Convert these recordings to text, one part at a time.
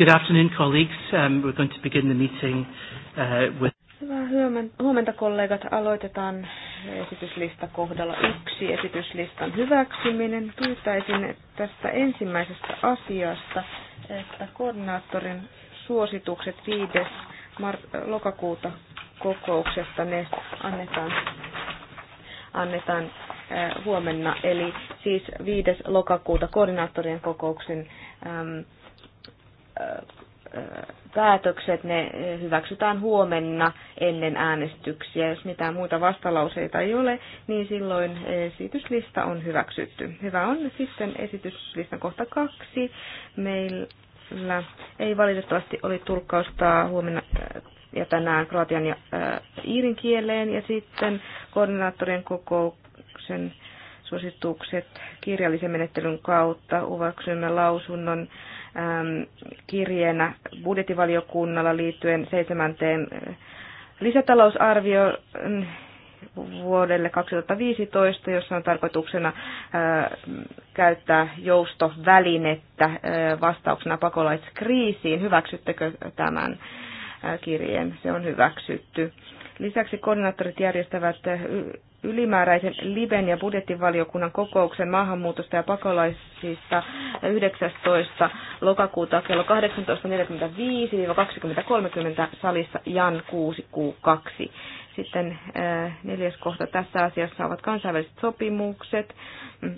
Good afternoon, colleagues. Um, we're going to begin the meeting uh, with... Hyvää huomenta kollegat. Aloitetaan esityslista kohdalla yksi, esityslistan hyväksyminen. Pyytäisin tästä ensimmäisestä asiasta, että koordinaattorin suositukset 5. Mar- lokakuuta kokouksesta ne annetaan, annetaan äh, huomenna, eli siis 5. lokakuuta koordinaattorien kokouksen äm, päätökset, ne hyväksytään huomenna ennen äänestyksiä. Jos mitään muuta vastalauseita ei ole, niin silloin esityslista on hyväksytty. Hyvä on sitten esityslistan kohta kaksi. Meillä ei valitettavasti ole tulkkausta huomenna äh, ja tänään kroatian ja äh, iirin kieleen ja sitten koordinaattorien kokouksen suositukset kirjallisen menettelyn kautta. Hyväksymme lausunnon äh, Ähm, kirjeenä budjettivaliokunnalla liittyen seitsemänteen äh, lisätalousarvioon vuodelle 2015, jossa on tarkoituksena äh, käyttää joustovälinettä äh, vastauksena pakolaiskriisiin. Hyväksyttekö tämän kirjeen? Se on hyväksytty. Lisäksi koordinaattorit järjestävät ylimääräisen Liben ja budjettivaliokunnan kokouksen maahanmuutosta ja pakolaisista 19. lokakuuta kello 18.45-20.30 salissa Jan 6 q Sitten äh, neljäs kohta tässä asiassa ovat kansainväliset sopimukset mm,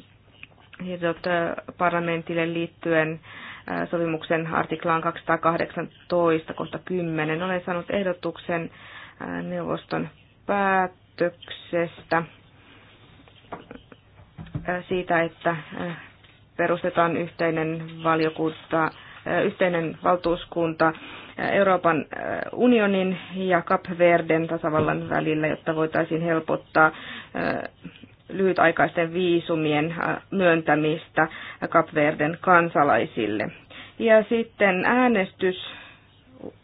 äh, parlamentille liittyen äh, sopimuksen artiklaan 218 kohta 10. Olen saanut ehdotuksen neuvoston päät päätöksestä siitä, että perustetaan yhteinen valiokunta, yhteinen valtuuskunta Euroopan unionin ja Kapverden tasavallan välillä, jotta voitaisiin helpottaa lyhytaikaisten viisumien myöntämistä Kapverden kansalaisille. Ja sitten äänestys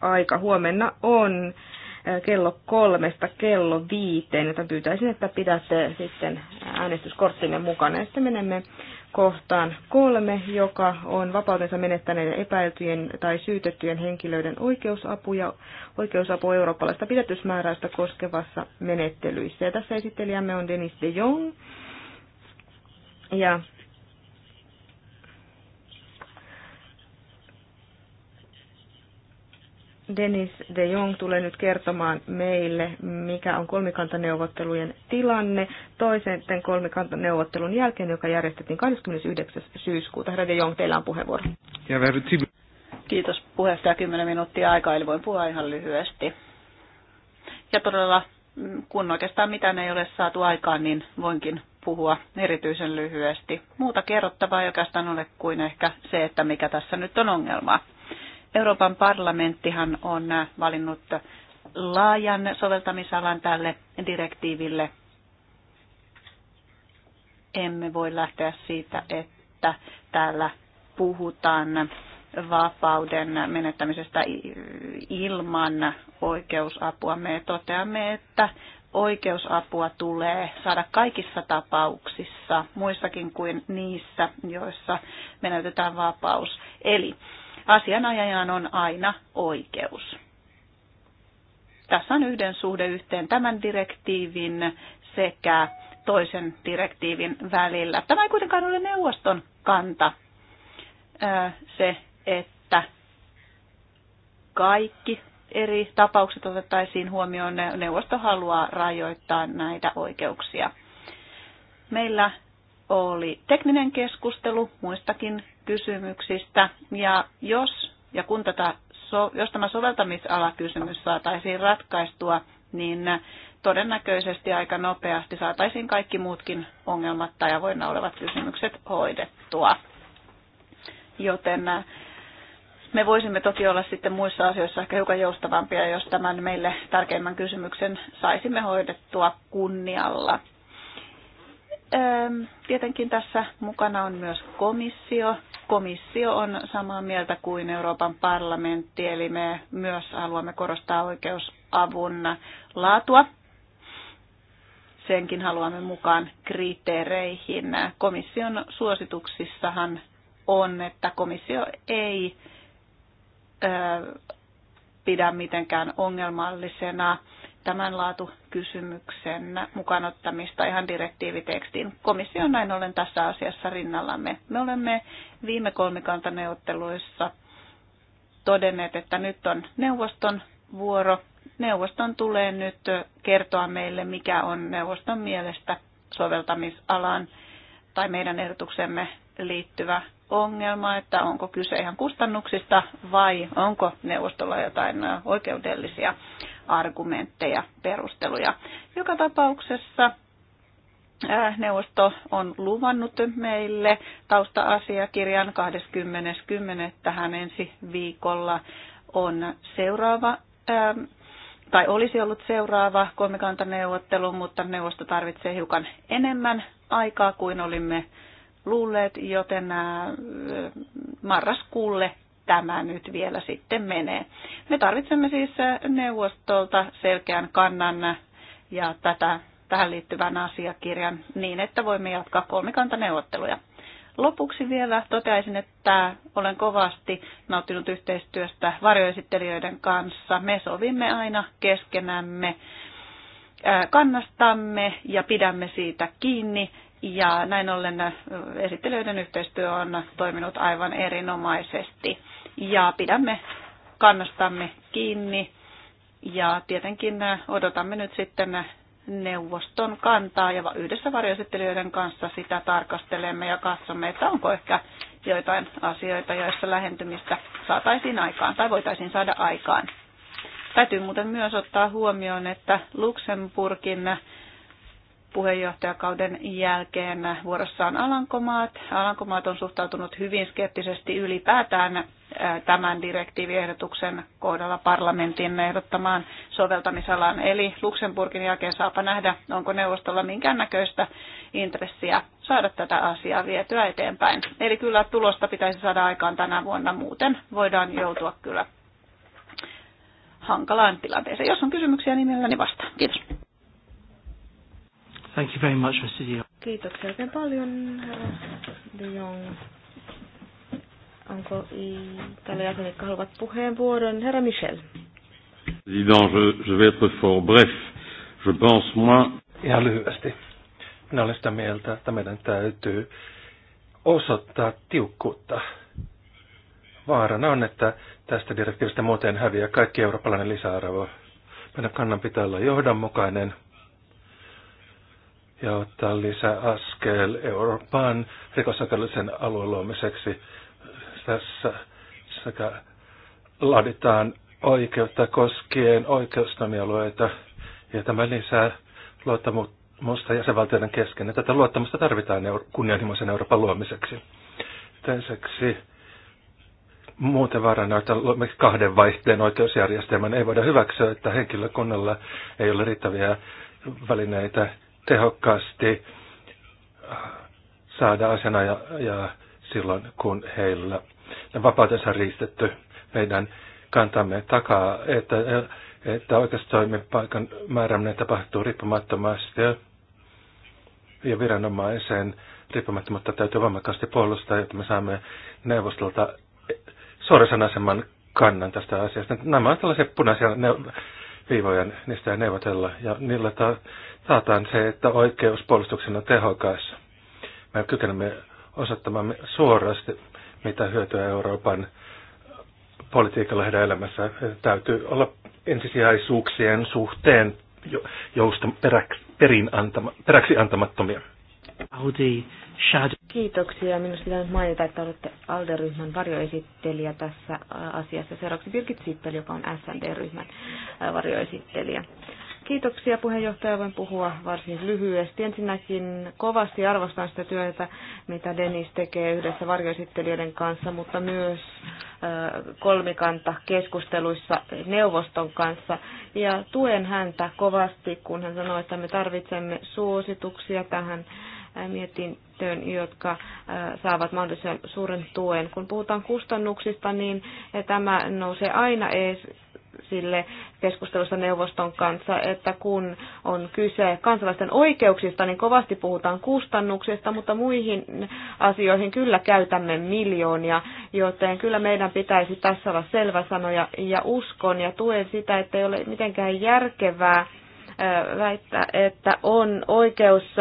aika huomenna on kello kolmesta kello viiteen, joten pyytäisin, että pidätte sitten äänestyskorttinne mukana. sitten menemme kohtaan kolme, joka on vapautensa menettäneiden epäiltyjen tai syytettyjen henkilöiden oikeusapu ja oikeusapu eurooppalaista pidätysmääräystä koskevassa menettelyissä. Ja tässä esittelijämme on Denis de Jong. Ja Denis de Jong tulee nyt kertomaan meille, mikä on kolmikantaneuvottelujen tilanne toisen kolmikantaneuvottelun jälkeen, joka järjestettiin 29. syyskuuta. Herra de Jong, teillä on puheenvuoro. Kiitos puheenjohtaja. 10 minuuttia aikaa, eli voin puhua ihan lyhyesti. Ja todella, mm, kun oikeastaan mitään ei ole saatu aikaan, niin voinkin puhua erityisen lyhyesti. Muuta kerrottavaa ei oikeastaan ole kuin ehkä se, että mikä tässä nyt on ongelma. Euroopan parlamenttihan on valinnut laajan soveltamisalan tälle direktiiville. Emme voi lähteä siitä, että täällä puhutaan vapauden menettämisestä ilman oikeusapua. Me toteamme, että oikeusapua tulee saada kaikissa tapauksissa, muissakin kuin niissä, joissa menetetään vapaus. Eli asianajajan on aina oikeus. Tässä on yhden suhde yhteen tämän direktiivin sekä toisen direktiivin välillä. Tämä ei kuitenkaan ole neuvoston kanta se, että kaikki eri tapaukset otettaisiin huomioon. Neuvosto haluaa rajoittaa näitä oikeuksia. Meillä oli tekninen keskustelu muistakin kysymyksistä. Ja jos ja kun tätä, jos tämä soveltamisalakysymys saataisiin ratkaistua, niin todennäköisesti aika nopeasti saataisiin kaikki muutkin ongelmat tai avoinna olevat kysymykset hoidettua. Joten äh, me voisimme toki olla sitten muissa asioissa ehkä hiukan joustavampia, jos tämän meille tärkeimmän kysymyksen saisimme hoidettua kunnialla. Tietenkin tässä mukana on myös komissio komissio on samaa mieltä kuin Euroopan parlamentti, eli me myös haluamme korostaa oikeusavun laatua. Senkin haluamme mukaan kriteereihin. Komission suosituksissahan on, että komissio ei ö, pidä mitenkään ongelmallisena tämän laatukysymyksen mukanottamista ihan direktiivitekstiin. Komissio on näin ollen tässä asiassa rinnallamme. Me olemme viime kolmikantaneuvotteluissa todenneet, että nyt on neuvoston vuoro. Neuvoston tulee nyt kertoa meille, mikä on neuvoston mielestä soveltamisalan tai meidän ehdotuksemme liittyvä ongelma, että onko kyse ihan kustannuksista vai onko neuvostolla jotain oikeudellisia argumentteja, perusteluja. Joka tapauksessa äh, neuvosto on luvannut meille tausta-asiakirjan 20.10. tähän ensi viikolla on seuraava ähm, tai olisi ollut seuraava kolmikantaneuvottelu, mutta neuvosto tarvitsee hiukan enemmän aikaa kuin olimme luulleet, joten äh, marraskuulle tämä nyt vielä sitten menee. Me tarvitsemme siis äh, neuvostolta selkeän kannan ja tätä, tähän liittyvän asiakirjan niin, että voimme jatkaa kolmikantaneuvotteluja. Lopuksi vielä toteaisin, että olen kovasti nauttinut yhteistyöstä varjoesittelijöiden kanssa. Me sovimme aina keskenämme äh, kannastamme ja pidämme siitä kiinni. Ja näin ollen äh, esittelijöiden yhteistyö on toiminut aivan erinomaisesti ja pidämme kannastamme kiinni ja tietenkin äh, odotamme nyt sitten neuvoston kantaa ja yhdessä varjoesittelijöiden kanssa sitä tarkastelemme ja katsomme, että onko ehkä joitain asioita, joissa lähentymistä saataisiin aikaan tai voitaisiin saada aikaan. Täytyy muuten myös ottaa huomioon, että Luxemburgin puheenjohtajakauden jälkeen vuorossaan Alankomaat. Alankomaat on suhtautunut hyvin skeptisesti ylipäätään tämän direktiiviehdotuksen kohdalla parlamentin ehdottamaan soveltamisalan. Eli Luxemburgin jälkeen saapa nähdä, onko neuvostolla minkäännäköistä intressiä saada tätä asiaa vietyä eteenpäin. Eli kyllä tulosta pitäisi saada aikaan tänä vuonna, muuten voidaan joutua kyllä hankalaan tilanteeseen. Jos on kysymyksiä, niin mielelläni vastaan. Kiitos. Thank you very much, Mr. Dion. Kiitoksia oikein paljon, herra De Jong. Onko tällä jäsenet, jotka haluavat puheenvuoron? Herra Michel. Président, je, je vais être fort bref. Je pense moi... Ihan lyhyesti. Minä olen sitä mieltä, että meidän täytyy osoittaa tiukkuutta. Vaarana on, että tästä direktiivistä muuten häviää kaikki eurooppalainen lisäarvo. Meidän kannan pitää olla johdonmukainen – ja ottaa lisää askel Euroopan rikosoikeudellisen alueen luomiseksi. Tässä sekä laaditaan oikeutta koskien oikeustoimialueita ja tämä lisää luottamusta jäsenvaltioiden kesken. Ja tätä luottamusta tarvitaan kunnianhimoisen Euroopan luomiseksi. Toiseksi muuten vaarana, että kahden vaihteen oikeusjärjestelmän ei voida hyväksyä, että henkilökunnalla ei ole riittäviä välineitä tehokkaasti äh, saada asena ja, ja silloin, kun heillä vapautensa riistetty meidän kantamme takaa, että, että oikeustoimipaikan määräminen tapahtuu riippumattomasti ja viranomaisen riippumattomuutta täytyy voimakkaasti puolustaa, että me saamme neuvostolta suorasanasemman kannan tästä asiasta. Nämä ovat tällaisia punaisia viivoja, niistä ei neuvotella. Ja niillä ta- taataan se, että oikeus puolustuksen on tehokas. Me kykenemme osoittamaan suorasti, mitä hyötyä Euroopan politiikalla heidän elämässä täytyy olla ensisijaisuuksien suhteen jousta peräksi, perin antama, peräksi antamattomia. Audi Shadow. Kiitoksia. Minusta pitää nyt mainita, että olette ALDE-ryhmän varjoesittelijä tässä asiassa. Seuraavaksi Birgit Sippel, joka on SND-ryhmän varjoesittelijä. Kiitoksia puheenjohtaja. Voin puhua varsin lyhyesti. Ensinnäkin kovasti arvostan sitä työtä, mitä Dennis tekee yhdessä varjoesittelijöiden kanssa, mutta myös kolmikanta keskusteluissa neuvoston kanssa. Ja tuen häntä kovasti, kun hän sanoi, että me tarvitsemme suosituksia tähän mietintöön, jotka saavat mahdollisimman suuren tuen. Kun puhutaan kustannuksista, niin tämä nousee aina sille keskustelussa neuvoston kanssa, että kun on kyse kansalaisten oikeuksista, niin kovasti puhutaan kustannuksista, mutta muihin asioihin kyllä käytämme miljoonia, joten kyllä meidän pitäisi tässä olla selvä sanoja ja uskon ja tuen sitä, että ei ole mitenkään järkevää väittää, että on oikeus,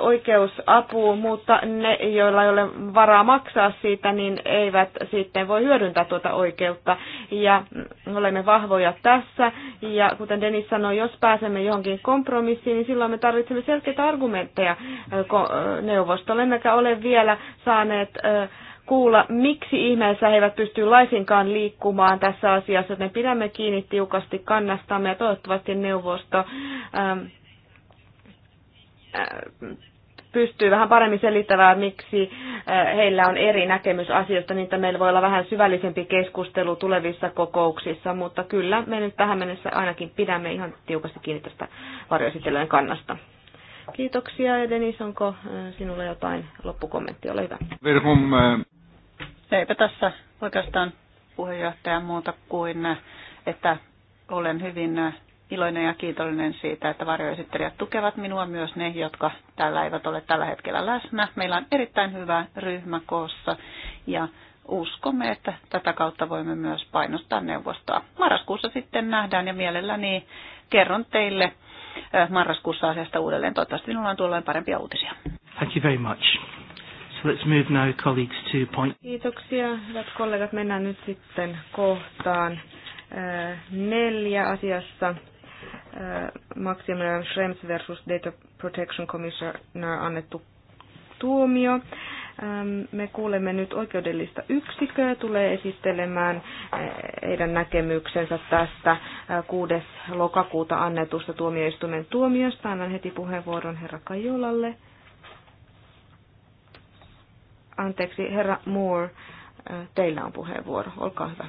oikeus apuun, mutta ne, joilla ei ole varaa maksaa siitä, niin eivät sitten voi hyödyntää tuota oikeutta. Ja mm, olemme vahvoja tässä. Ja kuten Denis sanoi, jos pääsemme johonkin kompromissiin, niin silloin me tarvitsemme selkeitä argumentteja neuvostolle, emmekä ole vielä saaneet kuulla, miksi ihmeessä he eivät pysty laisinkaan liikkumaan tässä asiassa, Me pidämme kiinni tiukasti kannastamme ja toivottavasti neuvosto ähm, äh, pystyy vähän paremmin selittämään, miksi äh, heillä on eri näkemys asiasta, niin että meillä voi olla vähän syvällisempi keskustelu tulevissa kokouksissa, mutta kyllä me nyt tähän mennessä ainakin pidämme ihan tiukasti kiinni tästä varjoesittelyjen kannasta. Kiitoksia ja Denis, onko äh, sinulla jotain loppukommenttia? Ole hyvä. Eipä tässä oikeastaan puheenjohtaja muuta kuin, että olen hyvin iloinen ja kiitollinen siitä, että varjoesittelijät tukevat minua, myös ne, jotka tällä eivät ole tällä hetkellä läsnä. Meillä on erittäin hyvä ryhmä koossa ja uskomme, että tätä kautta voimme myös painostaa neuvostoa. Marraskuussa sitten nähdään ja mielelläni kerron teille eh, marraskuussa asiasta uudelleen. Toivottavasti minulla on tuolloin parempia uutisia. Thank you very much let's move now, colleagues, to point. Kiitoksia, hyvät kollegat. Mennään nyt sitten kohtaan äh, neljä asiassa. Äh, Maximilian Schrems versus Data Protection Commissioner annettu tuomio. Ähm, me kuulemme nyt oikeudellista yksikköä, tulee esittelemään äh, heidän näkemyksensä tästä 6. lokakuuta annetusta tuomioistuimen tuomiosta. Annan heti puheenvuoron herra Kajolalle. Anteeksi, herra Moore, äh, teillä on puheenvuoro. Olkaa hyvä.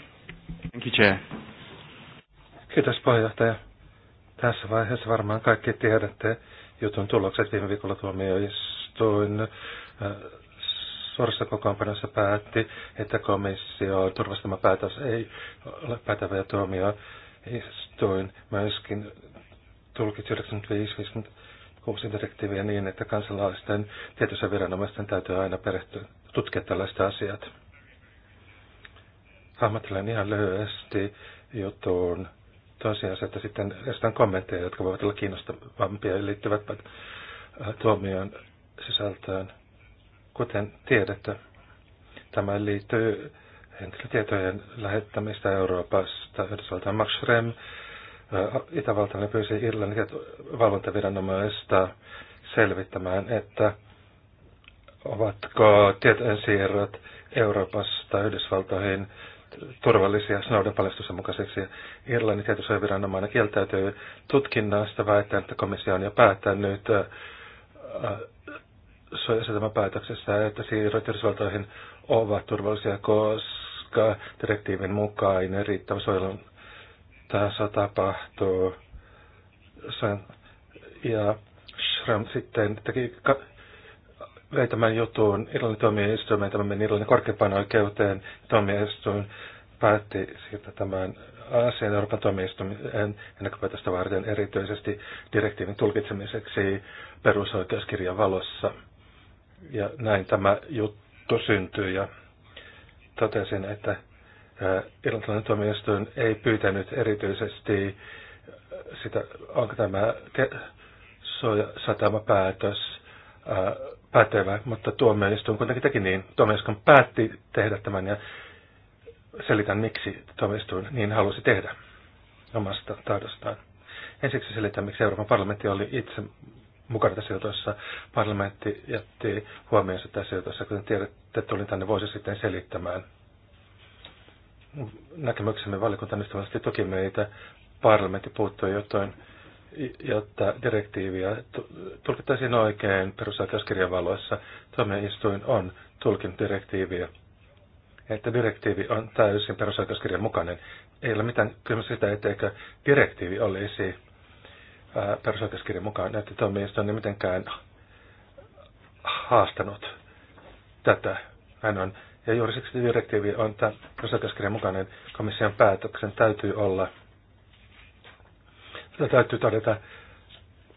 Thank you, Chair. Kiitos puheenjohtaja. Tässä vaiheessa varmaan kaikki tiedätte jutun tulokset viime viikolla tuomioistuin äh, suorassa kokoonpanossa päätti, että komissio turvastama päätös ei ole pätevä ja tuomioistuin myöskin tulkitsi 95 uusi direktiivi niin, että kansalaisten tietyissä viranomaisten täytyy aina perehtyä, tutkia tällaista asiat. Hahmottelen ihan lyhyesti jutun tosiasia, että sitten jostain kommentteja, jotka voivat olla kiinnostavampia ja liittyvät äh, tuomion sisältöön. Kuten tiedätte, tämä liittyy henkilötietojen lähettämistä Euroopasta. Yhdysvaltain Max Schrem Itävaltainen pyysi Irlannin valvontaviranomaista selvittämään, että ovatko tietojensiirrot Euroopasta Yhdysvaltoihin turvallisia Snowden paljastuksen mukaiseksi. Irlannin tietosuojaviranomainen kieltäytyy tutkinnasta väittäen, että komissio on jo päättänyt päätöksessä, että siirrot Yhdysvaltoihin ovat turvallisia, koska direktiivin mukainen riittävä suojelun tahansa tapahtuu. sen Ja Schramm sitten teki vei tämän jutun Irlannin tuomioistuimeen, tämä meni Irlannin korkeimpaan oikeuteen, tuomioistuin päätti siirtää tämän asian Euroopan tuomioistuimen ennakkopäätöstä varten erityisesti direktiivin tulkitsemiseksi perusoikeuskirjan valossa. Ja näin tämä juttu syntyi ja totesin, että Äh, Irlantilainen tuomioistuin ei pyytänyt erityisesti äh, sitä, onko tämä satamapäätös äh, pätevä, mutta tuomioistuin kuitenkin teki niin. Tuomioistuin päätti tehdä tämän ja selitän miksi tuomioistuin niin halusi tehdä omasta tahdostaan. Ensiksi selitän, miksi Euroopan parlamentti oli itse mukana tässä jutussa. Parlamentti jätti huomionsa tässä jutussa, kuten tiedätte, tulin tänne vuosi sitten selittämään näkemyksemme valiokunta ystävästi tuki meitä. Parlamentti puuttui jotain, jotta direktiiviä tulkittaisiin oikein perusoikeuskirjan valoissa. Tuomioistuin on tulkinut direktiiviä, että direktiivi on täysin perusoikeuskirjan mukainen. Ei ole mitään kysymys sitä, etteikö direktiivi olisi perusoikeuskirjan mukaan näytti tuomioistuin mitenkään haastanut tätä. Hän on ja juuri siksi direktiivi on tämän osakaskirjan mukainen komission päätöksen täytyy olla. Sitä täytyy todeta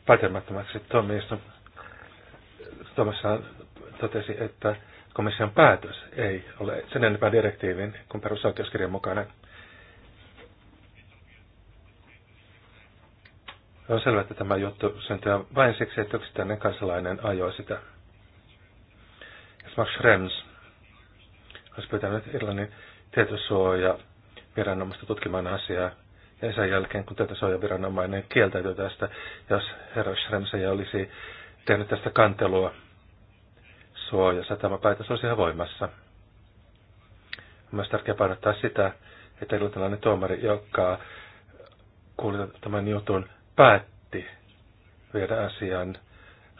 pätemättömäksi. Tuomas totesi, että komission päätös ei ole sen enempää direktiivin kuin perusoikeuskirjan mukainen. On selvää, että tämä juttu syntyy vain siksi, että yksittäinen kansalainen ajoi sitä. Esimerkiksi Rems olisi pitänyt Irlannin tietosuoja viranomaista tutkimaan asiaa. Ja sen jälkeen, kun tietosuoja viranomainen kieltäytyi tästä, jos herra Schremsen olisi tehnyt tästä kantelua suojassa, tämä päätös olisi ihan voimassa. On myös tärkeää painottaa sitä, että irlantilainen tuomari, joka kuuli tämän jutun, päätti viedä asian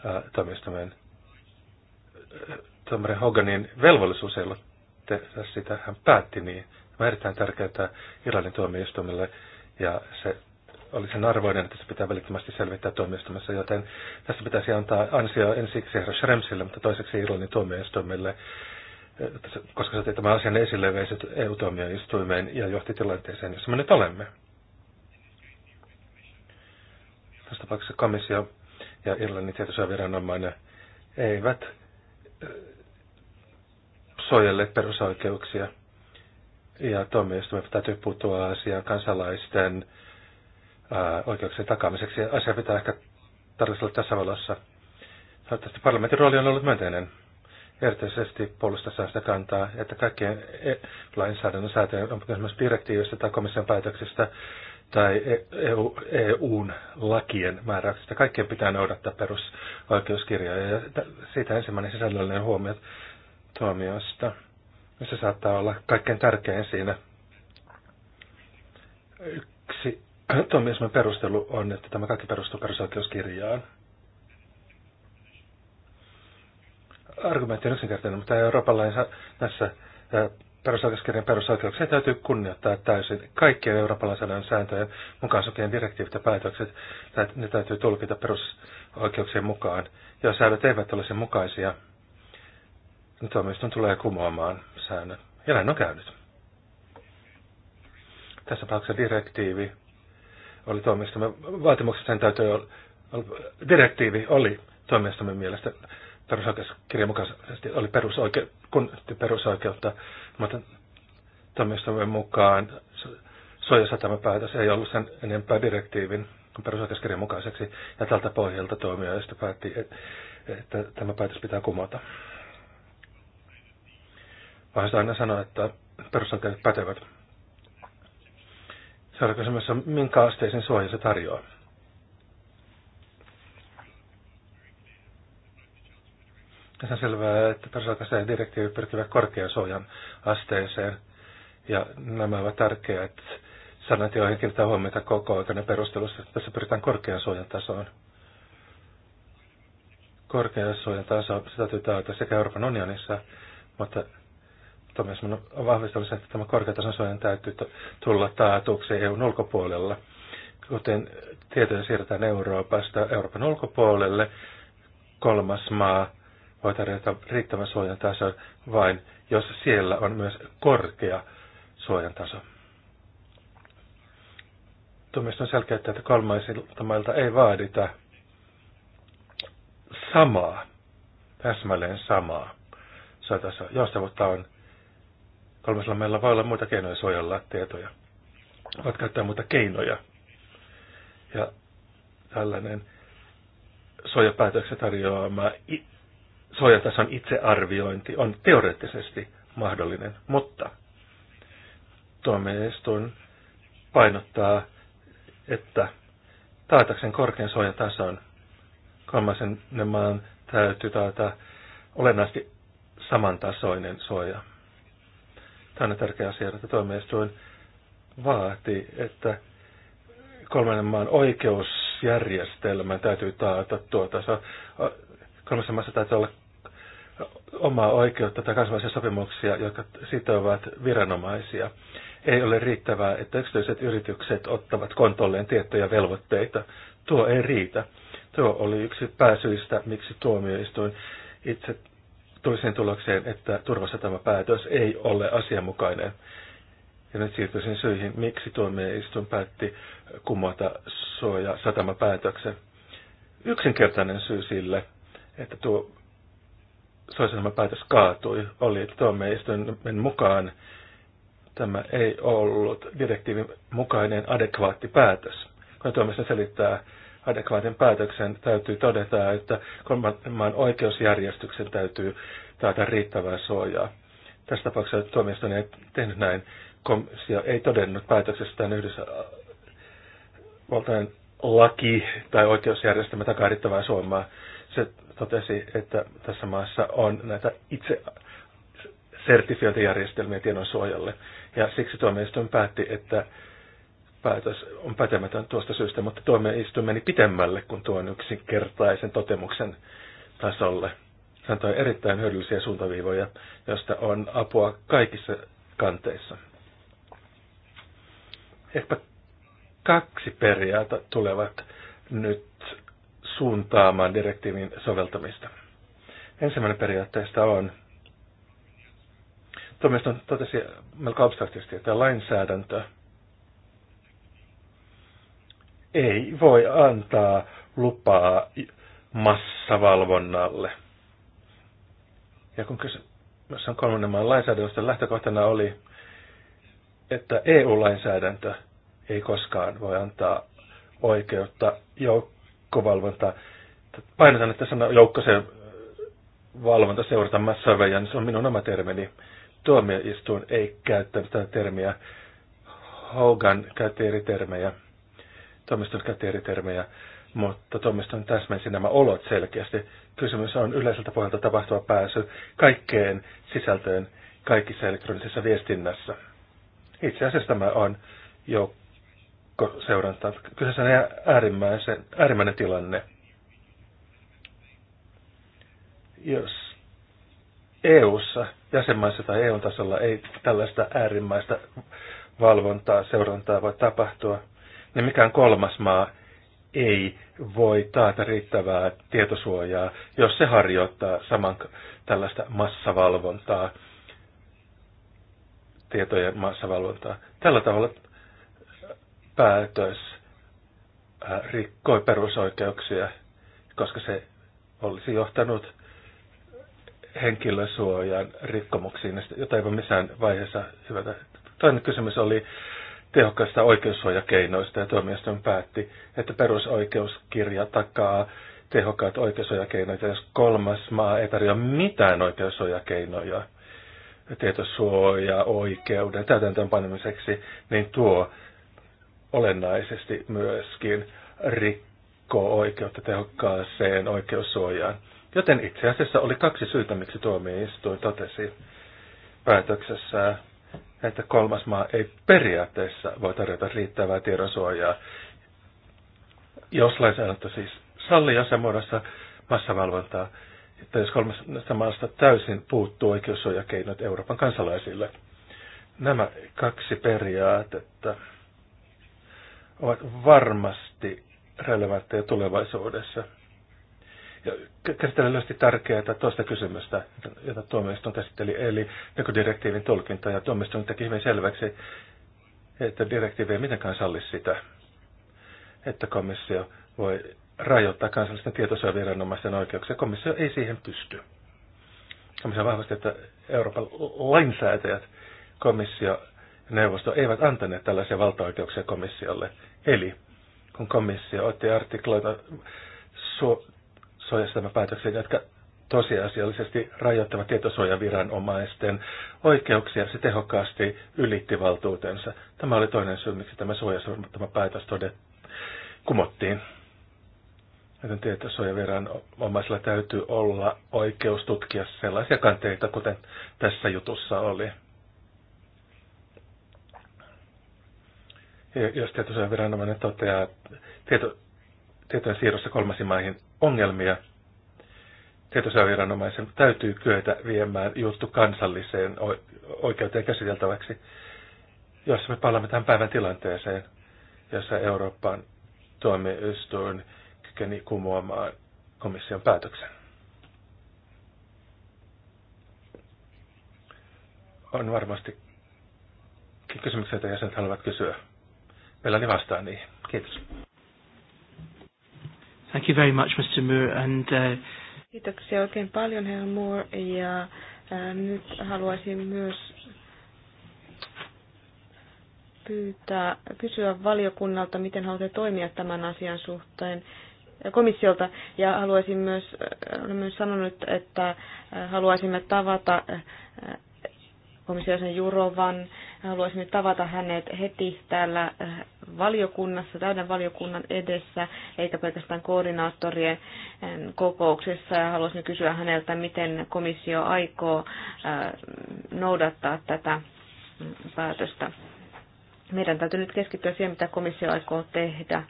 äh, tuomioistuimeen. Tuomari Hoganin velvollisuus ei ollut tehdä sitä, hän päätti niin. Tämä on erittäin tärkeää Iranin tuomioistuimelle ja se oli sen arvoinen, että se pitää välittömästi selvittää tuomioistuimessa, joten tässä pitäisi antaa ansio ensiksi herra Schremsille, mutta toiseksi Irlannin tuomioistuimelle, koska se otti tämän asian esille vei EU-tuomioistuimeen ja johti tilanteeseen, jossa me nyt olemme. Tässä tapauksessa komissio ja Irlannin tietosuojaviranomainen eivät suojelle perusoikeuksia. Ja tuomioistuimen täytyy puuttua asiaan kansalaisten äh, oikeuksien takaamiseksi. Asia pitää ehkä tarkastella tässä valossa. Toivottavasti parlamentin rooli on ollut myönteinen. Erityisesti puolustaessaan sitä kantaa, että kaikkien e- lainsäädännön säätöjen, on myös direktiivistä tai komission päätöksistä tai EU, e EUn lakien määräyksistä, kaikkien pitää noudattaa perusoikeuskirjaa. Ja siitä ensimmäinen sisällöllinen huomio, tuomiosta. Se saattaa olla kaikkein tärkein siinä. Yksi tuomioismen perustelu on, että tämä kaikki perustuu perusoikeuskirjaan. Argumentti on yksinkertainen, mutta eurooppalainen näissä perusoikeuskirjan perusoikeuksia täytyy kunnioittaa täysin. Kaikkien Euroopan lainsäädännön sääntöjen mukaan sopien direktiivit ja päätökset, ne täytyy tulkita perusoikeuksien mukaan. Jos säädöt eivät ole sen mukaisia, tuomioistuin tulee kumoamaan säännön. Ja näin on käynyt. Tässä tapauksessa direktiivi oli tuomioistuimen vaatimuksessa, sen täytyy olla, direktiivi oli tuomioistuimen mielestä perusoikeuskirjan mukaisesti oli perusoike, kun, perusoikeutta, mutta tuomioistuimen mukaan suojasatamapäätös ei ollut sen enempää direktiivin perusoikeuskirjan mukaiseksi, ja tältä pohjalta tuomioistuin päätti, että, että tämä päätös pitää kumota. Vaan aina sanoa, että perusoikeudet pätevät. Seuraava kysymys on, minkä asteisen suoja se tarjoaa? Tässä on selvää, että perusoikeudet direktiivit pyrkivät korkean suojan asteeseen, ja nämä ovat tärkeät sanat, joihin kiinnitetään huomiota koko ajan perustelussa. Tässä pyritään korkean suojan tasoon. Korkean suojan taso, se täytyy taata sekä Euroopan unionissa, mutta vahvistamisen, vahvistamisen että tämä korkeatason suojan täytyy tulla taatuksi EUn ulkopuolella. Kuten tietoja siirretään Euroopasta Euroopan ulkopuolelle, kolmas maa voi tarjota riittävän suojan taso vain, jos siellä on myös korkea suojan taso. Tuomioista on selkeyttä, että kolmaisilta mailta ei vaadita samaa, täsmälleen samaa sotaso. Joustavuutta on Kolmasella meillä voi olla muita keinoja suojella tietoja. Voit käyttää muita keinoja. Ja tällainen suojapäätöksen tarjoama suojatason itsearviointi on teoreettisesti mahdollinen, mutta tuomioistuin painottaa, että taatakseen korkean suojatason kolmasen maan täytyy taata olennaisesti samantasoinen suoja. Tämä on tärkeä asia, että tuomioistuin vaati, että kolmannen maan oikeusjärjestelmän täytyy taata tuo taso. Kolmessa maassa täytyy olla omaa oikeutta tai kansainvälisiä sopimuksia, jotka sitovat viranomaisia. Ei ole riittävää, että yksityiset yritykset ottavat kontolleen tiettyjä velvoitteita. Tuo ei riitä. Tuo oli yksi pääsyistä, miksi tuomioistuin itse tuli sen tulokseen, että turvassa tämä päätös ei ole asianmukainen. Ja nyt siirtyisin syihin, miksi tuomioistuin päätti kumota suoja satamapäätöksen. Yksinkertainen syy sille, että tuo päätös kaatui, oli, että tuomioistuimen mukaan tämä ei ollut direktiivin mukainen adekvaatti päätös. Kun tuomioistuin selittää adekvaatin päätöksen, täytyy todeta, että kolmannen oikeusjärjestyksen täytyy taata riittävää suojaa. Tässä tapauksessa tuomioistuin ei tehnyt näin. Komissio ei todennut päätöksestään yhdessä äh, valtainen laki tai oikeusjärjestelmä takaa riittävää Suomaa. Se totesi, että tässä maassa on näitä itse sertifiointijärjestelmiä tiedon suojalle. Ja siksi tuomioistuin päätti, että päätös on pätemätön tuosta syystä, mutta tuomioistuin meni pitemmälle kuin tuon yksinkertaisen totemuksen tasolle. Se antoi erittäin hyödyllisiä suuntaviivoja, joista on apua kaikissa kanteissa. Ehkä kaksi periaata tulevat nyt suuntaamaan direktiivin soveltamista. Ensimmäinen periaatteesta on, tuomioistuin totesi melko abstraktisti, että lainsäädäntö – ei voi antaa lupaa massavalvonnalle. Ja kun kysymys on kolmannen maan lainsäädännöstä, lähtökohtana oli, että EU-lainsäädäntö ei koskaan voi antaa oikeutta joukkovalvontaa. Painotan, että sana joukko se valvonta seurata massavejan, niin se on minun oma termini. Tuomioistuin ei käyttänyt tätä termiä. Hogan käytti eri termejä. Tomiston käytti eri termejä, mutta Tomiston täsmensi nämä olot selkeästi. Kysymys on yleiseltä pohjalta tapahtuva pääsy kaikkeen sisältöön kaikissa elektronisessa viestinnässä. Itse asiassa tämä on joukkoseurantaa. Kyseessä on äärimmäisen, äärimmäinen tilanne. Jos EU-ssa, jäsenmaissa tai eu tasolla ei tällaista äärimmäistä valvontaa, seurantaa voi tapahtua, niin mikään kolmas maa ei voi taata riittävää tietosuojaa, jos se harjoittaa saman tällaista massavalvontaa, tietojen massavalvontaa. Tällä tavalla päätös äh, rikkoi perusoikeuksia, koska se olisi johtanut henkilösuojan rikkomuksiin, jota ei voi missään vaiheessa hyvätä. Toinen kysymys oli tehokkaista oikeussuojakeinoista ja tuomioistuin päätti, että perusoikeuskirja takaa tehokkaat oikeussuojakeinoja, jos kolmas maa ei tarjoa mitään oikeussuojakeinoja tietosuoja, oikeuden täytäntöön panemiseksi, niin tuo olennaisesti myöskin rikkoo oikeutta tehokkaaseen oikeussuojaan. Joten itse asiassa oli kaksi syytä, miksi tuomioistuin totesi päätöksessään että kolmas maa ei periaatteessa voi tarjota riittävää tiedonsuojaa, jos lainsäädäntö siis sallii jossain massavalvontaa, että jos kolmesta maasta täysin puuttuu oikeussuojakeinot Euroopan kansalaisille. Nämä kaksi periaatetta ovat varmasti relevantteja tulevaisuudessa – käsitellä myös tärkeää toista kysymystä, jota tuomioistuin käsitteli, eli nykydirektiivin tulkinta. Ja tuomioistuin teki hyvin selväksi, että direktiivi ei mitenkään salli sitä, että komissio voi rajoittaa kansallisten tietosuojaviranomaisten oikeuksia. Komissio ei siihen pysty. Komissio vahvasti, että Euroopan lainsäätäjät, komissio ja neuvosto eivät antaneet tällaisia valtaoikeuksia komissiolle. Eli kun komissio otti artikloita suojastamme jotka tosiasiallisesti rajoittavat tietosuojaviranomaisten oikeuksia. Se tehokkaasti ylitti valtuutensa. Tämä oli toinen syy, miksi tämä suojasurmattama päätös todet, kumottiin. Joten tietosuojaviranomaisilla täytyy olla oikeus tutkia sellaisia kanteita, kuten tässä jutussa oli. Ja jos tietosuojaviranomainen toteaa tieto, tietojen siirrossa kolmasimaihin, maihin ongelmia. Tietosuojaviranomaisen täytyy kyetä viemään juttu kansalliseen oikeuteen käsiteltäväksi, jos me palaamme tähän päivän tilanteeseen, jossa Euroopan tuomioistuin kykeni kumoamaan komission päätöksen. On varmasti kysymyksiä, joita jäsenet haluavat kysyä. niin vastaan niihin. Kiitos. Thank you very much, Mr. Moore. And, uh, Kiitoksia oikein paljon, herra Moore. Ja äh, nyt haluaisin myös pyytää, kysyä valiokunnalta, miten haluatte toimia tämän asian suhteen äh, komissiolta. Ja haluaisin myös, äh, olen myös sanonut, että äh, haluaisimme tavata komissiosen Jurovan. Haluaisin nyt tavata hänet heti täällä äh, valiokunnassa, täyden valiokunnan edessä, eikä pelkästään koordinaattorien ähm, kokouksessa. Haluaisin kysyä häneltä, miten komissio aikoo äh, noudattaa tätä mm, päätöstä. Meidän täytyy nyt keskittyä siihen, mitä komissio aikoo tehdä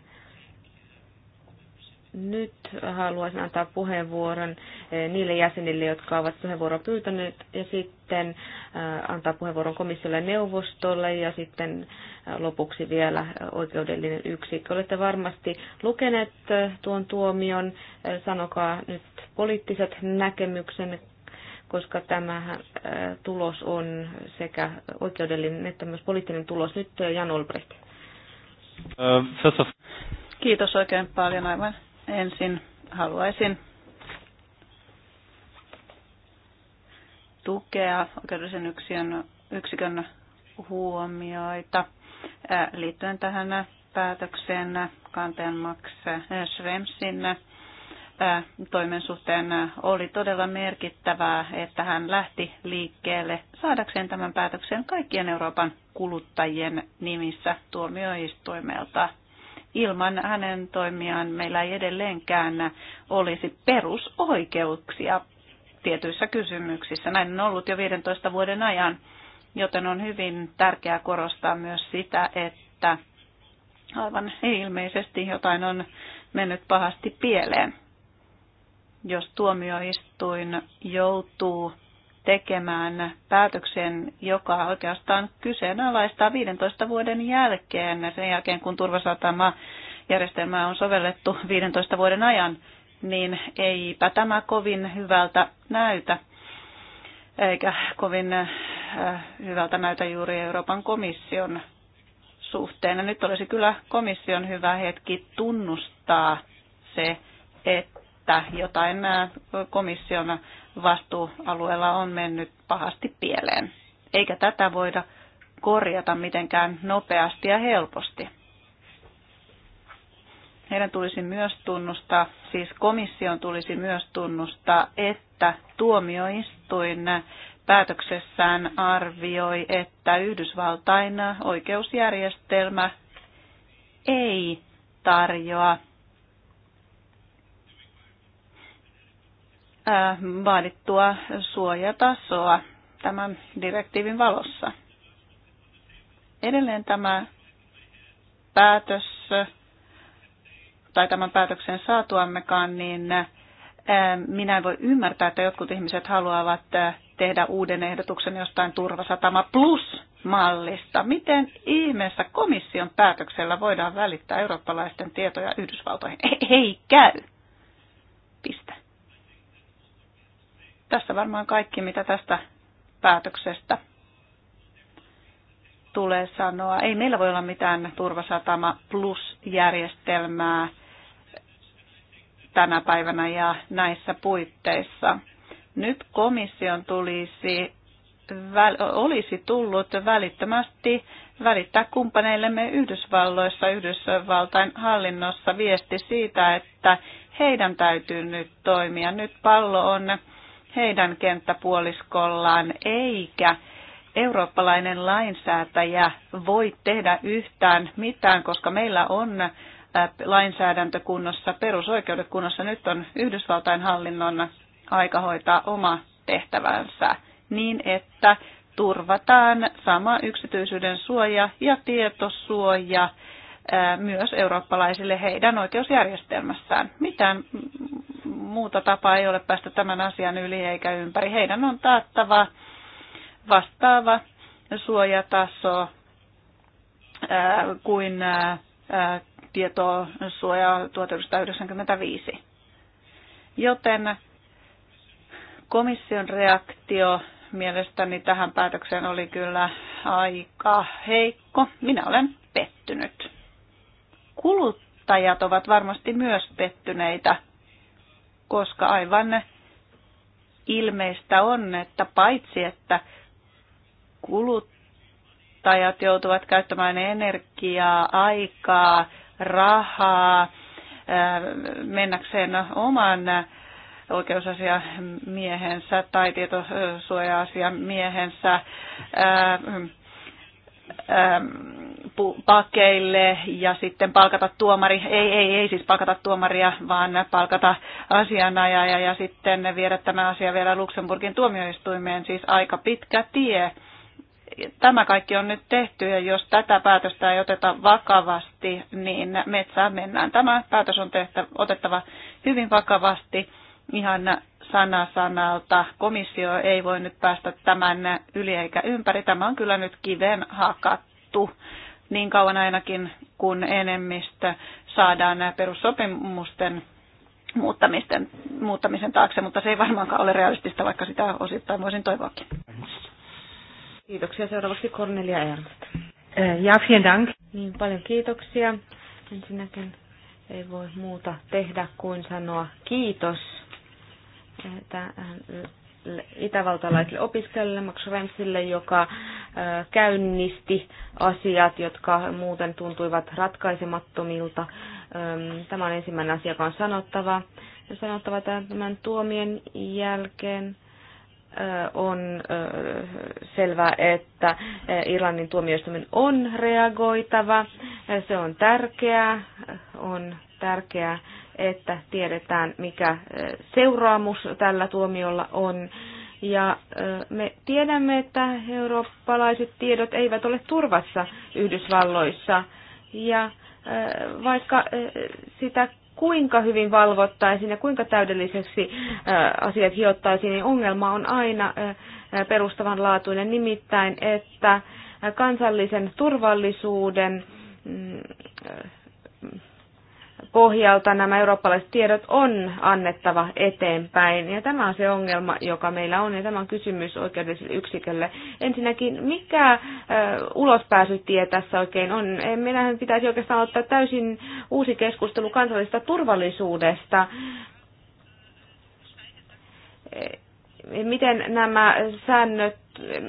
nyt haluaisin antaa puheenvuoron eh, niille jäsenille, jotka ovat puheenvuoron pyytäneet, ja sitten eh, antaa puheenvuoron komissiolle ja neuvostolle, ja sitten eh, lopuksi vielä oikeudellinen yksikkö. Olette varmasti lukeneet tuon tuomion. Sanokaa nyt poliittiset näkemyksen, koska tämä tulos on sekä oikeudellinen että myös poliittinen tulos. Nyt Jan Olbrecht. Uh, Kiitos oikein paljon aivan ensin haluaisin tukea oikeudellisen yksikön, yksikön huomioita liittyen tähän päätökseen kanteen Max Schremsin toimen suhteen oli todella merkittävää, että hän lähti liikkeelle saadakseen tämän päätöksen kaikkien Euroopan kuluttajien nimissä tuomioistuimelta. Ilman hänen toimiaan meillä ei edelleenkään olisi perusoikeuksia tietyissä kysymyksissä. Näin on ollut jo 15 vuoden ajan, joten on hyvin tärkeää korostaa myös sitä, että aivan ilmeisesti jotain on mennyt pahasti pieleen. Jos tuomioistuin joutuu tekemään päätöksen, joka oikeastaan kyseenalaistaa 15 vuoden jälkeen, sen jälkeen kun turvasatama järjestelmää on sovellettu 15 vuoden ajan, niin eipä tämä kovin hyvältä näytä, eikä kovin äh, hyvältä näytä juuri Euroopan komission suhteen. Ja nyt olisi kyllä komission hyvä hetki tunnustaa se, että jotain äh, komission vastuualueella on mennyt pahasti pieleen. Eikä tätä voida korjata mitenkään nopeasti ja helposti. Meidän tulisi myös tunnustaa, siis komission tulisi myös tunnustaa, että tuomioistuin päätöksessään arvioi, että Yhdysvaltain oikeusjärjestelmä ei tarjoa Äh, vaadittua suojatasoa tämän direktiivin valossa. Edelleen tämä päätös tai tämän päätöksen saatuammekaan, niin äh, minä en voi ymmärtää, että jotkut ihmiset haluavat äh, tehdä uuden ehdotuksen jostain turvasatama plus mallista. Miten ihmeessä komission päätöksellä voidaan välittää eurooppalaisten tietoja Yhdysvaltoihin? Ei, ei käy. Tässä varmaan kaikki, mitä tästä päätöksestä tulee sanoa. Ei meillä voi olla mitään turvasatama plus-järjestelmää tänä päivänä ja näissä puitteissa. Nyt komission tulisi, olisi tullut välittömästi välittää kumppaneillemme Yhdysvalloissa, Yhdysvaltain hallinnossa viesti siitä, että heidän täytyy nyt toimia. Nyt pallo on heidän kenttäpuoliskollaan, eikä eurooppalainen lainsäätäjä voi tehdä yhtään mitään, koska meillä on äh, lainsäädäntö kunnossa, perusoikeudet kunnossa. Nyt on Yhdysvaltain hallinnon aika hoitaa oma tehtävänsä niin, että turvataan sama yksityisyyden suoja ja tietosuoja myös eurooppalaisille heidän oikeusjärjestelmässään. Mitään muuta tapaa ei ole päästä tämän asian yli eikä ympäri. Heidän on taattava vastaava suojataso kuin tietosuoja 1995. Joten komission reaktio mielestäni tähän päätökseen oli kyllä aika heikko. Minä olen pettynyt kuluttajat ovat varmasti myös pettyneitä, koska aivan ilmeistä on, että paitsi että kuluttajat joutuvat käyttämään energiaa, aikaa, rahaa, mennäkseen oman oikeusasiamiehensä tai tietosuoja-asiamiehensä pakeille ja sitten palkata tuomari, ei, ei, ei siis palkata tuomaria, vaan palkata asianajaja ja sitten viedä tämä asia vielä Luxemburgin tuomioistuimeen, siis aika pitkä tie. Tämä kaikki on nyt tehty ja jos tätä päätöstä ei oteta vakavasti, niin metsään mennään. Tämä päätös on tehtävä, otettava hyvin vakavasti ihan sana sanalta. Komissio ei voi nyt päästä tämän yli eikä ympäri. Tämä on kyllä nyt kiven hakattu niin kauan ainakin, kun enemmistö saadaan nämä perussopimusten muuttamisten, muuttamisen taakse, mutta se ei varmaankaan ole realistista, vaikka sitä osittain voisin toivoakin. Kiitoksia. Seuraavaksi Cornelia Ernst. Eh, ja vielen dank. Niin, paljon kiitoksia. Ensinnäkin ei voi muuta tehdä kuin sanoa kiitos eh, tähän eh, itävaltalaiselle opiskelijalle Max Remsille, joka käynnisti asiat, jotka muuten tuntuivat ratkaisemattomilta. Tämä on ensimmäinen asia, joka on sanottava. Ja sanottava tämän tuomien jälkeen on selvää, että Irlannin tuomioistuimen on reagoitava. Se on tärkeää, on tärkeää, että tiedetään, mikä seuraamus tällä tuomiolla on ja me tiedämme, että eurooppalaiset tiedot eivät ole turvassa Yhdysvalloissa. Ja vaikka sitä kuinka hyvin valvottaisiin ja kuinka täydelliseksi asiat hiottaisiin, niin ongelma on aina perustavanlaatuinen, nimittäin, että kansallisen turvallisuuden mm, pohjalta nämä eurooppalaiset tiedot on annettava eteenpäin. Ja tämä on se ongelma, joka meillä on, ja tämä on kysymys oikeudelliselle yksikölle. Ensinnäkin, mikä ö, ulospääsytie tässä oikein on? Meidän pitäisi oikeastaan ottaa täysin uusi keskustelu kansallisesta turvallisuudesta e, miten nämä säännöt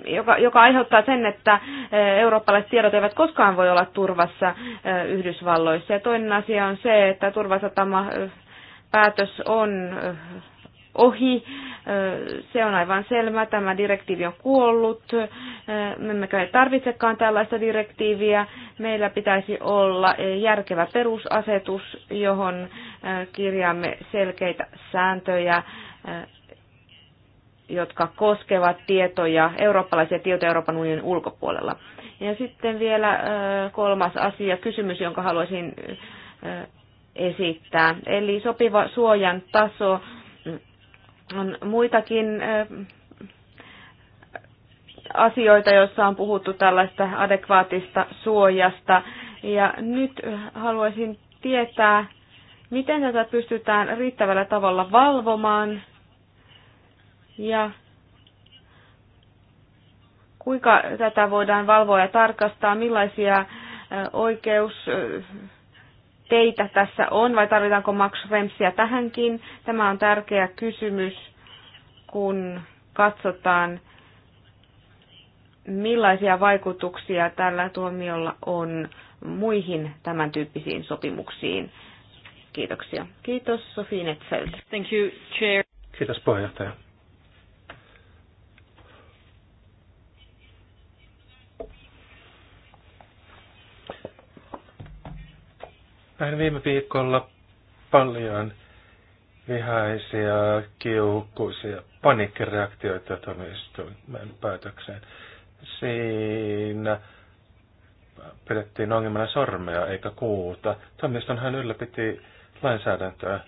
joka, joka aiheuttaa sen, että e, eurooppalaiset tiedot eivät koskaan voi olla turvassa e, Yhdysvalloissa. Ja toinen asia on se, että turvasatama e, päätös on ohi. Se on aivan selvä, tämä direktiivi on kuollut. Me emmekä tarvitsekaan tällaista direktiiviä. Meillä pitäisi olla järkevä perusasetus, johon kirjaamme selkeitä sääntöjä jotka koskevat tietoja, eurooppalaisia tietoja Euroopan unionin ulkopuolella. Ja sitten vielä kolmas asia, kysymys, jonka haluaisin esittää. Eli sopiva suojan taso on muitakin asioita, joissa on puhuttu tällaista adekvaatista suojasta. Ja nyt haluaisin tietää, miten tätä pystytään riittävällä tavalla valvomaan ja kuinka tätä voidaan valvoa ja tarkastaa, millaisia oikeus teitä tässä on vai tarvitaanko Max tähänkin? Tämä on tärkeä kysymys, kun katsotaan, millaisia vaikutuksia tällä tuomiolla on muihin tämän tyyppisiin sopimuksiin. Kiitoksia. Kiitos Sofi Netfeld. Thank you, Chair. Kiitos puheenjohtaja. Näin viime viikolla paljon vihaisia, kiukkuisia, panikkireaktioita tuomioistuimen päätökseen. Siinä pidettiin ongelmana sormea eikä kuuta. Tuomioistuinhan ylläpiti lainsäädäntöä.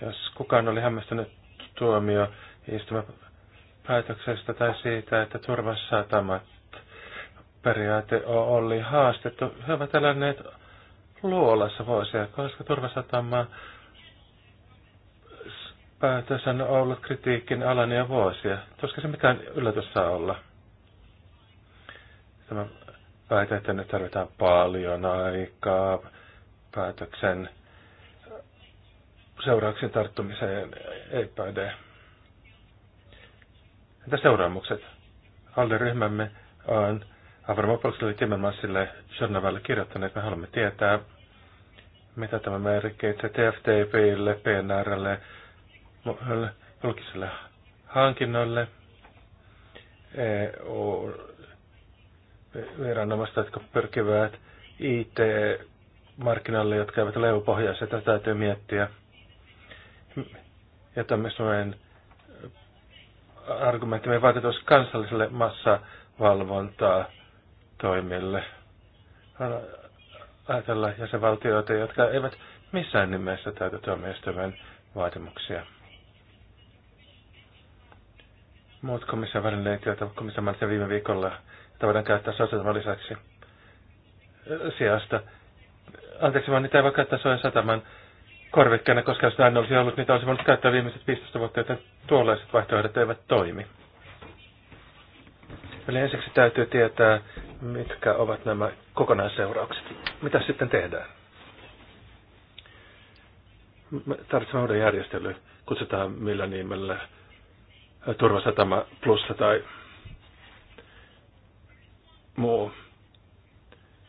Jos kukaan oli hämmästynyt tuomio päätöksestä tai siitä, että turvasatamat periaate oli haastettu, he ovat eläneet luolassa vuosia, koska turvasatama päätös on ollut kritiikin alan ja vuosia. Tuskin se mitään yllätys saa olla. Tämä väite, että nyt tarvitaan paljon aikaa päätöksen seurauksen tarttumiseen, ei päde. Entä seuraamukset? ryhmämme on Avramopolisille ja Timmermansille Shannavalle kirjoittaneet, me haluamme tietää, mitä tämä merkitsee TFTPille, PNRlle, julkiselle hankinnoille, eu viranomaista, jotka pyrkivät IT-markkinoille, jotka eivät ole EU-pohjaisia. Tätä täytyy miettiä. Ja argumentti, argumenttimme vaikutus kansalliselle massavalvontaa toimille. Ajatella jäsenvaltioita, jotka eivät missään nimessä täytä tuomioistuimen vaatimuksia. Muut komission välineet, joita komissio mainitsi viime viikolla, että voidaan käyttää sosiaaliturvan lisäksi sijasta. Anteeksi vaan, niitä ei voi käyttää sojan sataman korvikkeena, koska jos näin olisi ollut, niitä olisi voinut käyttää viimeiset 15 vuotta, joten tuollaiset vaihtoehdot eivät toimi. Eli ensiksi täytyy tietää, mitkä ovat nämä kokonaisseuraukset. Mitä sitten tehdään? Me tarvitsemme uuden järjestelyn. Kutsutaan millä nimellä turvasatama plussa tai muu.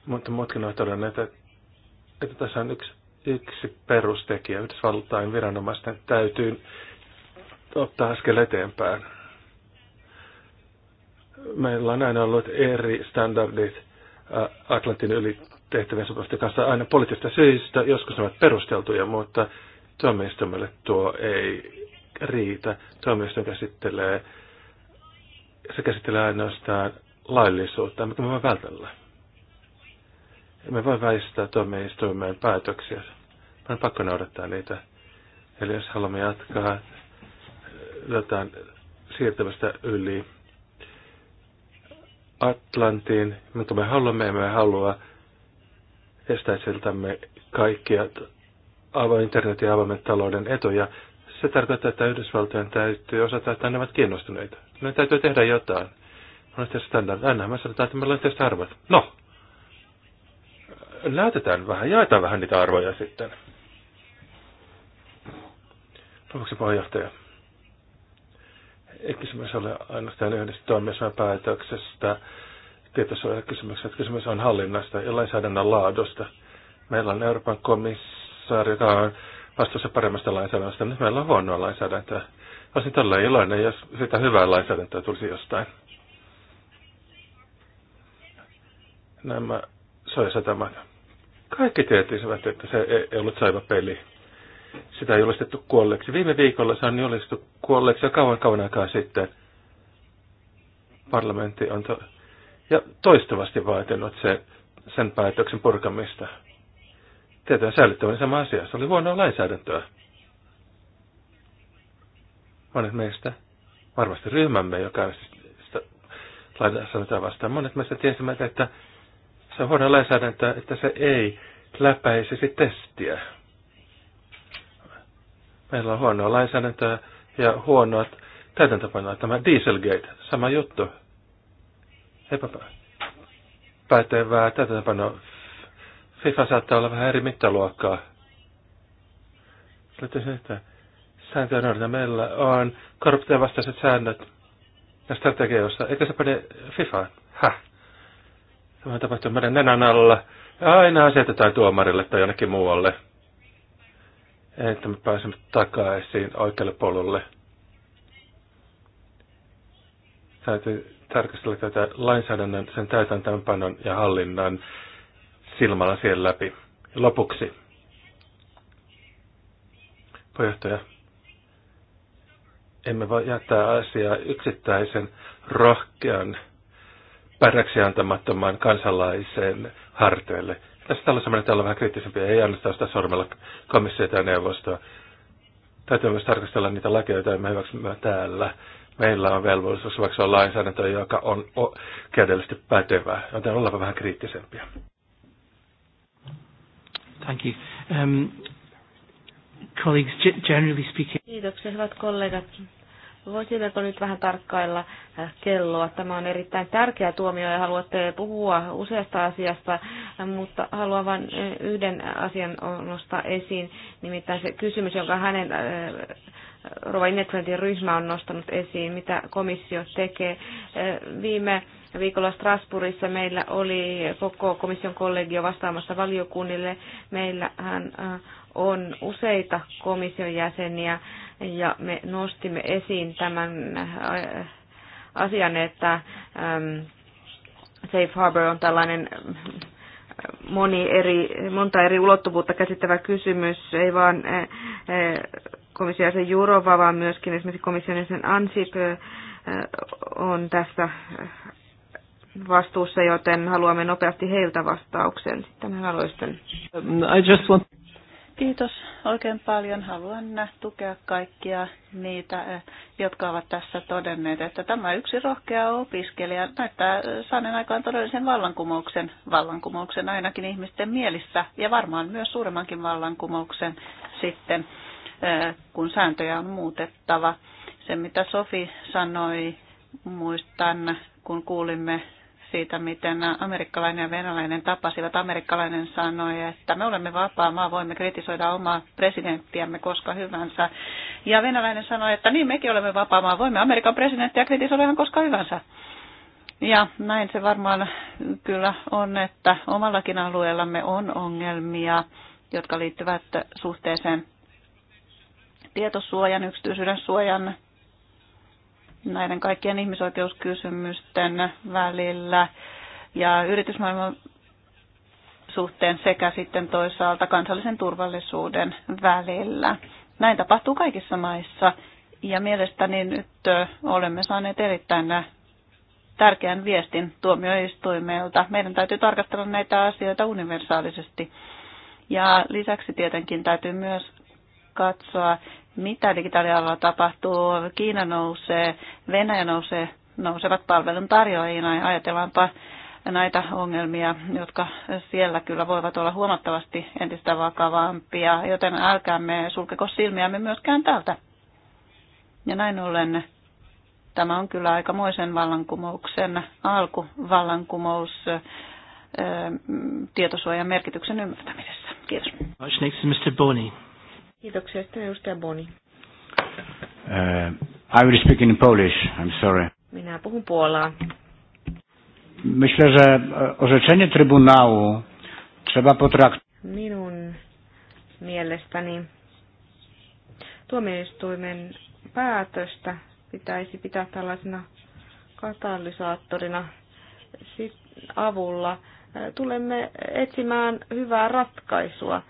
Mutta muutkin ovat todenneet, että, että tässä on yksi, yksi perustekijä. Yhdysvaltain viranomaisten täytyy ottaa askel eteenpäin meillä on aina ollut eri standardit äh, Atlantin yli tehtävien sopimusten kanssa aina poliittisista syistä. Joskus ne ovat perusteltuja, mutta tuomioistuimelle tuo ei riitä. Tuomioistuin käsittelee, se käsittelee ainoastaan laillisuutta, mitä me voimme vältellä. Me voi väistää tuomioistuimeen päätöksiä. Me on pakko noudattaa niitä. Eli jos haluamme jatkaa jotain siirtämistä yli Atlantiin, mutta me haluamme me halua estää siltämme kaikkia internetin ja avoimen talouden etuja. Se tarkoittaa, että Yhdysvaltojen täytyy osata, että ne ovat kiinnostuneita. Ne täytyy tehdä jotain. olen tietysti standard. Aina me sanotaan, että meillä on tietysti arvot. No, näytetään vähän, jaetaan vähän niitä arvoja sitten. Lopuksi puheenjohtaja ei kysymys ole ainoastaan yhdestä toimijasta päätöksestä, että Kysymys on hallinnasta ja lainsäädännön laadusta. Meillä on Euroopan komissaari, joka on vastuussa paremmasta lainsäädännöstä. Nyt meillä on huonoa lainsäädäntöä. Olisin tällä iloinen, jos sitä hyvää lainsäädäntöä tulisi jostain. Nämä soja Kaikki tietisivät, että se ei ollut saiva peli sitä ei julistettu kuolleeksi. Viime viikolla se on julistettu kuolleeksi jo kauan kauan aikaa sitten. Parlamentti on to- ja toistuvasti vaatinut se, sen päätöksen purkamista. Tietojen säilyttäminen sama asia. Se oli huonoa lainsäädäntöä. Monet meistä, varmasti ryhmämme, joka sitä sanotaan vastaan, monet meistä tiesivät, että se on huonoa lainsäädäntöä, että se ei läpäisisi testiä. Meillä on huonoa lainsäädäntöä ja huonoa täytäntöpanoa. Tämä Dieselgate, sama juttu. Epäpäätevää täytäntöpanoa. FIFA saattaa olla vähän eri mittaluokkaa. Löytyisin, että sääntöjä Meillä on korruption vastaiset säännöt ja strategioissa. Eikä se pane FIFA. Häh? Tämä tapahtunut meidän nenän alla. Ja aina asetetaan tuomarille tai jonnekin muualle että me pääsemme takaisin oikealle polulle. Täytyy tarkastella tätä lainsäädännön, sen täytäntöönpanon ja hallinnan silmällä siellä läpi. Lopuksi, puheenjohtaja, emme voi jättää asiaa yksittäisen rohkean, päräksi antamattoman kansalaisen harteille. Tässä tällaisessa meidän olla vähän kriittisempiä, ei ainoastaan sitä sormella komissiota ja neuvostoa. Täytyy myös tarkastella niitä lakeja, joita me hyväksymme täällä. Meillä on velvollisuus hyväksyä lainsäädäntöä, joka on oikeudellisesti pätevää, joten ollaan vähän kriittisempiä. Thank you. Um, colleagues, generally speaking... Kiitoksia, hyvät kollegat. Voisimmeko nyt vähän tarkkailla äh, kelloa? Tämä on erittäin tärkeä tuomio ja haluatte puhua useasta asiasta, äh, mutta haluan vain äh, yhden asian nostaa esiin, nimittäin se kysymys, jonka hänen Rova Innetventin ryhmä on nostanut esiin, mitä komissio tekee. Viime viikolla Strasbourgissa meillä oli koko komission kollegio vastaamassa valiokunnille. Meillähän on useita komission jäseniä ja me nostimme esiin tämän äh, asian, että ähm, Safe Harbor on tällainen äh, moni eri, monta eri ulottuvuutta käsittävä kysymys, ei vaan äh, komission jäsen Jurova, vaan myöskin esimerkiksi komission jäsen Ansip on tässä vastuussa, joten haluamme nopeasti heiltä vastauksen. Sitten haluaisin. I just want... Kiitos oikein paljon. Haluan tukea kaikkia niitä, eh, jotka ovat tässä todenneet, että tämä yksi rohkea opiskelija näyttää eh, saaneen aikaan todellisen vallankumouksen, vallankumouksen ainakin ihmisten mielissä ja varmaan myös suuremmankin vallankumouksen sitten, eh, kun sääntöjä on muutettava. Se, mitä Sofi sanoi, muistan, kun kuulimme siitä, miten amerikkalainen ja venäläinen tapasivat. Amerikkalainen sanoi, että me olemme vapaa maa, voimme kritisoida omaa presidenttiämme koska hyvänsä. Ja venäläinen sanoi, että niin mekin olemme vapaa maa, voimme Amerikan presidenttiä kritisoida ihan koska hyvänsä. Ja näin se varmaan kyllä on, että omallakin alueellamme on ongelmia, jotka liittyvät suhteeseen tietosuojan, yksityisyyden suojan näiden kaikkien ihmisoikeuskysymysten välillä ja yritysmaailman suhteen sekä sitten toisaalta kansallisen turvallisuuden välillä. Näin tapahtuu kaikissa maissa ja mielestäni nyt olemme saaneet erittäin tärkeän viestin tuomioistuimelta. Meidän täytyy tarkastella näitä asioita universaalisesti. Ja lisäksi tietenkin täytyy myös katsoa mitä digitaalialalla tapahtuu. Kiina nousee, Venäjä nousee, nousevat palvelun tarjoajina. Ajatellaanpa näitä ongelmia, jotka siellä kyllä voivat olla huomattavasti entistä vakavampia, joten älkäämme sulkeko silmiämme myöskään tältä. Ja näin ollen tämä on kyllä aikamoisen vallankumouksen alku, vallankumous tietosuojan merkityksen ymmärtämisessä. Kiitos. Next Mr. Kiitoksia. Sitten edustaja Boni. Uh, I will speak in Polish. I'm sorry. Minä puhun Puolaa. Myślę, że e, orzeczenie Trybunału trzeba potraktować. Minun mielestäni tuomioistuimen päätöstä pitäisi pitää tällaisena katalysaattorina avulla. E, tulemme etsimään hyvää ratkaisua.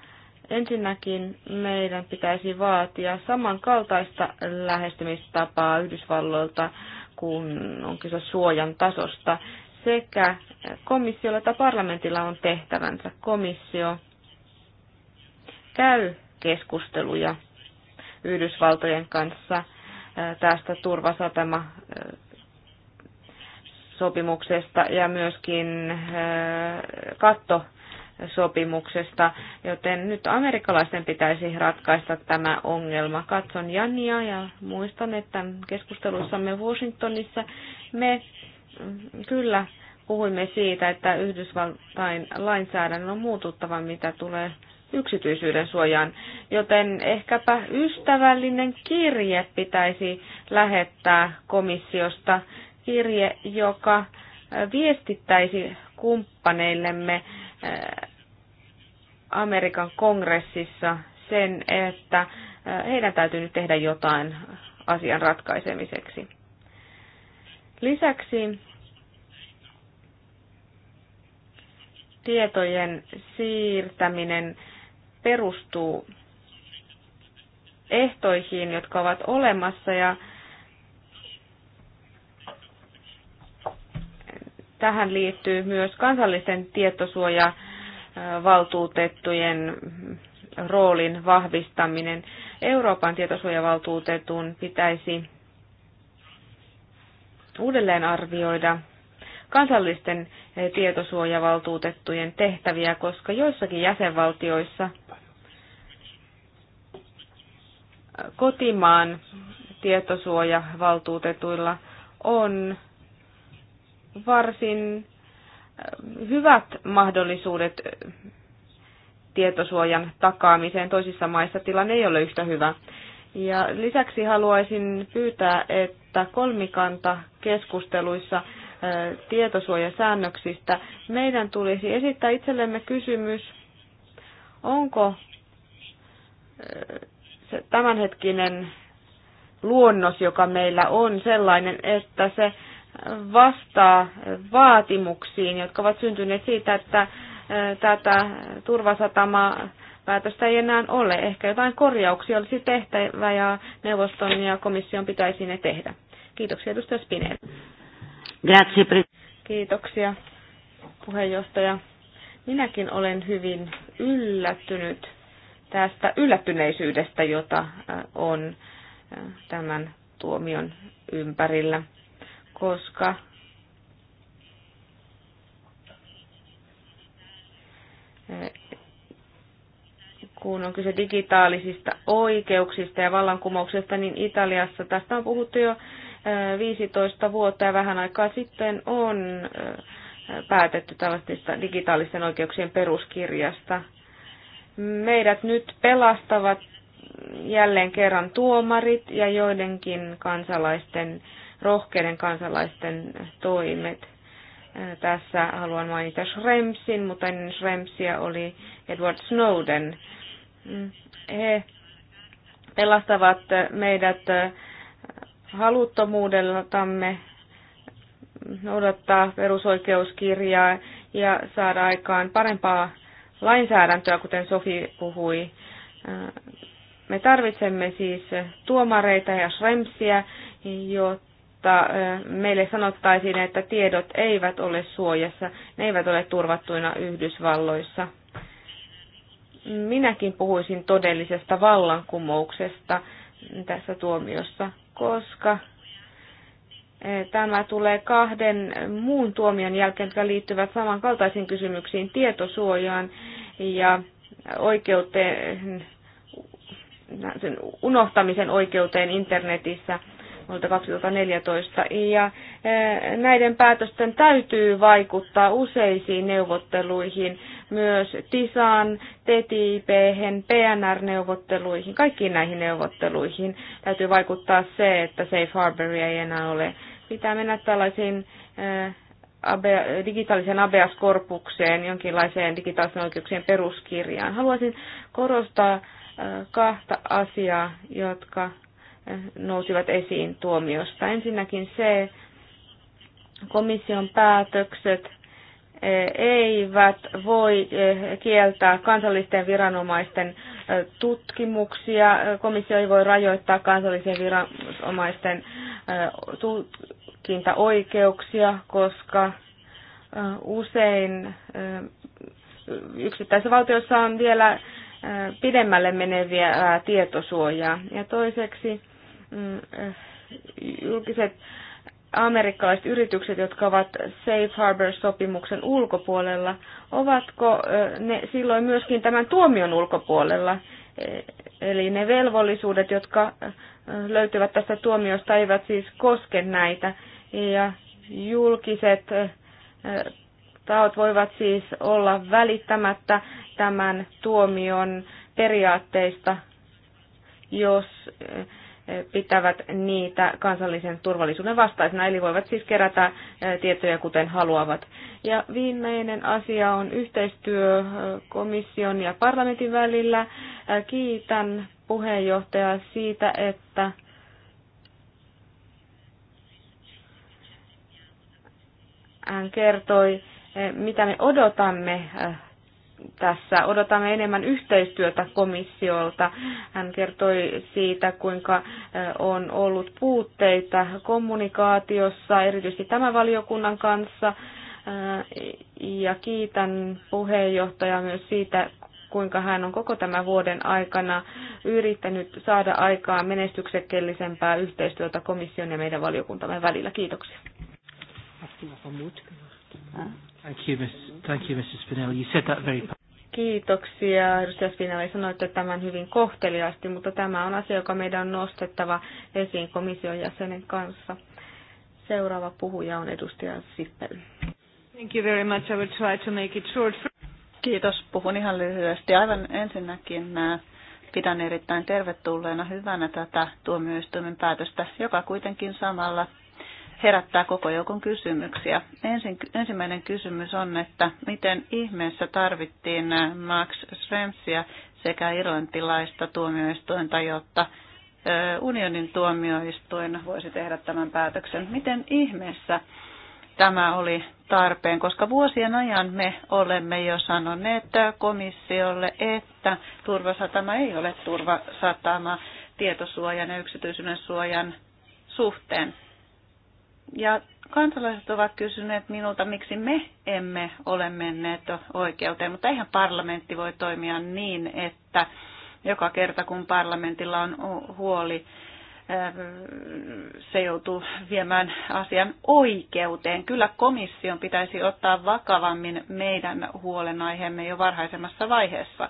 Ensinnäkin meidän pitäisi vaatia samankaltaista lähestymistapaa Yhdysvalloilta, kun on kyse suojan tasosta. Sekä komissiolla että parlamentilla on tehtävänsä. Komissio käy keskusteluja Yhdysvaltojen kanssa tästä turvasatama sopimuksesta ja myöskin katto sopimuksesta, joten nyt amerikkalaisten pitäisi ratkaista tämä ongelma. Katson Jania ja muistan, että keskustelussamme Washingtonissa me mm, kyllä puhuimme siitä, että Yhdysvaltain lainsäädännön on muututtava, mitä tulee yksityisyyden suojaan, joten ehkäpä ystävällinen kirje pitäisi lähettää komissiosta, kirje, joka viestittäisi kumppaneillemme Amerikan kongressissa sen, että heidän täytyy nyt tehdä jotain asian ratkaisemiseksi. Lisäksi tietojen siirtäminen perustuu ehtoihin, jotka ovat olemassa ja tähän liittyy myös kansallisten tietosuoja- valtuutettujen roolin vahvistaminen. Euroopan tietosuojavaltuutetun pitäisi uudelleen arvioida kansallisten tietosuojavaltuutettujen tehtäviä, koska joissakin jäsenvaltioissa kotimaan tietosuojavaltuutetuilla on varsin hyvät mahdollisuudet tietosuojan takaamiseen. Toisissa maissa tilanne ei ole yhtä hyvä. Ja lisäksi haluaisin pyytää, että kolmikanta keskusteluissa tietosuojasäännöksistä meidän tulisi esittää itsellemme kysymys, onko se tämänhetkinen luonnos, joka meillä on, sellainen, että se vastaa vaatimuksiin, jotka ovat syntyneet siitä, että äh, tätä turvasatamaa päätöstä ei enää ole. Ehkä jotain korjauksia olisi tehtävä ja neuvoston ja komission pitäisi ne tehdä. Kiitoksia edustaja Spinelli. Kiitoksia puheenjohtaja. Minäkin olen hyvin yllättynyt tästä yllättyneisyydestä, jota äh, on äh, tämän tuomion ympärillä koska kun on kyse digitaalisista oikeuksista ja vallankumouksesta, niin Italiassa tästä on puhuttu jo 15 eh, vuotta ja vähän aikaa sitten on eh, päätetty tällaista digitaalisten oikeuksien peruskirjasta. Meidät nyt pelastavat jälleen kerran tuomarit ja joidenkin kansalaisten rohkeiden kansalaisten toimet. Tässä haluan mainita Schremsin, mutta ennen Schremsia oli Edward Snowden. Mm, he pelastavat meidät haluttomuudeltamme noudattaa perusoikeuskirjaa ja saada aikaan parempaa lainsäädäntöä, kuten Sofi puhui. Me tarvitsemme siis tuomareita ja Schremsiä, jotta mutta meille sanottaisiin, että tiedot eivät ole suojassa, ne eivät ole turvattuina Yhdysvalloissa. Minäkin puhuisin todellisesta vallankumouksesta tässä tuomiossa, koska tämä tulee kahden muun tuomion jälkeen, jotka liittyvät samankaltaisiin kysymyksiin, tietosuojaan ja oikeuteen, sen unohtamisen oikeuteen internetissä – vuodelta 2014. Ja eh, näiden päätösten täytyy vaikuttaa useisiin neuvotteluihin, myös TISAan, TTIP, e PNR-neuvotteluihin, kaikkiin näihin neuvotteluihin täytyy vaikuttaa se, että Safe Harbor ei enää ole. Pitää mennä tällaisiin eh, digitaaliseen abs korpukseen, jonkinlaiseen digitaalisen oikeuksien peruskirjaan. Haluaisin korostaa eh, kahta asiaa, jotka nousivat esiin tuomiosta. Ensinnäkin se, komission päätökset eh, eivät voi eh, kieltää kansallisten viranomaisten eh, tutkimuksia. Komissio ei voi rajoittaa kansallisten viranomaisten tutkintaoikeuksia, koska usein yksittäisissä valtioissa on vielä pidemmälle meneviä tietosuojaa. Ja toiseksi Mm, julkiset amerikkalaiset yritykset, jotka ovat Safe Harbor-sopimuksen ulkopuolella, ovatko ne silloin myöskin tämän tuomion ulkopuolella? E, eli ne velvollisuudet, jotka löytyvät tästä tuomiosta, eivät siis koske näitä. Ja julkiset taot voivat siis olla välittämättä tämän tuomion periaatteista, jos pitävät niitä kansallisen turvallisuuden vastaisena, eli voivat siis kerätä tietoja kuten haluavat. Ja viimeinen asia on yhteistyö komission ja parlamentin välillä. Kiitän puheenjohtajaa siitä, että hän kertoi, mitä me odotamme tässä odotamme enemmän yhteistyötä komissiolta. Hän kertoi siitä, kuinka on ollut puutteita kommunikaatiossa, erityisesti tämän valiokunnan kanssa. Ja kiitän puheenjohtajaa myös siitä, kuinka hän on koko tämän vuoden aikana yrittänyt saada aikaan menestyksekkellisempää yhteistyötä komission ja meidän valiokuntamme välillä. Kiitoksia. Thank you, Mr. Spinelli. You said that very... Kiitoksia, edustaja Spinelli. että tämän hyvin kohteliaasti, mutta tämä on asia, joka meidän on nostettava esiin komission jäsenen kanssa. Seuraava puhuja on edustaja Sippel. Thank you very much. I will try to make it short. Kiitos. Puhun ihan lyhyesti. Aivan ensinnäkin äh, pidän erittäin tervetulleena hyvänä tätä tuomioistuimen päätöstä, joka kuitenkin samalla herättää koko joukon kysymyksiä. Ensin, ensimmäinen kysymys on, että miten ihmeessä tarvittiin äh, Max Schremsia sekä irlantilaista tuomioistuinta, jotta äh, unionin tuomioistuin voisi tehdä tämän päätöksen. Miten ihmeessä tämä oli tarpeen, koska vuosien ajan me olemme jo sanoneet komissiolle, että turvasatama ei ole turvasatama tietosuojan ja yksityisyyden suojan suhteen. Ja kansalaiset ovat kysyneet minulta, miksi me emme ole menneet oikeuteen, mutta eihän parlamentti voi toimia niin, että joka kerta kun parlamentilla on huoli, äh, se joutuu viemään asian oikeuteen. Kyllä komission pitäisi ottaa vakavammin meidän huolenaiheemme jo varhaisemmassa vaiheessa.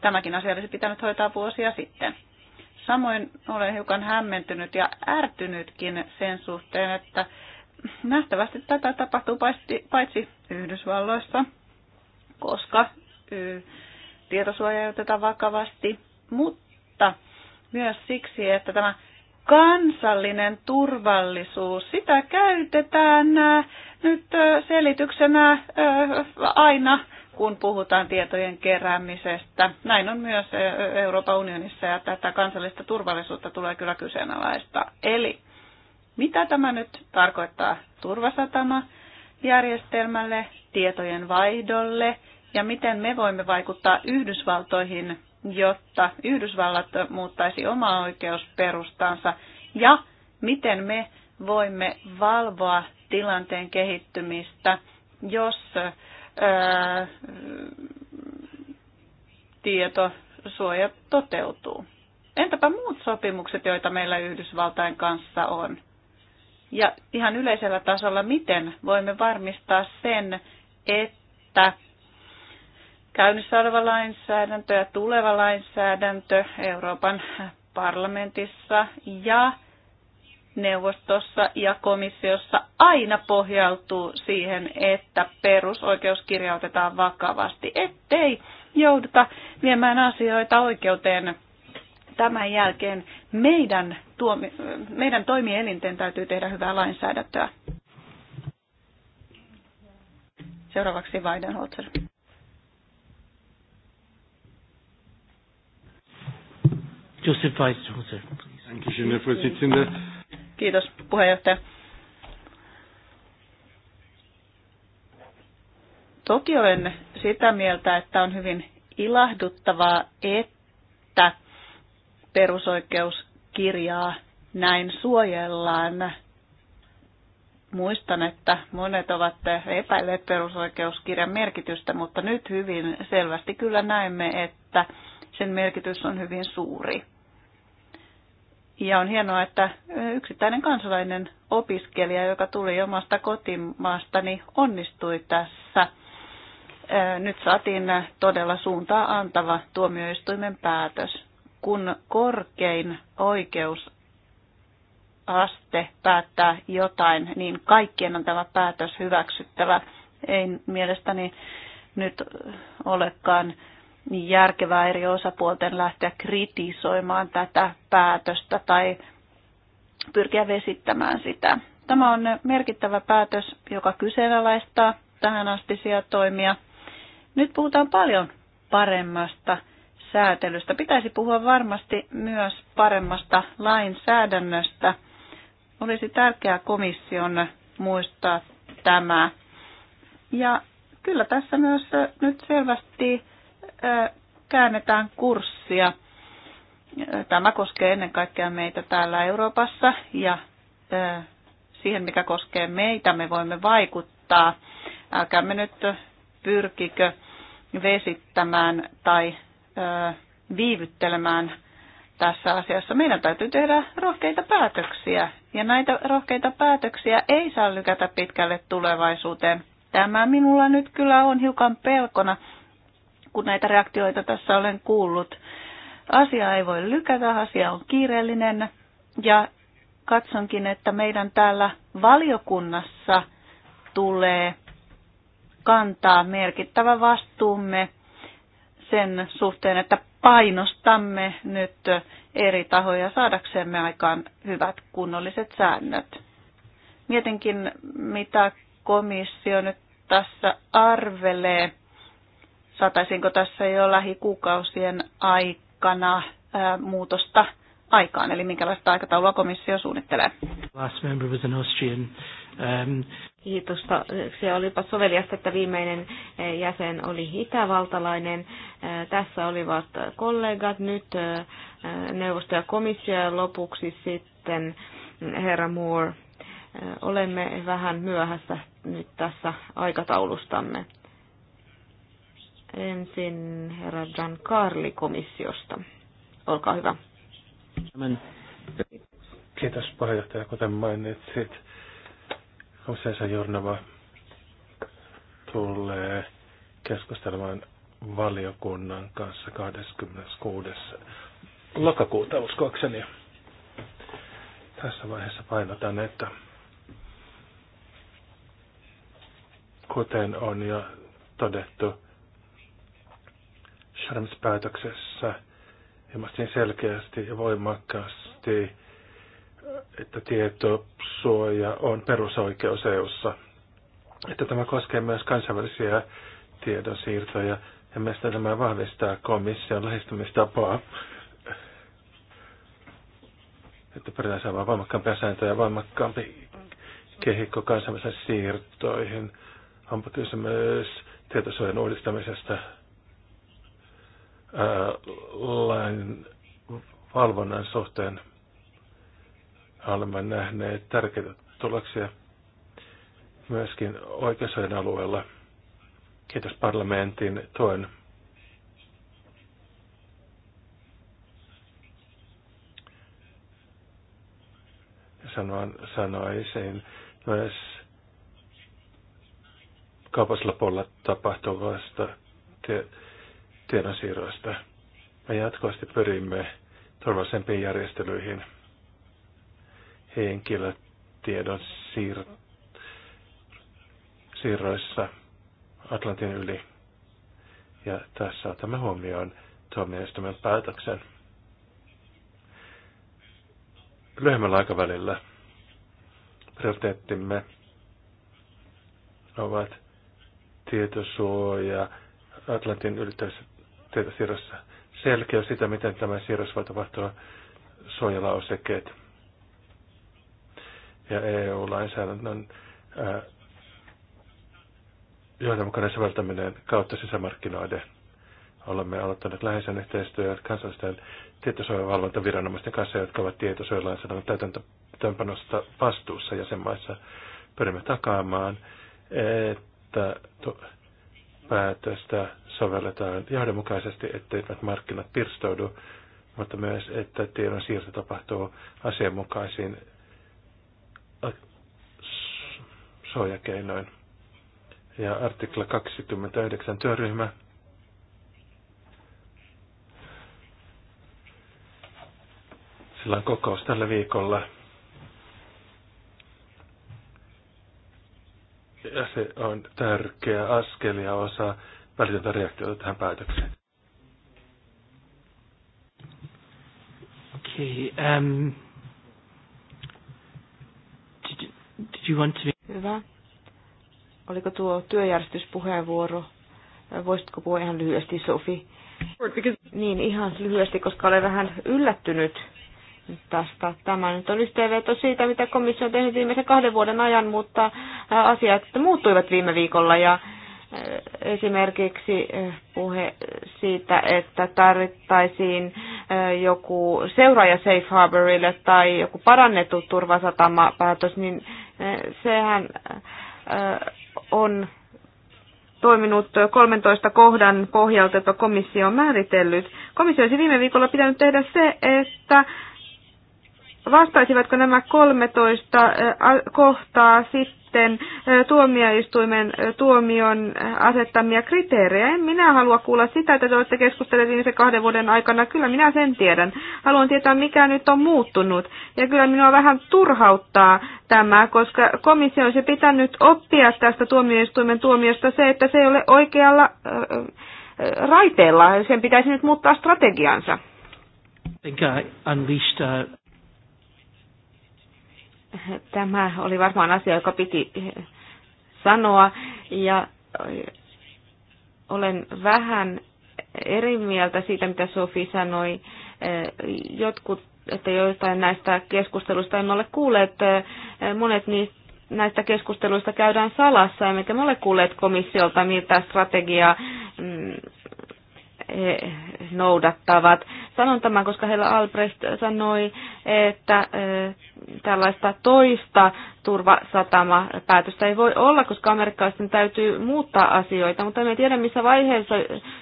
Tämäkin asia olisi pitänyt hoitaa vuosia sitten. Samoin olen hiukan hämmentynyt ja ärtynytkin sen suhteen, että nähtävästi tätä tapahtuu paitsi, paitsi Yhdysvalloissa, koska y, tietosuoja ei oteta vakavasti, mutta myös siksi, että tämä kansallinen turvallisuus, sitä käytetään nyt selityksenä aina kun puhutaan tietojen keräämisestä. Näin on myös Euroopan unionissa ja tätä kansallista turvallisuutta tulee kyllä kyseenalaista. Eli mitä tämä nyt tarkoittaa turvasatama järjestelmälle, tietojen vaihdolle ja miten me voimme vaikuttaa Yhdysvaltoihin, jotta Yhdysvallat muuttaisi omaa oikeusperustansa ja miten me voimme valvoa tilanteen kehittymistä, jos tietosuoja toteutuu. Entäpä muut sopimukset, joita meillä Yhdysvaltain kanssa on? Ja ihan yleisellä tasolla, miten voimme varmistaa sen, että käynnissä oleva lainsäädäntö ja tuleva lainsäädäntö Euroopan parlamentissa ja neuvostossa ja komissiossa aina pohjautuu siihen, että perusoikeus kirjautetaan vakavasti, ettei jouduta viemään asioita oikeuteen tämän jälkeen. Meidän, tuomi, meidän toimielinten täytyy tehdä hyvää lainsäädäntöä. Seuraavaksi Weidenholzer. Joseph Weidenholzer. Dankeschön, Herr Vorsitzender. Kiitos puheenjohtaja. Toki olen sitä mieltä, että on hyvin ilahduttavaa, että perusoikeuskirjaa näin suojellaan. Muistan, että monet ovat epäilleet perusoikeuskirjan merkitystä, mutta nyt hyvin selvästi kyllä näemme, että sen merkitys on hyvin suuri. Ja on hienoa, että yksittäinen kansalainen opiskelija, joka tuli omasta kotimaastani, onnistui tässä. Nyt saatiin todella suuntaa antava tuomioistuimen päätös, kun korkein oikeusaste päättää jotain, niin kaikkien on tämä päätös hyväksyttävä. Ei mielestäni nyt olekaan niin järkevää eri osapuolten lähteä kritisoimaan tätä päätöstä tai pyrkiä vesittämään sitä. Tämä on merkittävä päätös, joka kyseenalaistaa tähän asti toimia. Nyt puhutaan paljon paremmasta säätelystä. Pitäisi puhua varmasti myös paremmasta lainsäädännöstä. Olisi tärkeää komission muistaa tämä. Ja kyllä tässä myös nyt selvästi käännetään kurssia. Tämä koskee ennen kaikkea meitä täällä Euroopassa ja siihen, mikä koskee meitä, me voimme vaikuttaa. Älkäämme nyt pyrkikö vesittämään tai viivyttelemään tässä asiassa. Meidän täytyy tehdä rohkeita päätöksiä, ja näitä rohkeita päätöksiä ei saa lykätä pitkälle tulevaisuuteen. Tämä minulla nyt kyllä on hiukan pelkona, kun näitä reaktioita tässä olen kuullut. Asia ei voi lykätä, asia on kiireellinen ja katsonkin, että meidän täällä valiokunnassa tulee kantaa merkittävä vastuumme sen suhteen, että painostamme nyt eri tahoja saadaksemme aikaan hyvät kunnolliset säännöt. Mietinkin, mitä komissio nyt tässä arvelee saataisiinko tässä jo lähikuukausien aikana muutosta aikaan, eli minkälaista aikataulua komissio suunnittelee. Last member was an Austrian. Um... Se olipa soveliasta, että viimeinen jäsen oli itävaltalainen. Tässä olivat kollegat, nyt neuvosto ja komissio ja lopuksi sitten herra Moore. Olemme vähän myöhässä nyt tässä aikataulustamme. Ensin herra Gian Carli komissiosta. Olkaa hyvä. Kiitos puheenjohtaja, kuten mainitsit. Koseesa Jornava tulee keskustelemaan valiokunnan kanssa 26. lokakuuta uskoakseni. Tässä vaiheessa painotan, että kuten on jo todettu, shams päätöksessä ilmastin selkeästi ja voimakkaasti, että tietosuoja on perusoikeus eu Että tämä koskee myös kansainvälisiä tiedonsiirtoja ja meistä tämä vahvistaa komission lähestymistapaa. Että pyritään saamaan voimakkaampia sääntöjä, voimakkaampi kehikko kansainvälisiin siirtoihin. Onpa kysymys tietosuojan uudistamisesta lain valvonnan suhteen olemme nähneet tärkeitä tuloksia myöskin oikeusajan alueella. Kiitos parlamentin tuen. Sanoin, sanoisin myös kaupaslapolla tapahtuvasta tiedonsiirroista. Me jatkuvasti pyrimme turvallisempiin järjestelyihin henkilötiedon siir- siirroissa Atlantin yli. Ja tässä otamme huomioon tuomioistuimen päätöksen. Lyhyemmällä aikavälillä prioriteettimme ovat tietosuoja Atlantin ylittävissä tietosiirrossa selkeä sitä, miten tämä siirros voi tapahtua suojelausekkeet ja EU-lainsäädännön johdonmukainen soveltaminen kautta sisämarkkinoiden. Olemme aloittaneet läheisen yhteistyön kansallisten tietosuojavalvontaviranomaisten kanssa, jotka ovat tietosuojalainsäädännön täytäntöönpanosta vastuussa jäsenmaissa. Pyrimme takaamaan, että päätöstä sovelletaan johdonmukaisesti, etteivät markkinat pirstoudu, mutta myös, että tiedon siirto tapahtuu asianmukaisiin suojakeinoin. Ja artikla 29 työryhmä Sillä on kokous tällä viikolla. Ja se on tärkeä askel ja osa välitöntä reaktiota tähän päätökseen. Okei. Okay, um, did, did you want to... Hyvä. Oliko tuo työjärjestyspuheenvuoro? Voisitko puhua ihan lyhyesti, Sofi? Niin, ihan lyhyesti, koska olen vähän yllättynyt tästä. Tämä nyt on yhteenveto siitä, mitä komissio on tehnyt viimeisen kahden vuoden ajan, mutta äh, asiat muuttuivat viime viikolla ja äh, esimerkiksi äh, puhe siitä, että tarvittaisiin joku seuraaja Safe Harborille tai joku parannettu turvasatamapäätös, niin sehän on toiminut 13 kohdan pohjalta, jota komissio on määritellyt. Komissio olisi viime viikolla pitänyt tehdä se, että vastaisivatko nämä 13 kohtaa sitten tuomioistuimen tuomion asettamia kriteerejä. En minä halua kuulla sitä, että te olette keskustelleet viimeisen kahden vuoden aikana. Kyllä minä sen tiedän. Haluan tietää, mikä nyt on muuttunut. Ja kyllä minua vähän turhauttaa tämä, koska komissio olisi pitänyt oppia tästä tuomioistuimen tuomiosta se, että se ei ole oikealla äh, raiteella. Sen pitäisi nyt muuttaa strategiansa. I think I unleashed uh... Tämä oli varmaan asia, joka piti sanoa. Ja olen vähän eri mieltä siitä, mitä Sofi sanoi. Jotkut, että joistain näistä keskusteluista emme ole kuulleet. Monet niistä näistä keskusteluista käydään salassa, emmekä me ole kuulleet komissiolta, mitä strategiaa mm, he noudattavat. Sanon tämän, koska heillä Albrecht sanoi, että tällaista toista turvasatama-päätöstä ei voi olla, koska amerikkalaisten täytyy muuttaa asioita, mutta me tiedä, missä vaiheessa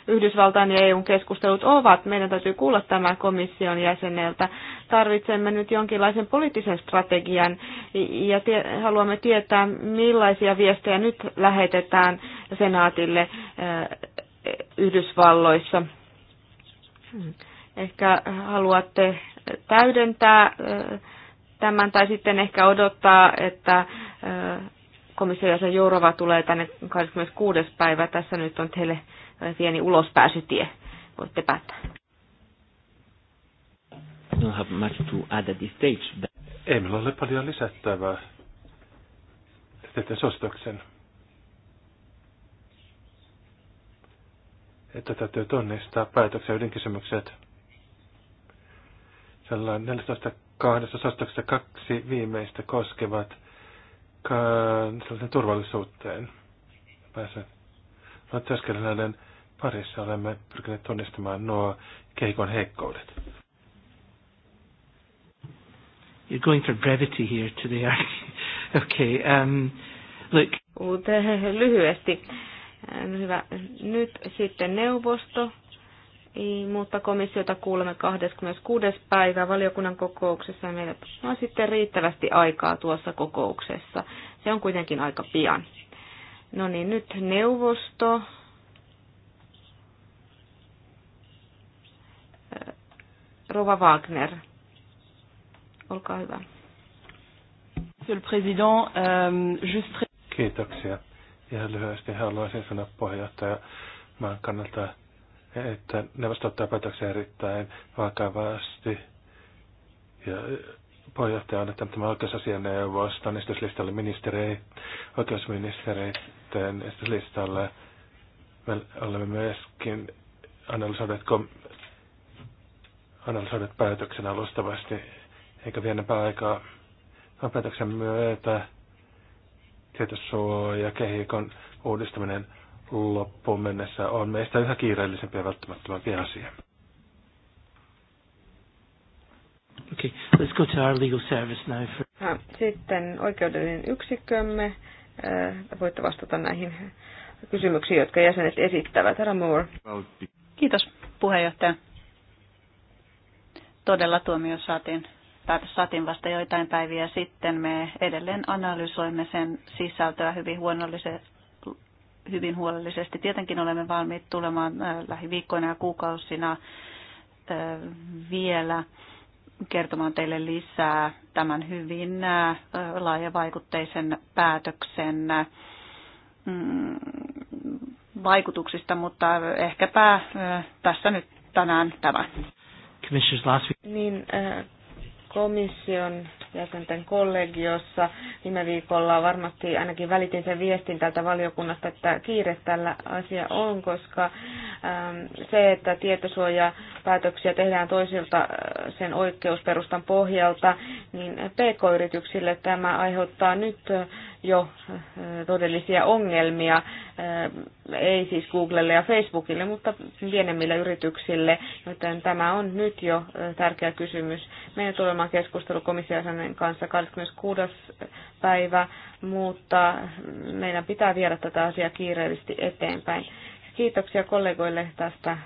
Yhdysvaltain ja EUn keskustelut ovat. Meidän täytyy kuulla tämä komission jäseneltä. Tarvitsemme nyt jonkinlaisen poliittisen strategian ja tie- haluamme tietää, millaisia viestejä nyt lähetetään senaatille Yhdysvalloissa. Ehkä haluatte täydentää tämän tai sitten ehkä odottaa, että komissiojäsen Jourova tulee tänne 26. päivä. Tässä nyt on teille pieni ulospääsytie. Voitte päättää. Don't have much to add at this stage. Ei meillä ole paljon lisättävää. Te teette suosituksen. että täytyy tunnistaa päätöksen ydinkysymykset. Sellainen 14.2.2 kaksi viimeistä koskevat kansallisen turvallisuuteen. Pääsen no, näiden parissa olemme pyrkineet tunnistamaan nuo kehikon heikkoudet. You're going for brevity here today, aren't you? Okay, um, look. Lyhyesti. Hyvä. Nyt sitten neuvosto, mutta komissiota kuulemme 26. päivä valiokunnan kokouksessa. Meillä on sitten riittävästi aikaa tuossa kokouksessa. Se on kuitenkin aika pian. No niin, nyt neuvosto. Rova Wagner, olkaa hyvä. Monsieur le Président, euh, juste... Kiitoksia Ihan lyhyesti haluaisin sanoa puheenjohtaja maan kannalta, että neuvosto ottaa päätöksiä erittäin vakavasti. Ja puheenjohtaja on että tämä oikeusasian neuvosto on esityslistalle ministeri, oikeusministereiden esityslistalle. Me olemme myöskin analysoineet, kom- analysoineet päätöksen alustavasti, eikä vienempää aikaa. päätöksen myötä tietosuojakehikon uudistaminen loppuun mennessä on meistä yhä kiireellisempi ja välttämättömämpi asia. Okay, let's go to our legal service now. For... Sitten oikeudellinen yksikkömme. Äh, voitte vastata näihin kysymyksiin, jotka jäsenet esittävät. Herra Moore. Kiitos puheenjohtaja. Todella tuomio saatiin päätös saatiin vasta joitain päiviä sitten. Me edelleen analysoimme sen sisältöä hyvin huonollisesti hyvin huolellisesti. Tietenkin olemme valmiit tulemaan äh, lähiviikkoina ja kuukausina äh, vielä kertomaan teille lisää tämän hyvin äh, laajavaikutteisen päätöksen mm, vaikutuksista, mutta ehkäpä tässä nyt tänään tämä. Niin, komission jäsenten kollegiossa viime viikolla varmasti ainakin välitin sen viestin tältä valiokunnasta, että kiire tällä asia on, koska ähm, se, että tietosuojapäätöksiä tehdään toisilta äh, sen oikeusperustan pohjalta, niin PK-yrityksille tämä aiheuttaa nyt äh, jo eh, todellisia ongelmia, eh, ei siis Googlelle ja Facebookille, mutta pienemmille yrityksille, joten tämä on nyt jo eh, tärkeä kysymys. Meidän tulemaan keskustelu komissiasanen kanssa 26. päivä, mutta meidän pitää viedä tätä asiaa kiireellisesti eteenpäin. Kiitoksia kollegoille tästä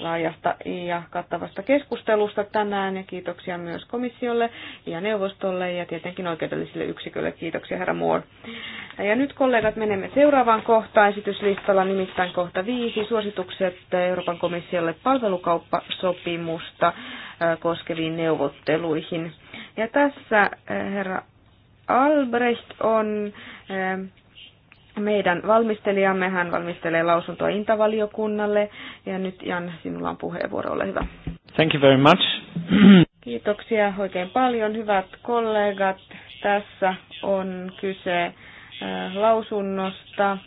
laajasta ja kattavasta keskustelusta tänään ja kiitoksia myös komissiolle ja neuvostolle ja tietenkin oikeudelliselle yksikölle. Kiitoksia herra Moore. Ja nyt kollegat menemme seuraavaan kohtaan esityslistalla nimittäin kohta viisi suositukset Euroopan komissiolle palvelukauppasopimusta äh, koskeviin neuvotteluihin. Ja tässä äh, herra Albrecht on äh, meidän valmistelijamme. Hän valmistelee lausuntoa Intavaliokunnalle. Ja nyt Jan, sinulla on puheenvuoro, ole hyvä. Thank you very much. Kiitoksia oikein paljon, hyvät kollegat. Tässä on kyse äh, lausunnosta.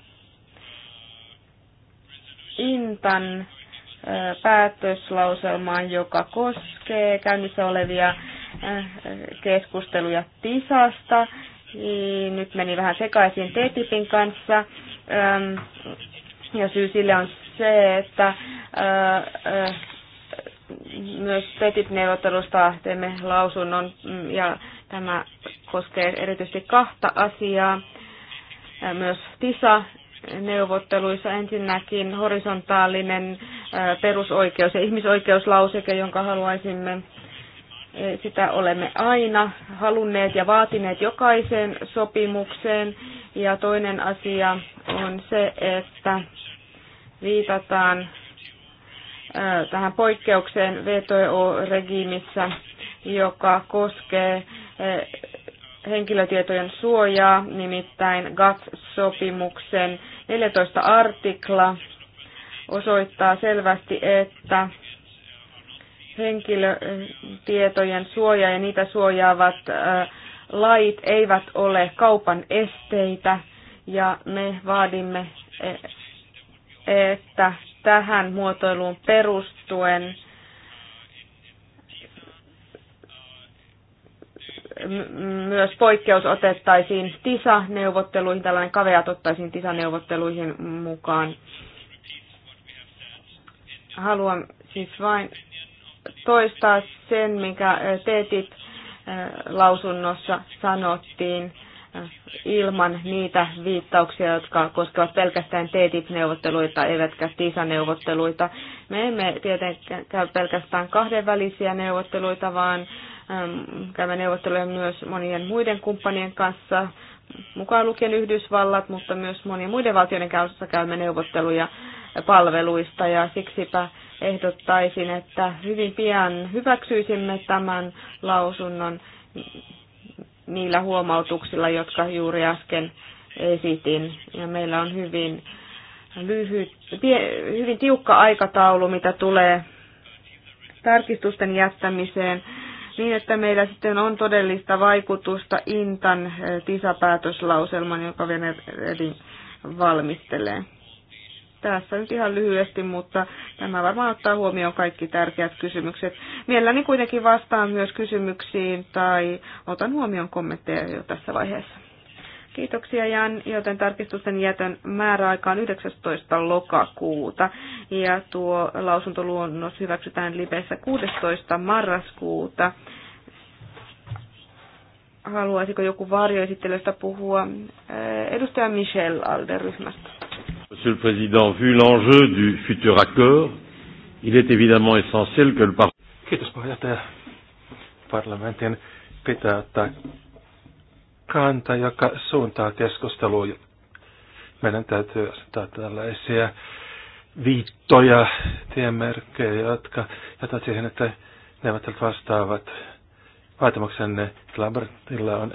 Intan äh, päätöslauselmaan, joka koskee käynnissä olevia äh, keskusteluja TISasta nyt meni vähän sekaisin TTIPin kanssa. Ja syy sille on se, että myös TTIP-neuvottelusta teemme lausunnon mm, ja tämä koskee erityisesti kahta asiaa. Myös TISA neuvotteluissa ensinnäkin horisontaalinen perusoikeus- ja ihmisoikeuslauseke, jonka haluaisimme sitä olemme aina halunneet ja vaatineet jokaiseen sopimukseen. Ja toinen asia on se, että viitataan tähän poikkeukseen VTO-regiimissä, joka koskee henkilötietojen suojaa, nimittäin GATS-sopimuksen 14 artikla osoittaa selvästi, että henkilötietojen suoja ja niitä suojaavat lait eivät ole kaupan esteitä ja me vaadimme, e, että tähän muotoiluun perustuen myös poikkeus otettaisiin TISA-neuvotteluihin, tällainen kaveat ottaisiin TISA-neuvotteluihin mukaan. Haluan siis vain toistaa sen, mikä teetit lausunnossa sanottiin ilman niitä viittauksia, jotka koskevat pelkästään TTIP-neuvotteluita eivätkä TISA-neuvotteluita. Me emme tietenkään käy pelkästään kahdenvälisiä neuvotteluita, vaan käymme neuvotteluja myös monien muiden kumppanien kanssa, mukaan lukien Yhdysvallat, mutta myös monien muiden valtioiden kanssa käymme neuvotteluja palveluista ja siksipä ehdottaisin, että hyvin pian hyväksyisimme tämän lausunnon niillä huomautuksilla, jotka juuri äsken esitin. Ja meillä on hyvin, lyhyt, hyvin tiukka aikataulu, mitä tulee tarkistusten jättämiseen, niin että meillä sitten on todellista vaikutusta Intan eh, tisapäätöslauselman, joka Venedin valmistelee. Tässä nyt ihan lyhyesti, mutta tämä varmaan ottaa huomioon kaikki tärkeät kysymykset. Mielelläni kuitenkin vastaan myös kysymyksiin tai otan huomioon kommentteja jo tässä vaiheessa. Kiitoksia Jan, joten tarkistusten jätön määräaika on 19. lokakuuta ja tuo lausuntoluonnos hyväksytään lipeessä 16. marraskuuta. Haluaisiko joku varjoesittelystä puhua? Edustaja Michel Alder ryhmästä. Monsieur le Président, vu l'enjeu du futur accord, il est évidemment essentiel que le Parlement... pitää ottaa kanta, joka suuntaa keskustelua. Meidän täytyy asettaa tällaisia viittoja, tiemerkkejä, jotka jätät siihen, että ne eivät vastaavat vaatimuksenne. Lambertilla on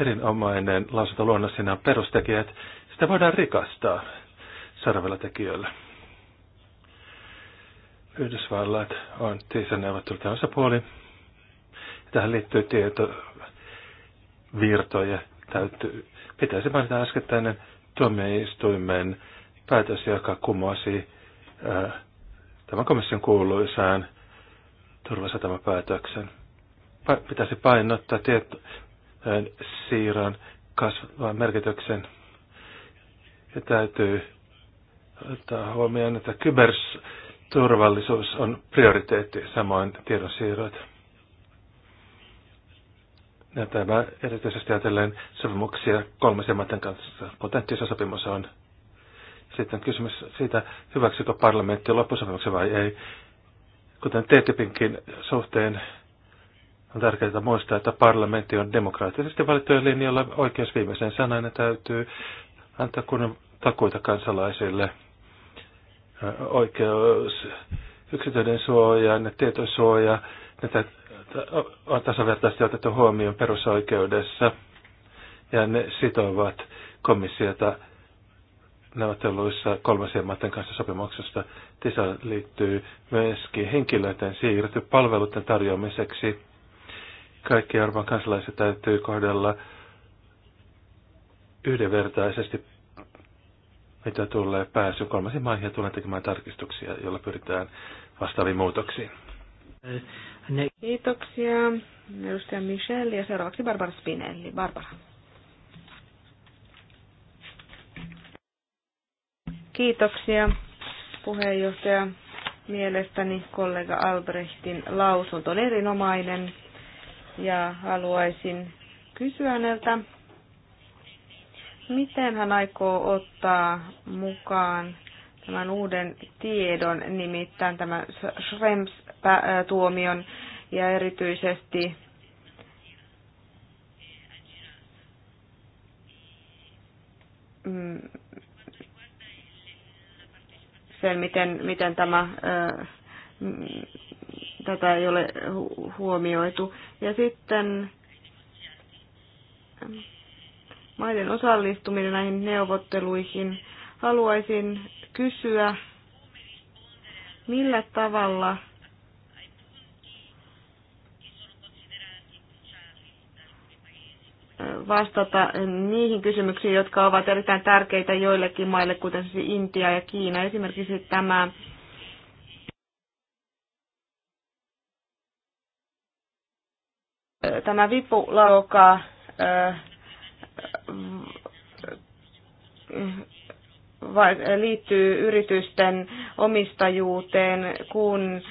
erinomainen lausuntoluonnos, siinä on perustekijät. Sitä voidaan rikastaa saravilla tekijöillä. Yhdysvallat on tiisen neuvottelujen osapuoli. Tähän liittyy tietovirtoja. Täytyy, pitäisi mainita äskettäinen tuomioistuimen päätös, joka kumosi ää, äh, tämän komission kuuluisaan turvasatamapäätöksen. Pa- pitäisi painottaa tietojen siirron kasvavan merkityksen ja täytyy ottaa huomioon, että kyberturvallisuus on prioriteetti, samoin tiedonsiirrot. Ja tämä erityisesti ajatellen sopimuksia kolmisen maiden kanssa. sopimus on sitten kysymys siitä, hyväksykö parlamentti loppusopimuksen vai ei. Kuten TTIPinkin suhteen on tärkeää muistaa, että parlamentti on demokraattisesti valittujen linjalla oikeus viimeiseen sanan ja täytyy antaa kunnon takuita kansalaisille – oikeus, yksityinen suoja, ne tietosuoja, näitä on tasavertaisesti otettu huomioon perusoikeudessa ja ne sitovat komissiota neuvotteluissa kolmasien maiden kanssa sopimuksesta. TISA liittyy myöskin henkilöiden siirty palveluiden tarjoamiseksi. Kaikki Euroopan kansalaiset täytyy kohdella yhdenvertaisesti mitä tulee pääsy kolmasiin maihin ja tulen tekemään tarkistuksia, joilla pyritään vastaaviin muutoksiin. Kiitoksia edustaja Michelle ja seuraavaksi Barbara Spinelli. Barbara. Kiitoksia puheenjohtaja. Mielestäni kollega Albrechtin lausunto on erinomainen ja haluaisin kysyä häneltä Miten hän aikoo ottaa mukaan tämän uuden tiedon, nimittäin tämän Schrems-tuomion ja erityisesti mm, sen, miten, miten tämä, mm, tätä ei ole huomioitu. Ja sitten mm, maiden osallistuminen näihin neuvotteluihin. Haluaisin kysyä, millä tavalla vastata niihin kysymyksiin, jotka ovat erittäin tärkeitä joillekin maille, kuten siis Intia ja Kiina. Esimerkiksi tämä tämä vipula, liittyy yritysten omistajuuteen, kun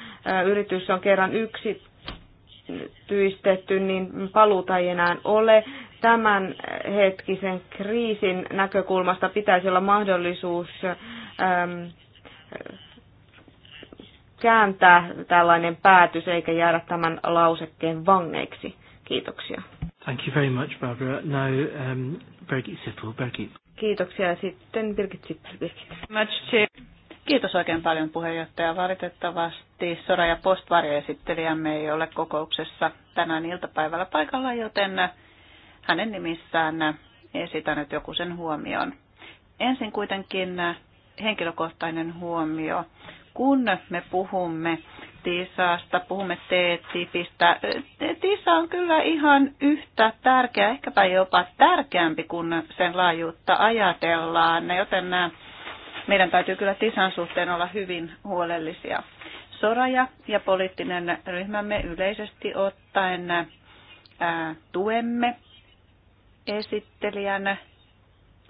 yritys on kerran yksityistetty, niin paluuta ei enää ole. Tämän hetkisen kriisin näkökulmasta pitäisi olla mahdollisuus kääntää tällainen päätös eikä jäädä tämän lausekkeen vangeiksi. Kiitoksia. Thank you very much, Barbara. Now, um, Birgit Sippel. Birgit. Kiitoksia. Sitten Birgit Sippel. Birgit. Much Kiitos oikein paljon puheenjohtaja. Valitettavasti Sora ja Postvarjoesittelijämme ei ole kokouksessa tänään iltapäivällä paikalla, joten hänen nimissään esitän nyt joku sen huomioon. Ensin kuitenkin henkilökohtainen huomio. Kun me puhumme Tiisaasta, puhumme T-tipistä. TISA on kyllä ihan yhtä tärkeä, ehkäpä jopa tärkeämpi, kun sen laajuutta ajatellaan, joten nämä, äh, meidän täytyy kyllä Tiisan suhteen olla hyvin huolellisia. Soraja ja poliittinen ryhmämme yleisesti ottaen ää, äh, tuemme esittelijän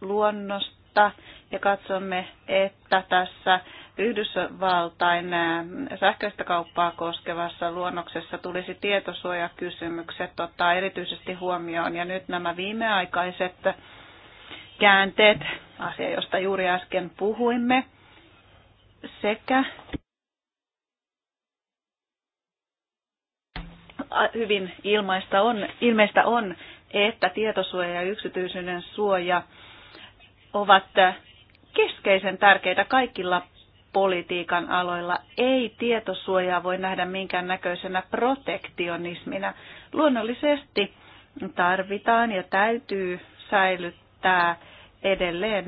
luonnosta ja katsomme, että tässä Yhdysvaltain äh, sähköistä kauppaa koskevassa luonnoksessa tulisi tietosuojakysymykset ottaa erityisesti huomioon. Ja nyt nämä viimeaikaiset käänteet, asia josta juuri äsken puhuimme, sekä hyvin ilmaista on, ilmeistä on, että tietosuoja ja yksityisyyden suoja ovat äh, keskeisen tärkeitä kaikilla politiikan aloilla ei tietosuojaa voi nähdä minkäännäköisenä protektionismina. Luonnollisesti tarvitaan ja täytyy säilyttää edelleen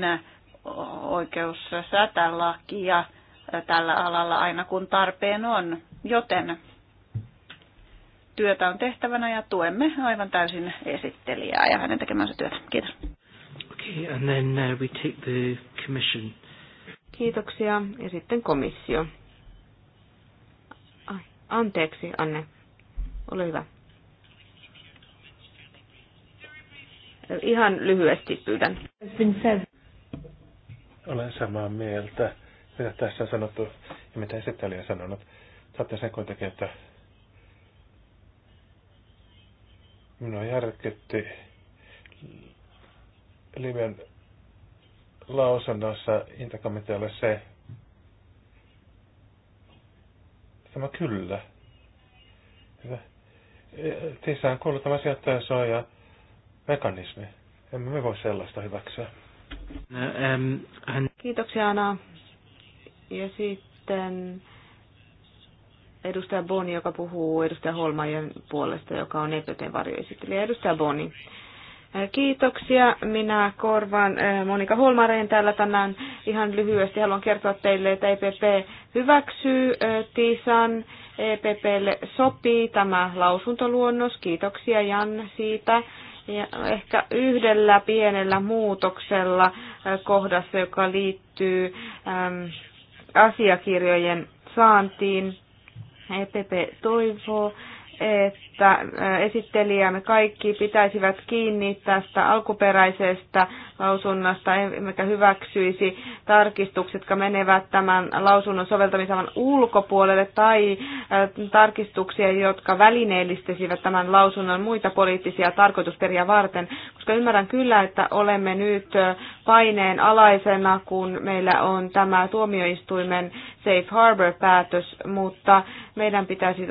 oikeus säätää lakia tällä alalla aina kun tarpeen on, joten työtä on tehtävänä ja tuemme aivan täysin esittelijää ja hänen tekemänsä työtä. Kiitos. Okay, and then uh, we take the commission. Kiitoksia. Ja sitten komissio. Anteeksi, Anne. Ole hyvä. Ihan lyhyesti pyydän. Olen samaa mieltä, mitä tässä on sanottu ja mitä esittelijä on sanonut. Saatte sen kuitenkin, että minua järkytti Liven lausunnossa intakomitealle se, tämä kyllä. Teissä siis on kuullut tämä sijoittajansuoja mekanismi. Emme me voi sellaista hyväksyä. Kiitoksia Anna. Ja sitten edustaja Boni, joka puhuu edustaja Holmajen puolesta, joka on EPPn varjoesittelijä. Edustaja Boni. Kiitoksia. Minä korvaan Monika Holmareen täällä tänään. Ihan lyhyesti haluan kertoa teille, että EPP hyväksyy TISAN. EPPlle sopii tämä lausuntoluonnos. Kiitoksia Jan siitä. Ja ehkä yhdellä pienellä muutoksella kohdassa, joka liittyy asiakirjojen saantiin. EPP toivoo, että esittelijämme kaikki pitäisivät kiinni tästä alkuperäisestä lausunnosta, emmekä hyväksyisi tarkistukset, jotka menevät tämän lausunnon soveltamisavan ulkopuolelle, tai tarkistuksia, jotka välineellistäisivät tämän lausunnon muita poliittisia tarkoitusperiä varten, koska ymmärrän kyllä, että olemme nyt paineen alaisena, kun meillä on tämä tuomioistuimen Safe Harbor-päätös, mutta meidän pitäisi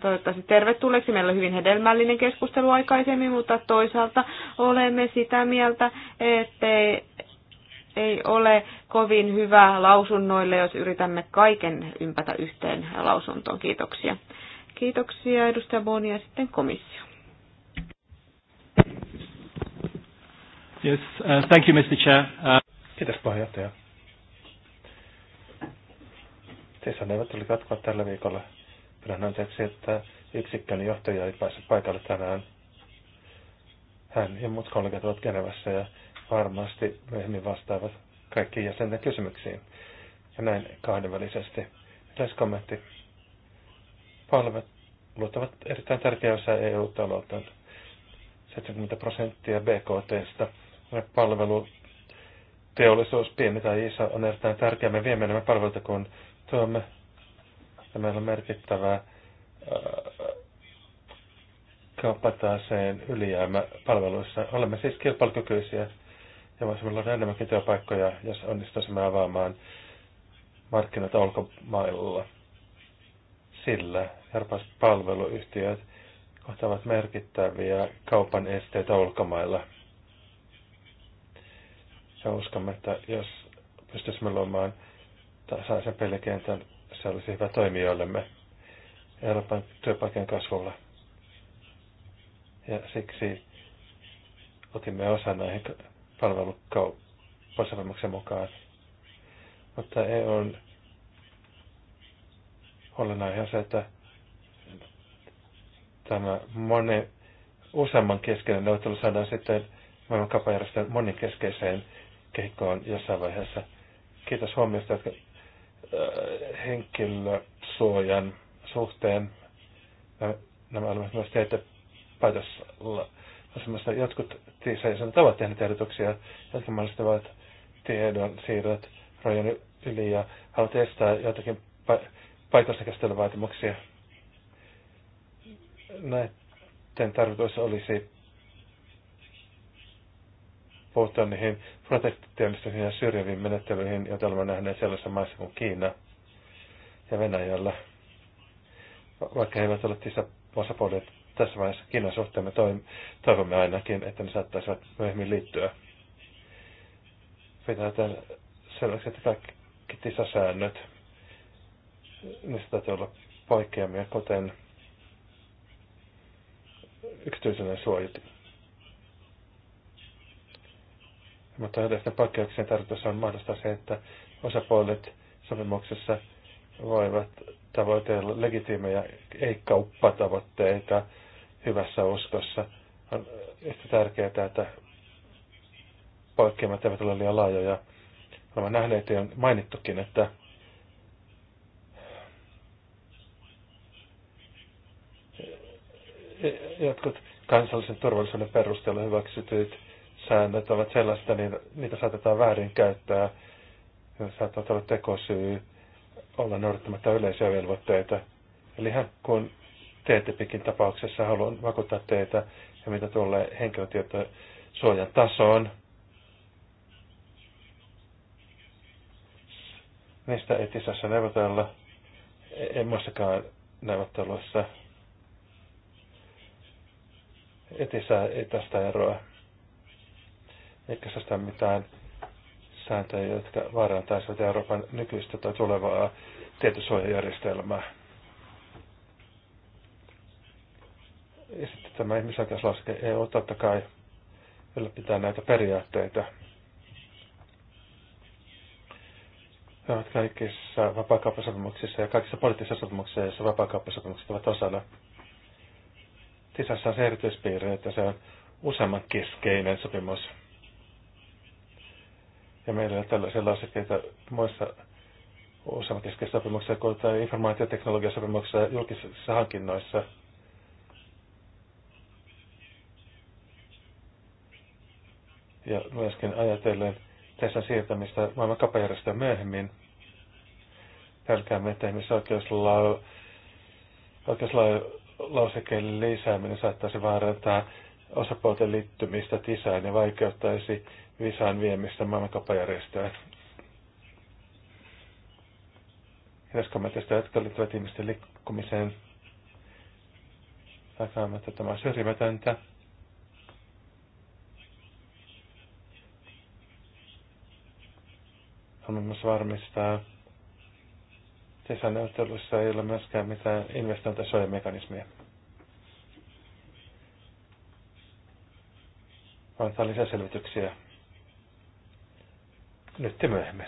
toivottavasti tervetulleeksi. Meillä on hyvin hedelmällinen keskustelu aikaisemmin, mutta toisaalta olemme sitä mieltä, että ei ole kovin hyvä lausunnoille, jos yritämme kaiken ympätä yhteen lausuntoon. Kiitoksia. Kiitoksia edustaja Boni ja sitten komissio. Yes, uh, thank you, Mr. Chair. Uh... Kiitos puheenjohtaja. Teissä siis neuvottelut katkoa tällä viikolla olen anteeksi, että yksikköni johtaja ei pääse paikalle tänään. Hän ja muut kollegat ovat Genevässä ja varmasti myöhemmin vastaavat kaikkiin jäsenten kysymyksiin. Ja näin kahdenvälisesti. Tässä kommentti. Palvelut ovat erittäin tärkeä osa EU-taloutta. 70 prosenttia BKTstä palvelu teollisuus, pieni tai iso, on erittäin tärkeää. Me viemme nämä palveluita, kun tuomme ja meillä on merkittävä äh, kauppataseen ylijäämä palveluissa. Olemme siis kilpailukykyisiä ja voisimme on enemmänkin työpaikkoja, jos onnistuisimme avaamaan markkinoita ulkomailla. Sillä eurooppalaiset palveluyhtiöt kohtaavat merkittäviä kaupan esteitä ulkomailla. Ja uskomme, että jos pystyisimme luomaan tasaisen pelikentän se olisi hyvä toimijoillemme Euroopan työpaikan kasvulla. Ja siksi otimme osa näihin palvelukauppasopimuksen mukaan. Mutta ei on olennaista se, että tämä monen, useamman keskeinen neuvottelu saadaan sitten maailman kapajärjestön monikeskeiseen kehikkoon jossain vaiheessa. Kiitos huomiosta, jotka henkilösuojan suhteen nämä olivat myös teitä päätösasemasta. Jotkut tiiseiset ovat tehneet ehdotuksia, jotka mahdollistavat tiedon siirrot rajan yli ja haluavat estää jotakin pa- paikallista käsittelyvaatimuksia. Näiden tarkoitus olisi puuttua niihin protektionistisiin ja syrjäviin menettelyihin, joita olemme nähneet sellaisissa maissa kuin Kiina ja Venäjällä. Vaikka he eivät ole tässä osapuolet tässä vaiheessa Kiinan suhteen, me toivomme ainakin, että ne saattaisivat myöhemmin liittyä. Pitää tehdä selväksi, että kaikki tisasäännöt, niistä täytyy olla poikkeamia, kuten yksityisyyden suoja Mutta yleisten poikkeuksien tarkoitus on mahdollistaa se, että osapuolet sopimuksessa voivat tavoitella legitiimejä ei-kauppatavoitteita hyvässä uskossa. On yhtä tärkeää, että poikkeamat eivät ole liian laajoja. Olemme nähneet ja on mainittukin, että jotkut kansallisen turvallisuuden perusteella hyväksytyt säännöt ovat sellaista, niin niitä saatetaan väärin käyttää. Ne saattavat olla tekosyy olla noudattamatta yleisiä velvoitteita. Eli ihan kun TTIPikin tapauksessa haluan vakuuttaa teitä, ja mitä tulee suojan tasoon, niistä ei tisassa neuvotella, ei muissakaan neuvotteluissa. Etisää ei tästä eroa eikä sitä mitään sääntöjä, jotka vaarantaisivat Euroopan nykyistä tai tulevaa tietosuojajärjestelmää. Ja sitten tämä ihmisoikeuslaske EU totta kai ylläpitää näitä periaatteita. Ne ovat kaikissa vapaakauppasopimuksissa ja kaikissa poliittisissa sopimuksissa, joissa vapaakauppasopimukset ovat osana. Tisassa on se erityispiirre, että se on useamman keskeinen sopimus. Ja meillä on tällaisia lausekkeita muissa osaamakeskeisissä sopimuksissa tai informaatioteknologiasopimuksissa julkisissa hankinnoissa. Ja myöskin ajatellen tässä siirtämistä maailman kapajärjestöä myöhemmin. Pelkäämme, että ihmisoikeuslausekkeiden oikeuslau, lisääminen saattaisi vaarantaa osapuolten liittymistä tisään ja vaikeuttaisi visan viemistä maailmankauppajärjestöön. Eräs kommenteista, jotka liittyvät ihmisten liikkumiseen takaamatta tämä on syrjimätöntä. Haluan myös varmistaa, että neuvottelussa ei ole myöskään mitään investointisuojamekanismia. Antaa lisäselvityksiä nyt ja myöhemmin.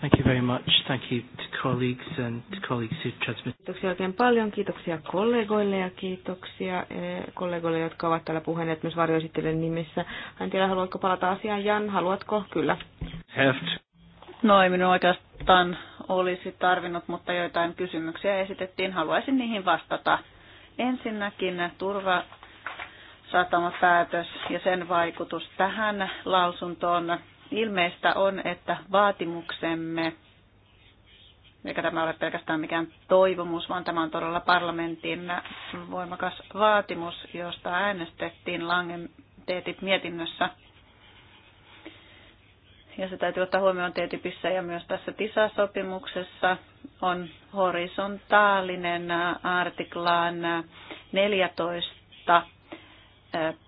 Thank you very much. Thank you to colleagues and to colleagues who transmit. Kiitoksia oikein paljon. Kiitoksia kollegoille ja kiitoksia eh, kollegoille, jotka ovat täällä puhuneet myös varjoesittelijän nimissä. En tiedä, haluatko palata asiaan, Jan? Haluatko? Kyllä. Heft. No ei minun oikeastaan olisi tarvinnut, mutta joitain kysymyksiä esitettiin. Haluaisin niihin vastata. Ensinnäkin turva satamapäätös ja sen vaikutus tähän lausuntoon Ilmeistä on, että vaatimuksemme, eikä tämä ole pelkästään mikään toivomus, vaan tämä on todella parlamentin voimakas vaatimus, josta äänestettiin Langen mietinnössä ja se täytyy ottaa huomioon TTIPissä ja myös tässä TISA-sopimuksessa on horisontaalinen artiklaan 14 eh,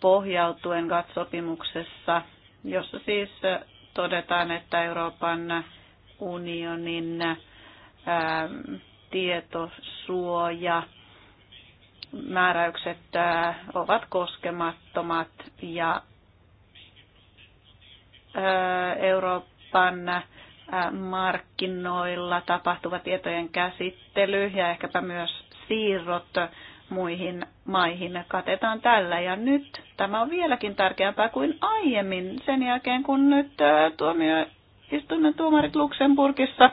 pohjautuen GATT-sopimuksessa jossa siis todetaan, että Euroopan unionin ää, ähm, tietosuoja määräykset äh, ovat koskemattomat ja äh, Euroopan äh, markkinoilla tapahtuva tietojen käsittely ja ehkäpä myös siirrot muihin maihin katetaan tällä. Ja nyt tämä on vieläkin tärkeämpää kuin aiemmin sen jälkeen, kun nyt tuomioistuimen tuomarit Luxemburgissa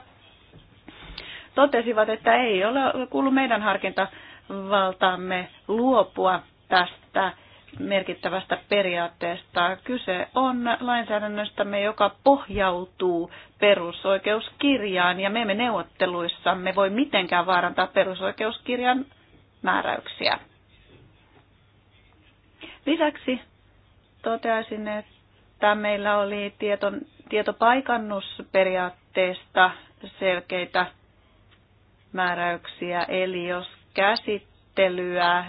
totesivat, että ei ole kuulu meidän harkintavaltaamme luopua tästä merkittävästä periaatteesta. Kyse on lainsäädännöstämme, joka pohjautuu perusoikeuskirjaan ja me emme neuvotteluissamme voi mitenkään vaarantaa perusoikeuskirjan määräyksiä. Lisäksi toteaisin, että meillä oli tieto tietopaikannusperiaatteesta selkeitä määräyksiä, eli jos käsittelyä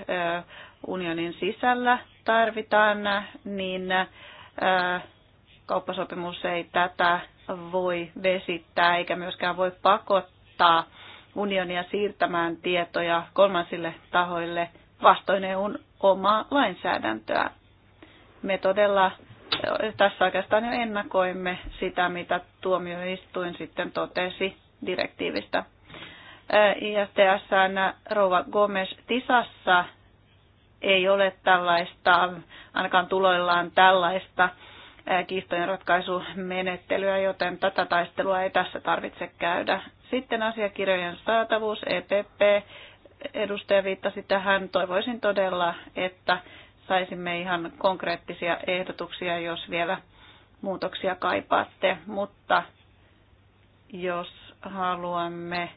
unionin sisällä tarvitaan, niin kauppasopimus ei tätä voi vesittää eikä myöskään voi pakottaa unionia siirtämään tietoja kolmansille tahoille vastoin EUn omaa lainsäädäntöä. Me todella tässä oikeastaan jo ennakoimme sitä, mitä tuomioistuin sitten totesi direktiivistä. ISTSn rova Gomes Tisassa ei ole tällaista, ainakaan tuloillaan tällaista kiistojen ratkaisumenettelyä, joten tätä taistelua ei tässä tarvitse käydä. Sitten asiakirjojen saatavuus, EPP, edustaja viittasi tähän. Toivoisin todella, että saisimme ihan konkreettisia ehdotuksia, jos vielä muutoksia kaipaatte, mutta jos haluamme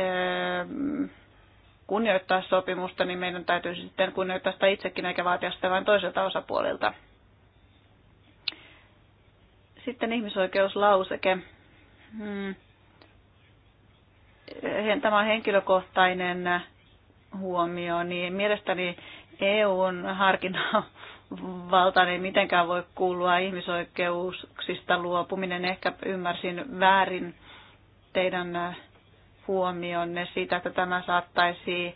ähm, kunnioittaa sopimusta, niin meidän täytyy sitten kunnioittaa sitä itsekin eikä vaatia sitä vain toiselta osapuolelta. Sitten ihmisoikeuslauseke. Hmm. Tämä on henkilökohtainen huomio, niin mielestäni EUn harkinnan valta ei mitenkään voi kuulua ihmisoikeuksista luopuminen. Ehkä ymmärsin väärin teidän huomionne siitä, että tämä saattaisi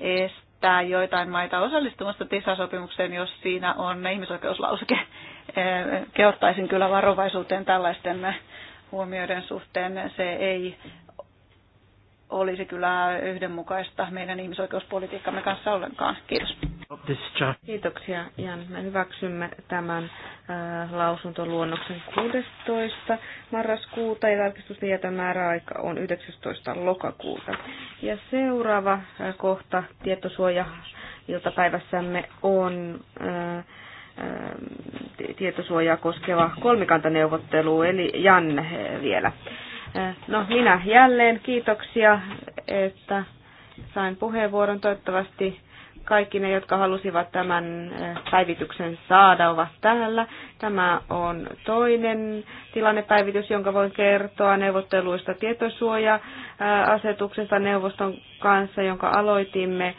estää joitain maita osallistumasta TISA-sopimukseen, jos siinä on ihmisoikeuslauseke kehottaisin kyllä varovaisuuteen tällaisten huomioiden suhteen. Se ei olisi kyllä yhdenmukaista meidän ihmisoikeuspolitiikkamme kanssa ollenkaan. Kiitos. Kiitoksia Jan. Me hyväksymme tämän äh, lausuntoluonnoksen 16. marraskuuta ja tarkistustietojen määräaika on 19. lokakuuta. Ja seuraava äh, kohta tietosuoja iltapäivässämme on äh, tietosuojaa koskeva kolmikantaneuvottelu, eli Jan eh, vielä. Eh, no minä jälleen kiitoksia, että sain puheenvuoron. Toivottavasti kaikki ne, jotka halusivat tämän eh, päivityksen saada, ovat täällä. Tämä on toinen tilannepäivitys, jonka voin kertoa neuvotteluista tietosuoja-asetuksesta neuvoston kanssa, jonka aloitimme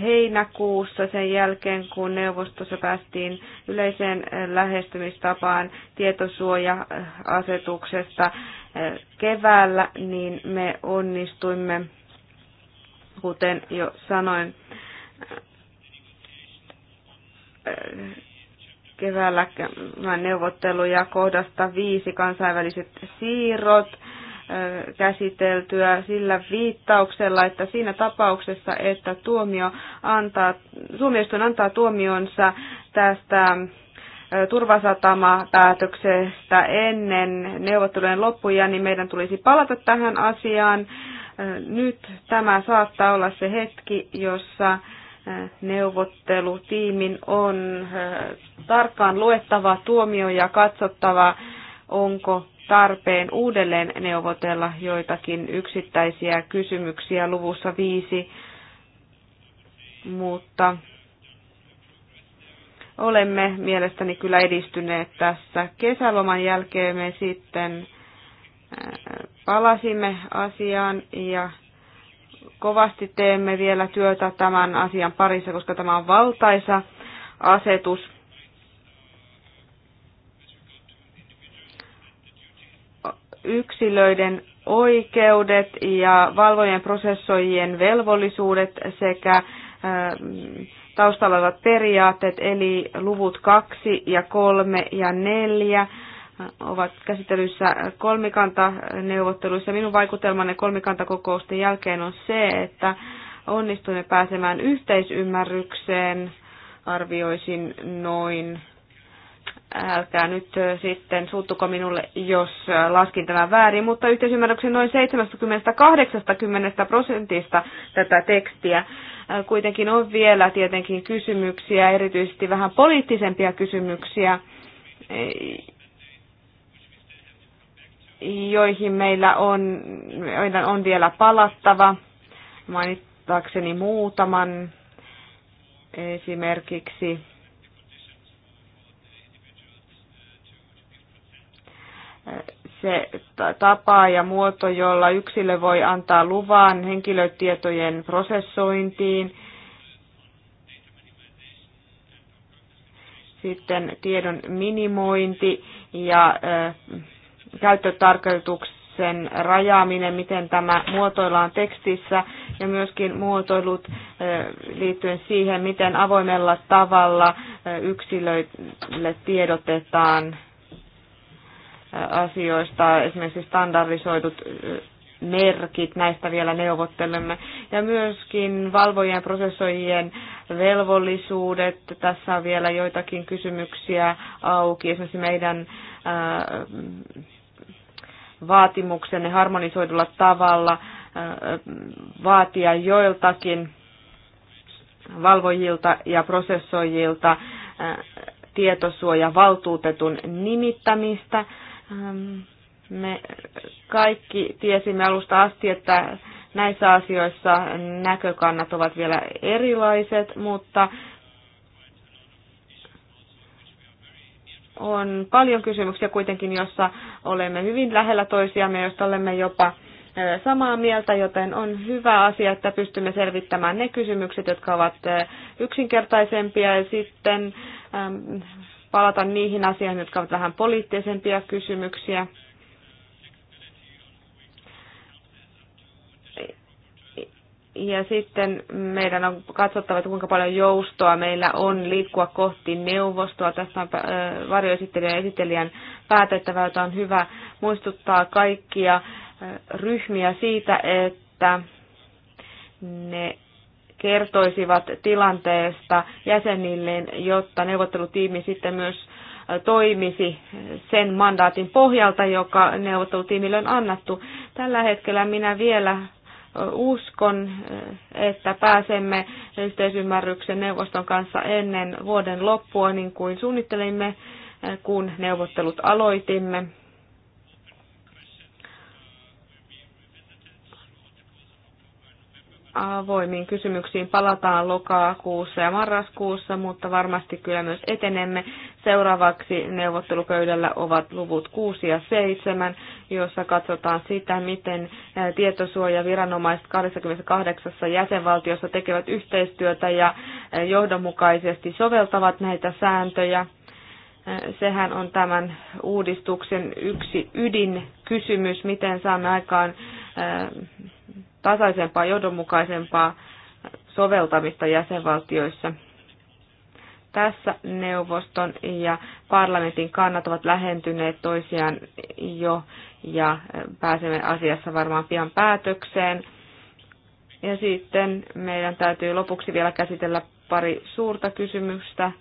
heinäkuussa sen jälkeen, kun neuvostossa päästiin yleiseen lähestymistapaan tietosuoja-asetuksesta eh, keväällä, niin me onnistuimme, kuten jo sanoin, eh, keväällä neuvotteluja kohdasta viisi kansainväliset siirrot käsiteltyä sillä viittauksella, että siinä tapauksessa, että tuomio antaa, tuomioistuin antaa tuomionsa tästä turvasatamapäätöksestä ennen neuvottelujen loppuja, niin meidän tulisi palata tähän asiaan. Nyt tämä saattaa olla se hetki, jossa neuvottelutiimin on tarkkaan luettava tuomio ja katsottava, onko tarpeen uudelleen neuvotella joitakin yksittäisiä kysymyksiä luvussa viisi, mutta olemme mielestäni kyllä edistyneet tässä. Kesäloman jälkeen me sitten äh, palasimme asiaan ja kovasti teemme vielä työtä tämän asian parissa, koska tämä on valtaisa asetus yksilöiden oikeudet ja valvojen prosessoijien velvollisuudet sekä ähm, taustalla olevat periaatteet, eli luvut 2 ja 3 ja 4 äh, ovat käsittelyssä kolmikantaneuvotteluissa. Minun vaikutelmanne kolmikantakokousten jälkeen on se, että onnistuimme pääsemään yhteisymmärrykseen, arvioisin noin älkää nyt sitten suuttuko minulle, jos laskin tämän väärin, mutta yhteisymmärryksen noin 70-80 prosentista tätä tekstiä. Kuitenkin on vielä tietenkin kysymyksiä, erityisesti vähän poliittisempia kysymyksiä, joihin meillä on, meidän on vielä palattava. Mainittaakseni muutaman esimerkiksi se tapa ja muoto, jolla yksilö voi antaa luvan henkilötietojen prosessointiin, sitten tiedon minimointi ja käyttötarkoituksen rajaaminen, miten tämä muotoillaan tekstissä ja myöskin muotoilut liittyen siihen, miten avoimella tavalla yksilöille tiedotetaan asioista, esimerkiksi standardisoidut merkit, näistä vielä neuvottelemme. Ja myöskin valvojien prosessoijien velvollisuudet, tässä on vielä joitakin kysymyksiä auki, esimerkiksi meidän vaatimuksenne harmonisoidulla tavalla vaatia joiltakin valvojilta ja prosessoijilta tietosuojavaltuutetun nimittämistä. Ähm, me kaikki tiesimme alusta asti, että näissä asioissa näkökannat ovat vielä erilaiset, mutta on paljon kysymyksiä kuitenkin, jossa olemme hyvin lähellä toisiamme, joista olemme jopa samaa mieltä, joten on hyvä asia, että pystymme selvittämään ne kysymykset, jotka ovat yksinkertaisempia ja sitten palata niihin asioihin, jotka ovat vähän poliittisempia kysymyksiä. Ja sitten meidän on katsottava, että kuinka paljon joustoa meillä on liikkua kohti neuvostoa. Tässä on äh, varjoesittelijän ja esittelijän päätettävä, jota on hyvä muistuttaa kaikkia äh, ryhmiä siitä, että ne kertoisivat tilanteesta jäsenilleen, jotta neuvottelutiimi sitten myös äh, toimisi sen mandaatin pohjalta, joka neuvottelutiimille on annettu. Tällä hetkellä minä vielä äh, uskon, äh, että pääsemme yhteisymmärryksen neuvoston kanssa ennen vuoden loppua, niin kuin suunnittelimme, kun neuvottelut aloitimme. avoimiin kysymyksiin palataan lokakuussa ja marraskuussa, mutta varmasti kyllä myös etenemme. Seuraavaksi neuvottelupöydällä ovat luvut 6 ja 7, jossa katsotaan sitä, miten tietosuojaviranomaiset 28 jäsenvaltiossa tekevät yhteistyötä ja johdonmukaisesti soveltavat näitä sääntöjä. Sehän on tämän uudistuksen yksi ydinkysymys, miten saamme aikaan tasaisempaa, johdonmukaisempaa soveltamista jäsenvaltioissa. Tässä neuvoston ja parlamentin kannat ovat lähentyneet toisiaan jo ja pääsemme asiassa varmaan pian päätökseen. Ja sitten meidän täytyy lopuksi vielä käsitellä pari suurta kysymystä,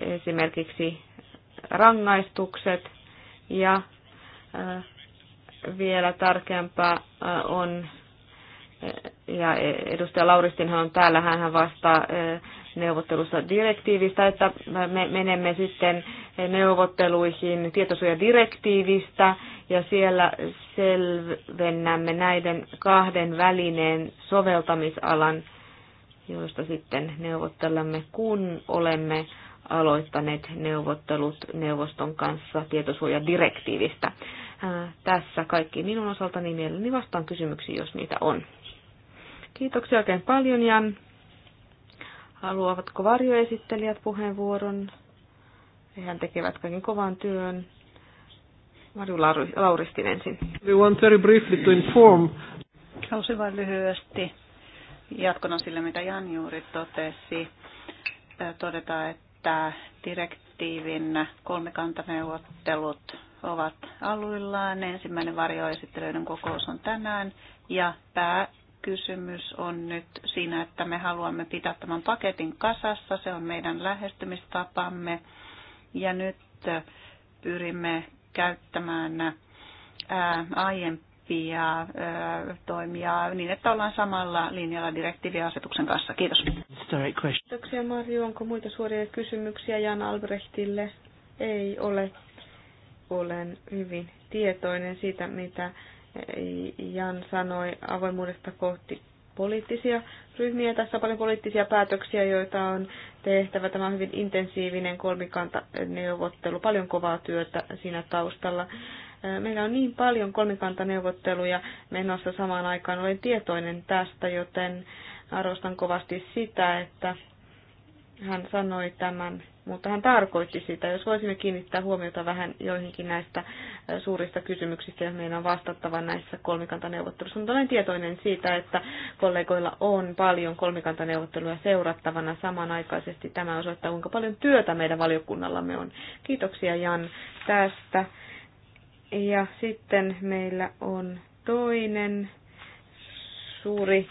esimerkiksi rangaistukset ja vielä tärkeämpää on ja edustaja Lauristinhan on täällä, hän vastaa eh, neuvottelussa direktiivistä, että me menemme sitten neuvotteluihin tietosuojadirektiivistä ja siellä selvennämme näiden kahden välineen soveltamisalan, joista sitten neuvottelemme, kun olemme aloittaneet neuvottelut neuvoston kanssa tietosuojadirektiivistä. Tässä kaikki minun osaltani mielelläni vastaan kysymyksiin, jos niitä on. Kiitoksia oikein paljon, Jan. Haluavatko varjoesittelijät puheenvuoron? Hehän tekevät kaiken kovan työn. Marju Lauristin ensin. We want very briefly to inform. Halusin vain lyhyesti jatkona sille, mitä Jan juuri totesi, todeta, että direktiivin kolmikantaneuvottelut ovat aluillaan. Ensimmäinen varjoesittelyiden kokous on tänään ja pää kysymys on nyt siinä, että me haluamme pitää tämän paketin kasassa. Se on meidän lähestymistapamme. Ja nyt pyrimme käyttämään aiempia toimia niin, että ollaan samalla linjalla direktiiviasetuksen kanssa. Kiitos. Kiitoksia Marju. Onko muita suoria kysymyksiä Jan Albrechtille? Ei ole. Olen hyvin tietoinen siitä, mitä Jan sanoi avoimuudesta kohti poliittisia ryhmiä. Tässä on paljon poliittisia päätöksiä, joita on tehtävä. Tämä on hyvin intensiivinen kolmikantaneuvottelu, paljon kovaa työtä siinä taustalla. Meillä on niin paljon kolmikantaneuvotteluja menossa samaan aikaan. Olen tietoinen tästä, joten arvostan kovasti sitä, että hän sanoi tämän mutta hän tarkoitti sitä. Jos voisimme kiinnittää huomiota vähän joihinkin näistä suurista kysymyksistä, joihin meidän on vastattava näissä kolmikantaneuvotteluissa. Mutta olen tietoinen siitä, että kollegoilla on paljon kolmikantaneuvotteluja seurattavana samanaikaisesti. Tämä osoittaa, kuinka paljon työtä meidän valiokunnallamme on. Kiitoksia Jan tästä. Ja sitten meillä on toinen suuri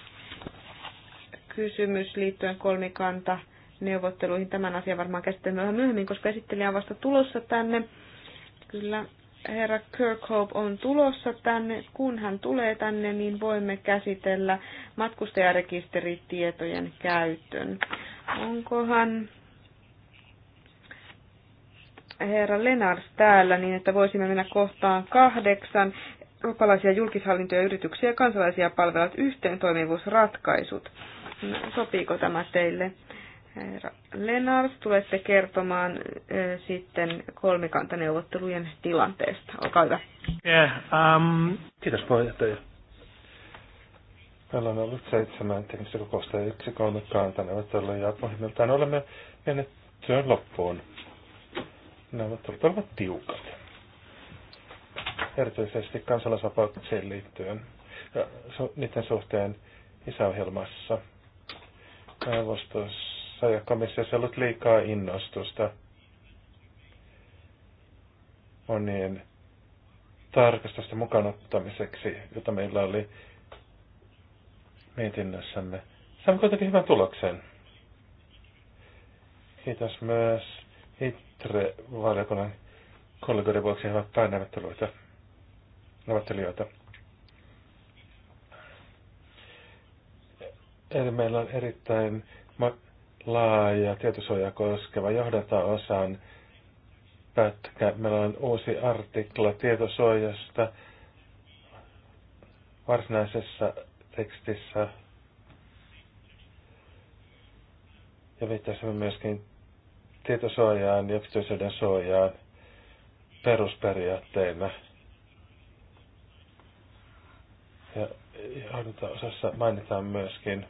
kysymys liittyen kolmikanta neuvotteluihin. Tämän asian varmaan käsittelemme vähän myöhemmin, koska esittelijä on vasta tulossa tänne. Kyllä herra Kirkhope on tulossa tänne. Kun hän tulee tänne, niin voimme käsitellä matkustajarekisteritietojen käytön. Onkohan herra Lenars täällä, niin että voisimme mennä kohtaan kahdeksan. Eurooppalaisia julkishallintoja, yrityksiä ja kansalaisia palvelut yhteen toimivuusratkaisut. No, sopiiko tämä teille? herra Lennart, tulette kertomaan sitten kolmikantaneuvottelujen tilanteesta. Olkaa hyvä. Yeah, um... Kiitos puheenjohtaja. Meillä on ollut seitsemän teknistä kokousta ja yksi kolmikantaneuvottelu ja pohjimmiltaan olemme menneet työn loppuun. Neuvottelut ovat tiukat. Erityisesti kansalaisvapauksiin liittyen ja niiden suhteen isäohjelmassa neuvostossa ja komissiossa ollut liikaa innostusta monien tarkastusta ottamiseksi, jota meillä oli mietinnössämme. Saimme kuitenkin hyvän tuloksen. Kiitos myös ITRE-valiokunnan kollegoiden vuoksi he ovat pääneuvottelijoita. Neuvottelijoita. Eli meillä on erittäin laaja tietosuojaa koskeva johdantaosan pätkä. Meillä on uusi artikla tietosuojasta varsinaisessa tekstissä. Ja viittasimme myöskin tietosuojaan ja yksityisyyden suojaan perusperiaatteina. Ja johdantaosassa mainitaan myöskin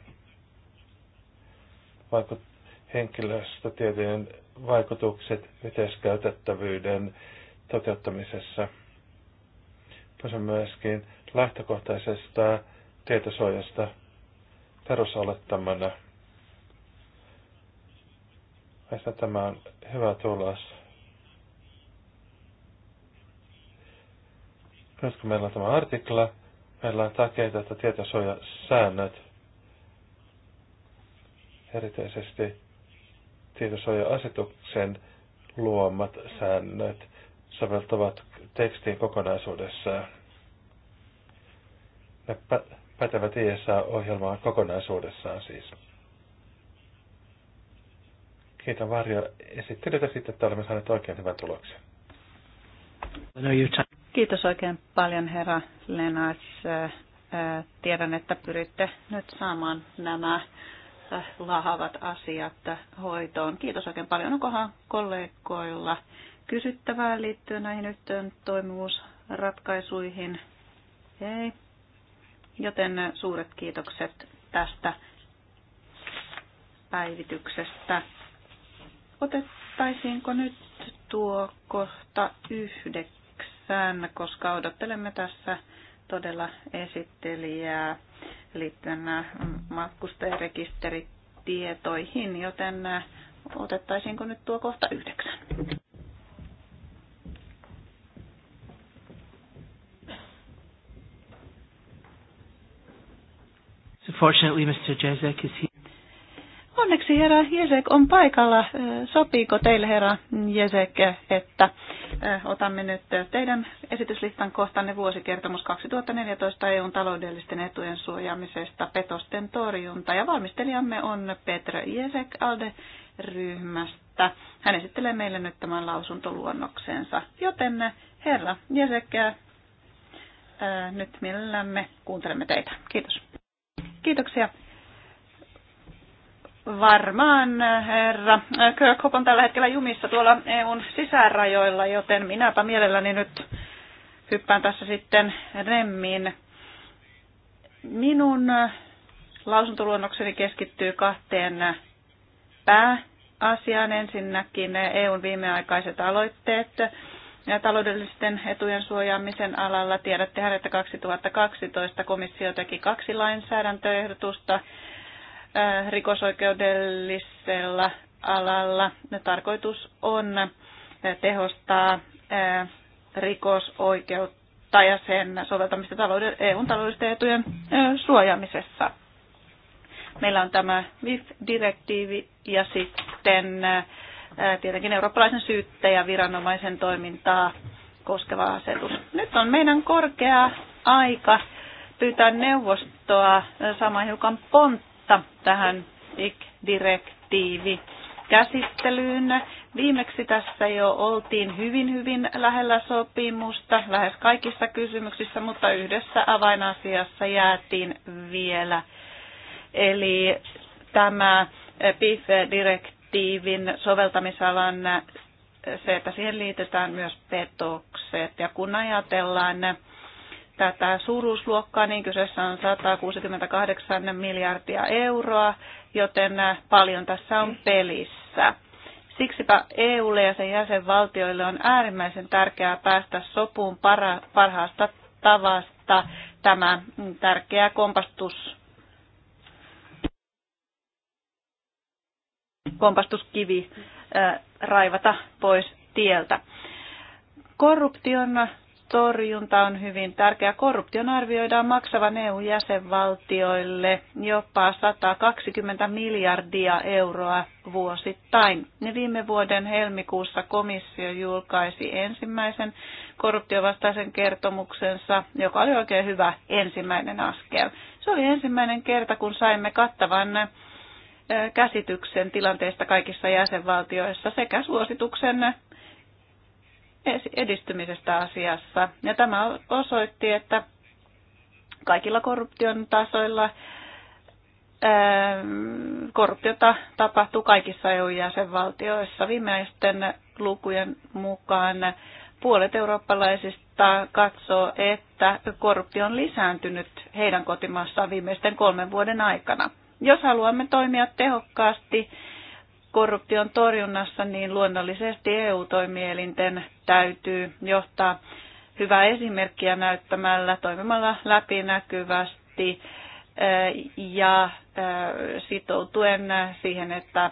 vaikut, henkilöstötietojen vaikutukset yhteiskäytettävyyden toteuttamisessa. Kyse myöskin lähtökohtaisesta tietosuojasta perusolettamana. Meistä tämä on hyvä tulos. Nyt kun meillä on tämä artikla, meillä on takia, että tietosuojasäännöt erityisesti tietosuoja-asetuksen luomat säännöt soveltuvat tekstiin kokonaisuudessaan. Ne pätevät ISA-ohjelmaan kokonaisuudessaan siis. Kiitän Varjo esittelytä sitten, että olemme saaneet oikein hyvän tuloksen. Kiitos oikein paljon herra Lenas. Tiedän, että pyritte nyt saamaan nämä lahavat asiat hoitoon. Kiitos oikein paljon. Onkohan kollegoilla kysyttävää liittyen näihin yhteen toimivuusratkaisuihin? Ei. Joten suuret kiitokset tästä päivityksestä. Otettaisiinko nyt tuo kohta yhdeksän, koska odottelemme tässä todella esittelijää liittyen äh, matkustajarekisteritietoihin, joten äh, otettaisiinko nyt tuo kohta yhdeksän? Fortunately, Mr. Jezek is here. Onneksi herra Jezek on paikalla. Äh, sopiiko teille herra Jezek, että otamme nyt teidän esityslistan kohtanne vuosikertomus 2014 EUn taloudellisten etujen suojaamisesta petosten torjunta. Ja valmistelijamme on Petra Jesek ALDE-ryhmästä. Hän esittelee meille nyt tämän lausuntoluonnoksensa. Joten herra Jesek, nyt mielellämme kuuntelemme teitä. Kiitos. Kiitoksia Varmaan herra Kirkhope on tällä hetkellä jumissa tuolla EUn sisärajoilla, joten minäpä mielelläni nyt hyppään tässä sitten remmiin. Minun lausuntoluonnokseni keskittyy kahteen pääasiaan. Ensinnäkin EUn viimeaikaiset aloitteet ja taloudellisten etujen suojaamisen alalla. Tiedättehän, että 2012 komissio teki kaksi lainsäädäntöehdotusta Äh, rikosoikeudellisella alalla. Tarkoitus on äh, tehostaa äh, rikosoikeutta ja sen soveltamista talouden, EUn taloudellisten etujen suojaamisessa. Meillä on tämä wif direktiivi ja sitten tietenkin eurooppalaisen viranomaisen toimintaa koskeva asetus. Nyt on meidän korkea aika pyytää neuvostoa saamaan hiukan pontta vastausta tähän ik direktiivikäsittelyyn Viimeksi tässä jo oltiin hyvin, hyvin lähellä sopimusta lähes kaikissa kysymyksissä, mutta yhdessä avainasiassa jäätiin vielä. Eli tämä PIF-direktiivin soveltamisalan se, että siihen liitetään myös petokset. Ja kun ajatellaan tätä suuruusluokkaa, niin kyseessä on 168 miljardia euroa, joten äh, paljon tässä on pelissä. Siksipä EUlle ja sen jäsenvaltioille on äärimmäisen tärkeää päästä sopuun para, parhaasta tavasta tämä mm, tärkeä kompastus, kompastuskivi äh, raivata pois tieltä. Korruption torjunta on hyvin tärkeä. Korruption arvioidaan maksavan EU-jäsenvaltioille jopa 120 miljardia euroa vuosittain. Ne viime vuoden helmikuussa komissio julkaisi ensimmäisen korruptiovastaisen kertomuksensa, joka oli oikein hyvä ensimmäinen askel. Se oli ensimmäinen kerta, kun saimme kattavan eh, käsityksen tilanteesta kaikissa jäsenvaltioissa sekä suosituksen edistymisestä asiassa. Ja tämä osoitti, että kaikilla korruption tasoilla ähm, korruptiota tapahtuu kaikissa EU-jäsenvaltioissa. Viimeisten lukujen mukaan puolet eurooppalaisista katsoo, että korruptio on lisääntynyt heidän kotimaassaan viimeisten kolmen vuoden aikana. Jos haluamme toimia tehokkaasti, korruption torjunnassa, niin luonnollisesti EU-toimielinten täytyy johtaa hyvää esimerkkiä näyttämällä, toimimalla läpinäkyvästi ja sitoutuen siihen, että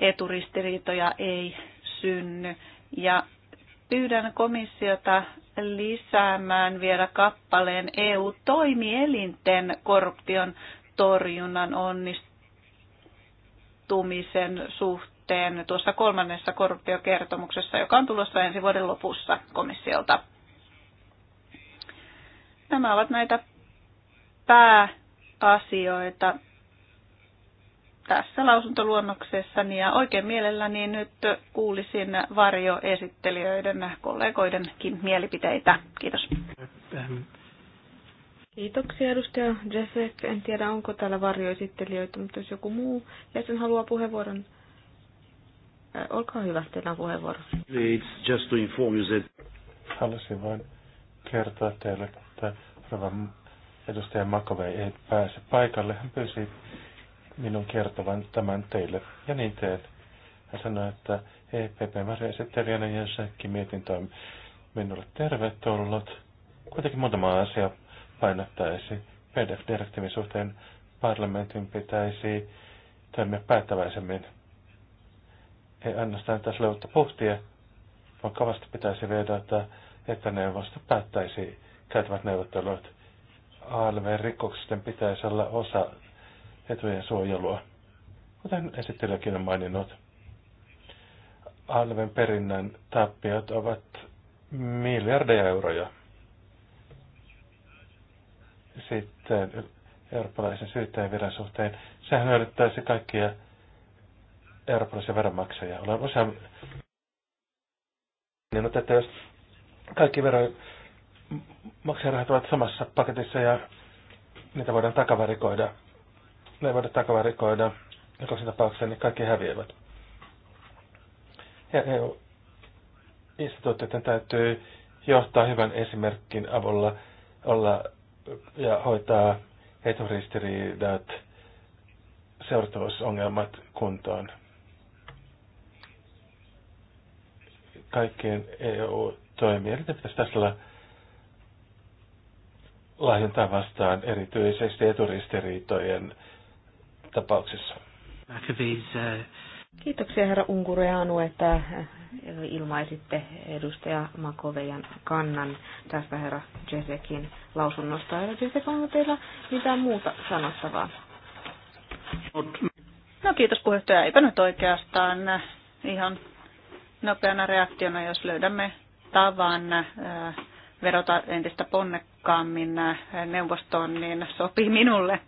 eturistiriitoja ei synny. Ja pyydän komissiota lisäämään vielä kappaleen EU-toimielinten korruption torjunnan onnistumista puuttumisen suhteen tuossa kolmannessa korruptiokertomuksessa, joka on tulossa ensi vuoden lopussa komissiolta. Nämä ovat näitä pääasioita tässä lausuntoluonnoksessani ja oikein mielelläni nyt kuulisin varjoesittelijöiden, kollegoidenkin mielipiteitä. Kiitos. Äh, ähm, Kiitoksia edustaja Jessek. En tiedä, onko täällä varjoesittelijöitä, mutta jos joku muu jäsen haluaa puheenvuoron, olkaa hyvä, teillä on puheenvuoro. It's just to inform you that... Halusin vain kertoa teille, että edustaja makovei ei pääse paikalle. Hän pyysi minun kertovan tämän teille, ja niin teet. Hän sanoi, että EPP-varjoesittelijänä Jessek mietintö on minulle tervetullut. Kuitenkin muutama asia painottaisi. PDF-direktiivin suhteen parlamentin pitäisi toimia päättäväisemmin. Ei ainoastaan tässä uutta puhtia, vaan kovasti pitäisi vedota, että neuvosto päättäisi käytävät neuvottelut. ALV-rikoksisten pitäisi olla osa etujen suojelua, kuten esittelijäkin on maininnut. ALVn perinnän tappiot ovat miljardeja euroja sitten eurooppalaisen syyttäjän viran suhteen. Sehän hyödyttäisi kaikkia eurooppalaisia veronmaksajia. Olen osa... niin, että jos kaikki veronmaksajarahat ovat samassa paketissa ja niitä voidaan takavarikoida, ne voidaan takavarikoida rikoksen tapauksessa, niin kaikki häviävät. Ja EU-instituutioiden täytyy johtaa hyvän esimerkin avulla olla ja hoitaa eturistiriidat, seurattavuusongelmat kuntoon. Kaikkien eu Eli pitäisi olla lahjontaa vastaan erityisesti eturistiriitojen tapauksessa. McAfee's uh, Kiitoksia herra Unkureanu, että eh, ilmaisitte edustaja Makovejan kannan tästä herra Jesekin lausunnosta. Herra Jesek, onko teillä mitään muuta sanottavaa? No kiitos puheenjohtaja. Eipä nyt oikeastaan eh, ihan nopeana reaktiona, jos löydämme tavan eh, verota entistä ponnekkaammin neuvostoon, niin sopii minulle.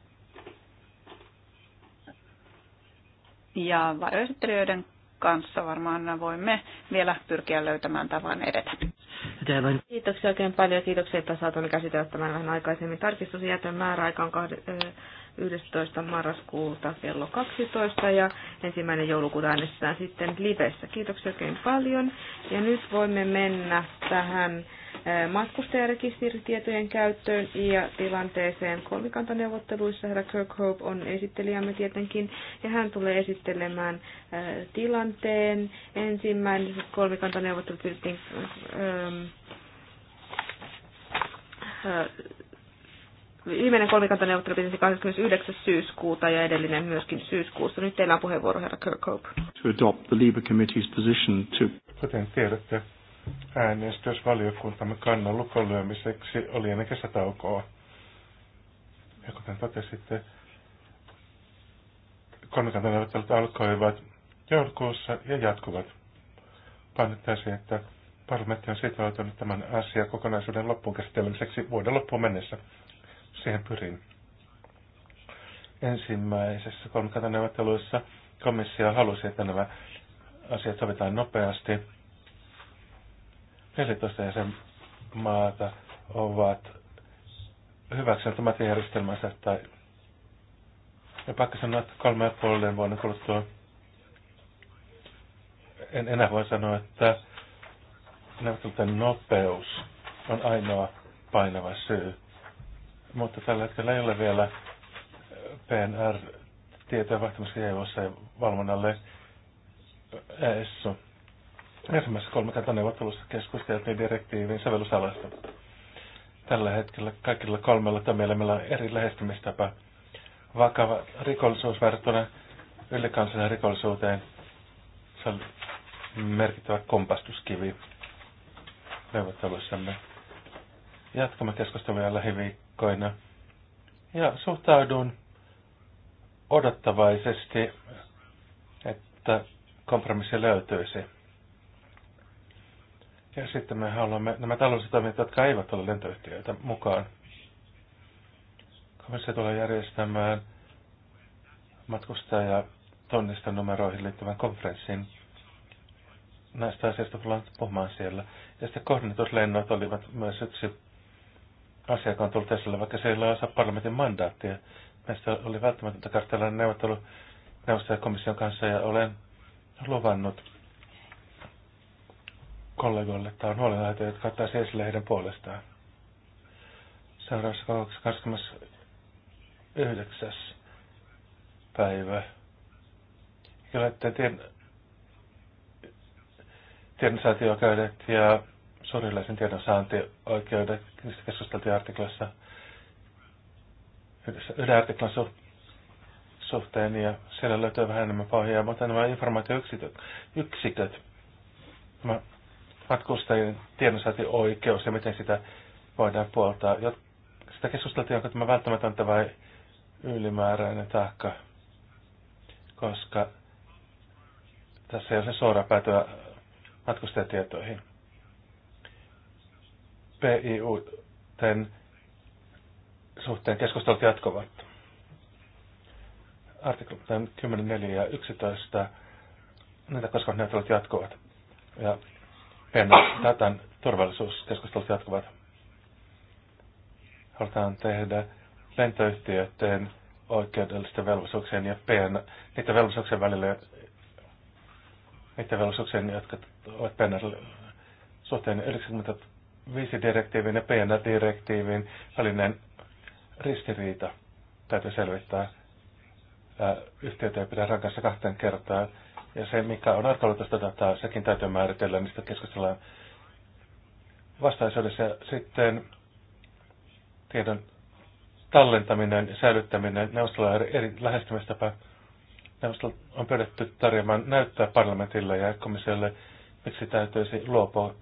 ja varjoesittelijöiden kanssa varmaan voimme vielä pyrkiä löytämään tavan edetä. Kiitoksia oikein paljon. Kiitoksia, että saatoin käsitellä tämän vähän aikaisemmin. Tarkistus jätön määräaika on 11. marraskuuta kello 12 ja ensimmäinen joulukuuta äänestetään sitten livessä. Kiitoksia oikein paljon. Ja nyt voimme mennä tähän matkustajarekisteritietojen käyttöön ja tilanteeseen kolmikantaneuvotteluissa. Herra Kirkhope on esittelijämme tietenkin ja hän tulee esittelemään tilanteen. Ensimmäiset kolmikantaneuvottelut pyrittiin viimeinen kolmikantaneuvottelu pitäisi 29. syyskuuta ja edellinen myöskin syyskuussa. Nyt teillä on puheenvuoro, herra Kirkhope. To adopt the Committee's position to... Kuten tiedätte, äänestys valiokuntamme kannan lukolyömiseksi oli ennen kesätaukoa. Ja kuten totesitte, kolmikantaneuvottelut alkoivat joulukuussa ja jatkuvat. Painottaisin, että parlamentti on sitoutunut tämän asian kokonaisuuden loppuun käsittelemiseksi vuoden loppuun mennessä. Siihen pyrin. Ensimmäisessä kolmikantaneuvotteluissa komissio halusi, että nämä asiat sovitaan nopeasti 14 jäsenmaata ovat hyväksyneet omat järjestelmänsä tai ja pakko sanoa, että kolme ja puolen vuonna kuluttua en enää voi sanoa, että neuvottelujen nopeus on ainoa painava syy. Mutta tällä hetkellä ei ole vielä PNR-tietoja vaihtamassa EU-ssa ja valvonnalle ESSU Ensimmäisessä neuvottelussa keskusteltiin direktiivin sovellusalasta. Tällä hetkellä kaikilla kolmella toimielimellä on eri lähestymistapa. Vakava rikollisuus verrattuna ylikansalliseen rikollisuuteen se on merkittävä kompastuskivi neuvotteluissamme. Jatkamme keskustelua lähiviikkoina ja suhtaudun odottavaisesti, että kompromissi löytyisi. Ja sitten me haluamme nämä taloudelliset toimijat, jotka eivät ole lentoyhtiöitä, mukaan. Komissio tulee järjestämään matkustaja tonnista numeroihin liittyvän konferenssin. Näistä asioista tullaan puhumaan siellä. Ja sitten kohdennetuslennot olivat myös yksi asia, joka on tullut esille, vaikka siellä ei ole osa parlamentin mandaattia. Meistä oli välttämätöntä kartella neuvottelu neuvostajakomission komission kanssa ja olen luvannut kollegoille. tai on huolenaihe, jotka ottaisi esille heidän puolestaan. Seuraavassa 29. päivä. Ja tien, tiedonsaantioikeudet ja surilaisen tiedonsaantioikeudet, niistä keskusteltiin artiklassa yhden artiklan su, suhteen ja siellä löytyy vähän enemmän pohjaa, mutta nämä informaatioyksiköt, yksiköt, nämä matkustajien tiedonsaantioikeus ja miten sitä voidaan puoltaa. Sitä keskusteltiin, onko tämä välttämätöntä vai ylimääräinen taakka, koska tässä ei ole se suoraan päätyä matkustajatietoihin. PIU tämän suhteen keskustelut jatkuvat. Artiklat 10.4 ja 11, näitä koskevat neuvottelut jatkuvat. Ja datan turvallisuuskeskustelut jatkuvat. Halutaan tehdä lentoyhtiöiden oikeudellisten velvollisuuksien ja PN, niiden velvollisuuksien välillä, niiden velvollisuuksien, jotka ovat PNR suhteen 95-direktiivin ja PNR-direktiivin välinen ristiriita täytyy selvittää. Yhtiötä ei pidä rankassa kahteen kertaan ja se, mikä on arkaluontoista dataa, sekin täytyy määritellä, niistä keskustellaan vastaisuudessa. Ja sitten tiedon tallentaminen ja säilyttäminen, neuvostolla on eri lähestymistapa. Neuvostolla on pyydetty tarjoamaan näyttää parlamentille ja komissiolle, miksi täytyisi luopua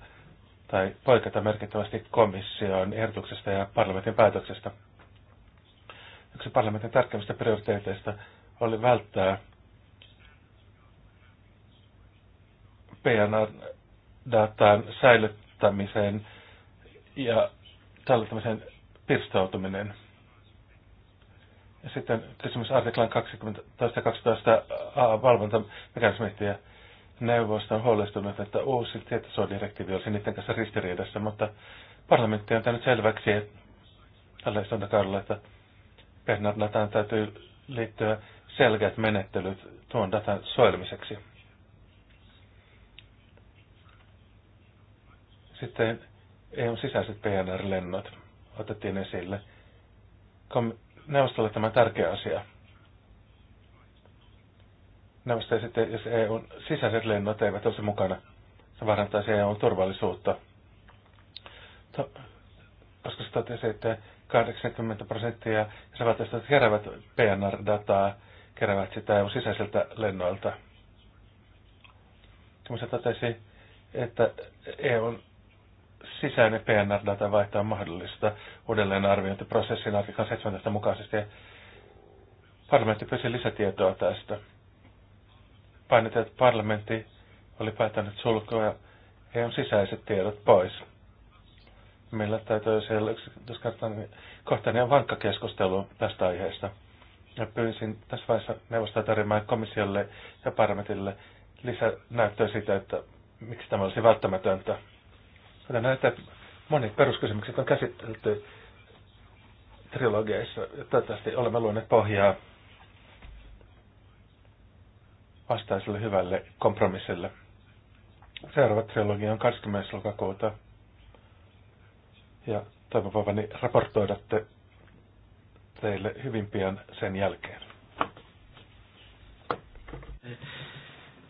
tai poiketa merkittävästi komission ehdotuksesta ja parlamentin päätöksestä. Yksi parlamentin tärkeimmistä prioriteeteista oli välttää PNR-datan säilyttämiseen ja säilyttämisen pirstautuminen. Ja sitten kysymys artiklan 20.12a valvontamekanismit ja on huolestunut, että uusi tietosuojadirektiivi olisi niiden kanssa ristiriidassa, mutta parlamentti on tehnyt selväksi, että tällä kaudella, että PNR-dataan täytyy liittyä selkeät menettelyt tuon datan suojelmiseksi. Sitten EUn sisäiset PNR-lennot otettiin esille. neuvostolle tämä tärkeä asia. Neuvosto sitten jos EUn sisäiset lennot eivät olisi mukana, se vaarantaisi EUn turvallisuutta. To- koska se totesi, että 80 prosenttia jäsenvaltioista keräävät PNR-dataa, keräävät sitä EUn sisäisiltä lennoilta. Mutta totesi, että EUn sisäinen PNR-data vaihtaa mahdollista mahdollista arviointiprosessin artiklan 17 mukaisesti. Parlamentti pyysi lisätietoa tästä. Painetaan, että parlamentti oli päättänyt sulkoa EUn sisäiset tiedot pois. Meillä täytyy siellä yksityiskohtainen niin ja vankka keskustelu tästä aiheesta. Ja pyysin tässä vaiheessa neuvostaa tarjoamaan komissiolle ja parlamentille lisänäyttöä siitä, että miksi tämä olisi välttämätöntä. Kuten näitä monet peruskysymykset on käsitelty trilogeissa. Toivottavasti olemme luoneet pohjaa vastaiselle hyvälle kompromissille. Seuraava trilogia on 20. lokakuuta. Ja toivon voivani raportoida te, teille hyvin pian sen jälkeen.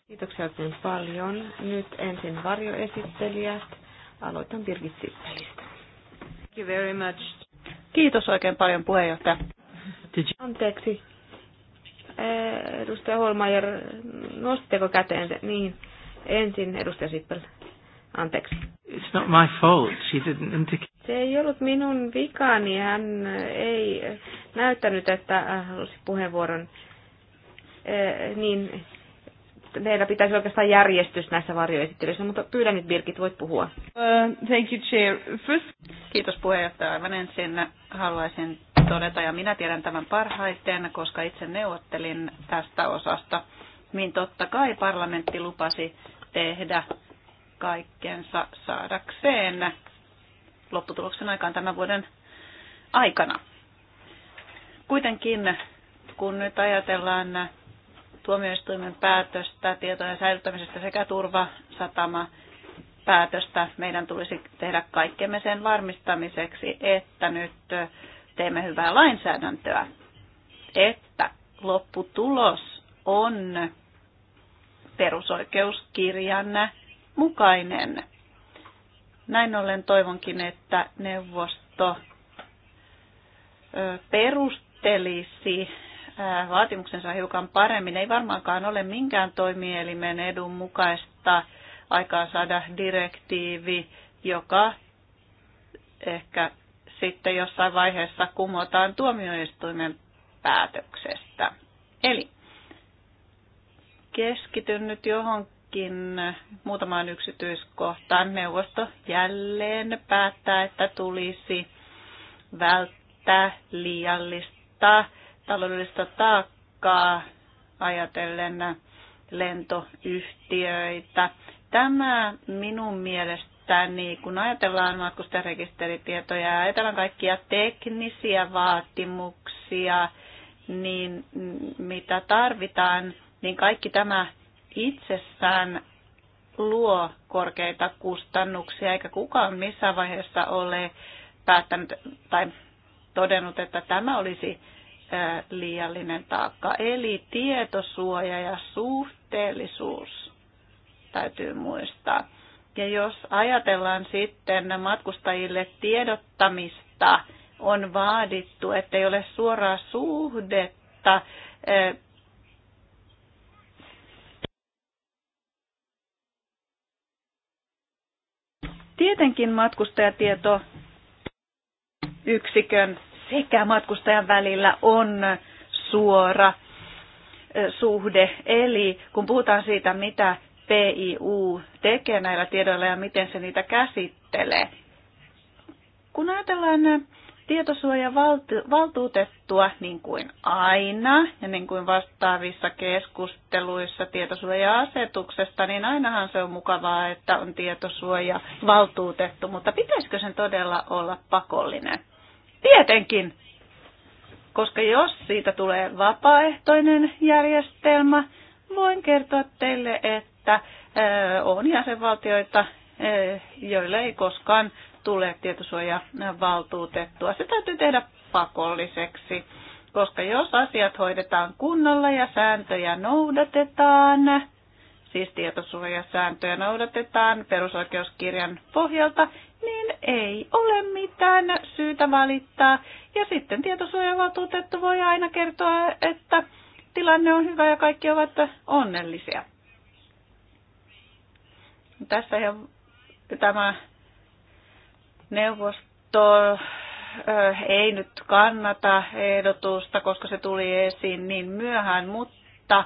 Kiitoksia paljon. Nyt ensin varjoesittelijät. Aloitan Birgit Sippelistä. Thank you very much. Kiitos oikein paljon puheenjohtaja. Anteeksi. Eh, edustaja Holmajer, nostitteko käteen Niin, ensin edustaja Sippel. Anteeksi. It's not my fault. She didn't indicate. Se ei ollut minun vikani. Hän ei näyttänyt, että halusi puheenvuoron. Eh, niin, meillä pitäisi oikeastaan järjestys näissä varjoesittelyissä, mutta pyydän nyt Birgit, voit puhua. Uh, thank you, Chair. First... Kiitos puheenjohtaja. Aivan ensin haluaisin todeta, ja minä tiedän tämän parhaiten, koska itse neuvottelin tästä osasta, niin totta kai parlamentti lupasi tehdä kaikkensa saadakseen lopputuloksen aikaan tämän vuoden aikana. Kuitenkin, kun nyt ajatellaan tuomioistuimen päätöstä tietojen säilyttämisestä sekä turvasatama päätöstä meidän tulisi tehdä kaikkemme sen varmistamiseksi, että nyt teemme hyvää lainsäädäntöä, että lopputulos on perusoikeuskirjan mukainen. Näin ollen toivonkin, että neuvosto perustelisi vaatimuksensa hiukan paremmin. Ei varmaankaan ole minkään toimielimen edun mukaista aikaa saada direktiivi, joka ehkä sitten jossain vaiheessa kumotaan tuomioistuimen päätöksestä. Eli keskityn nyt johonkin muutamaan yksityiskohtaan. Neuvosto jälleen päättää, että tulisi välttää liiallista taloudellista taakkaa ajatellen lentoyhtiöitä. Tämä minun mielestäni, kun ajatellaan matkustajarekisteritietoja ja ajatellaan kaikkia teknisiä vaatimuksia, niin mitä tarvitaan, niin kaikki tämä itsessään luo korkeita kustannuksia, eikä kukaan missään vaiheessa ole päättänyt tai todennut, että tämä olisi liiallinen taakka. Eli tietosuoja ja suhteellisuus täytyy muistaa. Ja jos ajatellaan sitten matkustajille tiedottamista, on vaadittu, että ei ole suoraa suhdetta Tietenkin matkustajatieto yksikön sekä matkustajan välillä on suora suhde. Eli kun puhutaan siitä, mitä PIU tekee näillä tiedoilla ja miten se niitä käsittelee. Kun ajatellaan tietosuojavaltuutettua niin kuin aina ja niin kuin vastaavissa keskusteluissa tietosuoja-asetuksesta, niin ainahan se on mukavaa, että on tietosuojavaltuutettu, mutta pitäisikö sen todella olla pakollinen? Tietenkin, koska jos siitä tulee vapaaehtoinen järjestelmä, voin kertoa teille, että on jäsenvaltioita, joille ei koskaan tule tietosuojavaltuutettua. Se täytyy tehdä pakolliseksi, koska jos asiat hoidetaan kunnolla ja sääntöjä noudatetaan, siis tietosuojasääntöjä noudatetaan perusoikeuskirjan pohjalta, niin ei ole mitään syytä valittaa. Ja sitten tietosuojavaltuutettu voi aina kertoa, että tilanne on hyvä ja kaikki ovat onnellisia. Tässä jo tämä neuvosto ei nyt kannata ehdotusta, koska se tuli esiin niin myöhään, mutta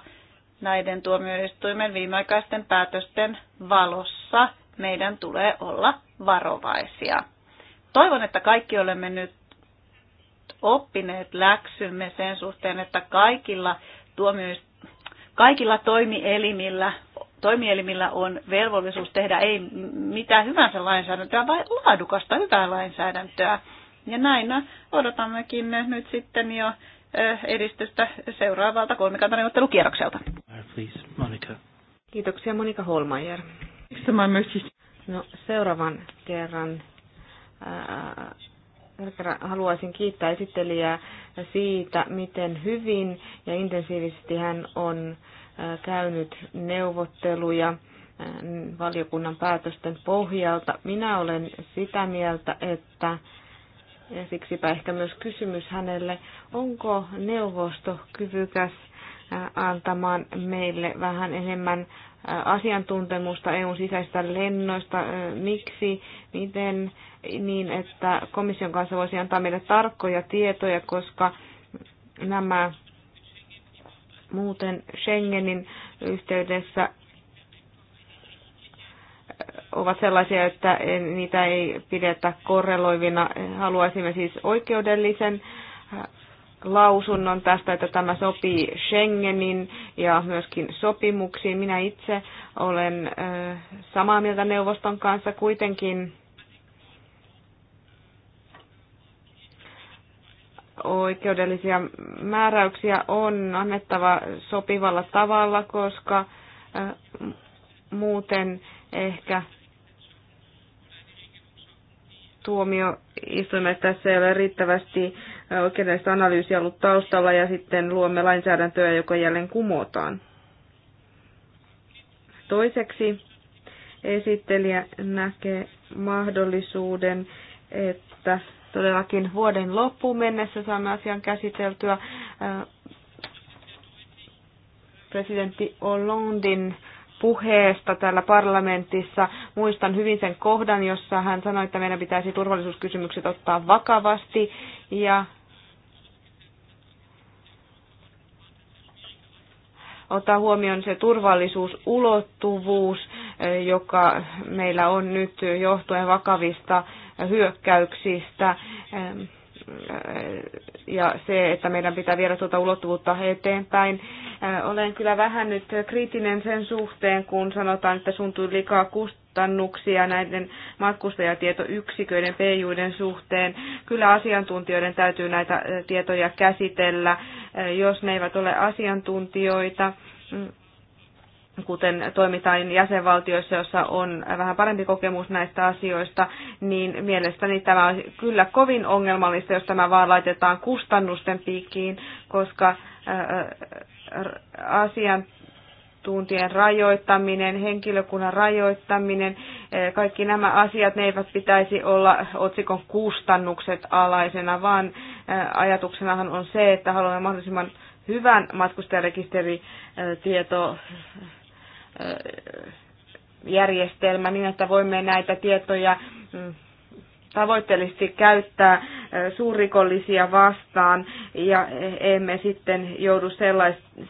näiden tuomioistuimen viimeaikaisten päätösten valossa meidän tulee olla varovaisia. Toivon, että kaikki olemme nyt oppineet läksymme sen suhteen, että kaikilla, tuomioist... kaikilla toimielimillä, toimielimillä on velvollisuus tehdä ei mitään hyvänsä lainsäädäntöä, vaan laadukasta hyvää lainsäädäntöä. Ja näin odotammekin nyt sitten jo eh, edistystä seuraavalta kolmikantaneuvottelukierrokselta please, Monica. Kiitoksia Monika Holmeier. No, seuraavan kerran ää, äh, äh, haluaisin kiittää esittelijää siitä, miten hyvin ja intensiivisesti hän on äh, käynyt neuvotteluja valiokunnan päätösten pohjalta. Minä olen sitä mieltä, että ja siksipä ehkä myös kysymys hänelle, onko neuvosto kyvykäs antamaan meille vähän enemmän asiantuntemusta EUn sisäisistä lennoista, miksi, miten, niin että komission kanssa voisi antaa meille tarkkoja tietoja, koska nämä muuten Schengenin yhteydessä ovat sellaisia, että niitä ei pidetä korreloivina. Haluaisimme siis oikeudellisen lausunnon tästä, että tämä sopii Schengenin ja myöskin sopimuksiin. Minä itse olen samaa mieltä neuvoston kanssa kuitenkin. oikeudellisia määräyksiä on annettava sopivalla tavalla, koska muuten ehkä tuomioistuimet tässä ei ole riittävästi oikeudellista analyysiä ollut taustalla ja sitten luomme lainsäädäntöä, joka jälleen kumotaan. Toiseksi esittelijä näkee mahdollisuuden, että todellakin vuoden loppuun mennessä saamme asian käsiteltyä. Presidentti Hollandin puheesta täällä parlamentissa. Muistan hyvin sen kohdan, jossa hän sanoi, että meidän pitäisi turvallisuuskysymykset ottaa vakavasti ja ottaa huomioon se turvallisuusulottuvuus, eh, joka meillä on nyt johtuen vakavista hyökkäyksistä eh, ja se, että meidän pitää viedä tuota ulottuvuutta eteenpäin. Eh, olen kyllä vähän nyt kriittinen sen suhteen, kun sanotaan, että sun tuli liikaa kustannuksia näiden matkustajatietoyksiköiden PJUiden suhteen. Kyllä asiantuntijoiden täytyy näitä tietoja käsitellä, jos ne eivät ole asiantuntijoita mm, kuten toimitaan jäsenvaltioissa, jossa on vähän parempi kokemus näistä asioista, niin mielestäni tämä on kyllä kovin ongelmallista, jos tämä vaan laitetaan kustannusten piikkiin, koska asiantuntijoiden tuntien rajoittaminen, henkilökunnan rajoittaminen, eh, kaikki nämä asiat, ne eivät pitäisi olla otsikon kustannukset alaisena, vaan eh, ajatuksenahan on se, että haluamme mahdollisimman hyvän matkustajarekisteritieto eh, järjestelmä niin, että voimme näitä tietoja mm, tavoitteellisesti käyttää suurrikollisia vastaan ja emme sitten joudu sellaisiin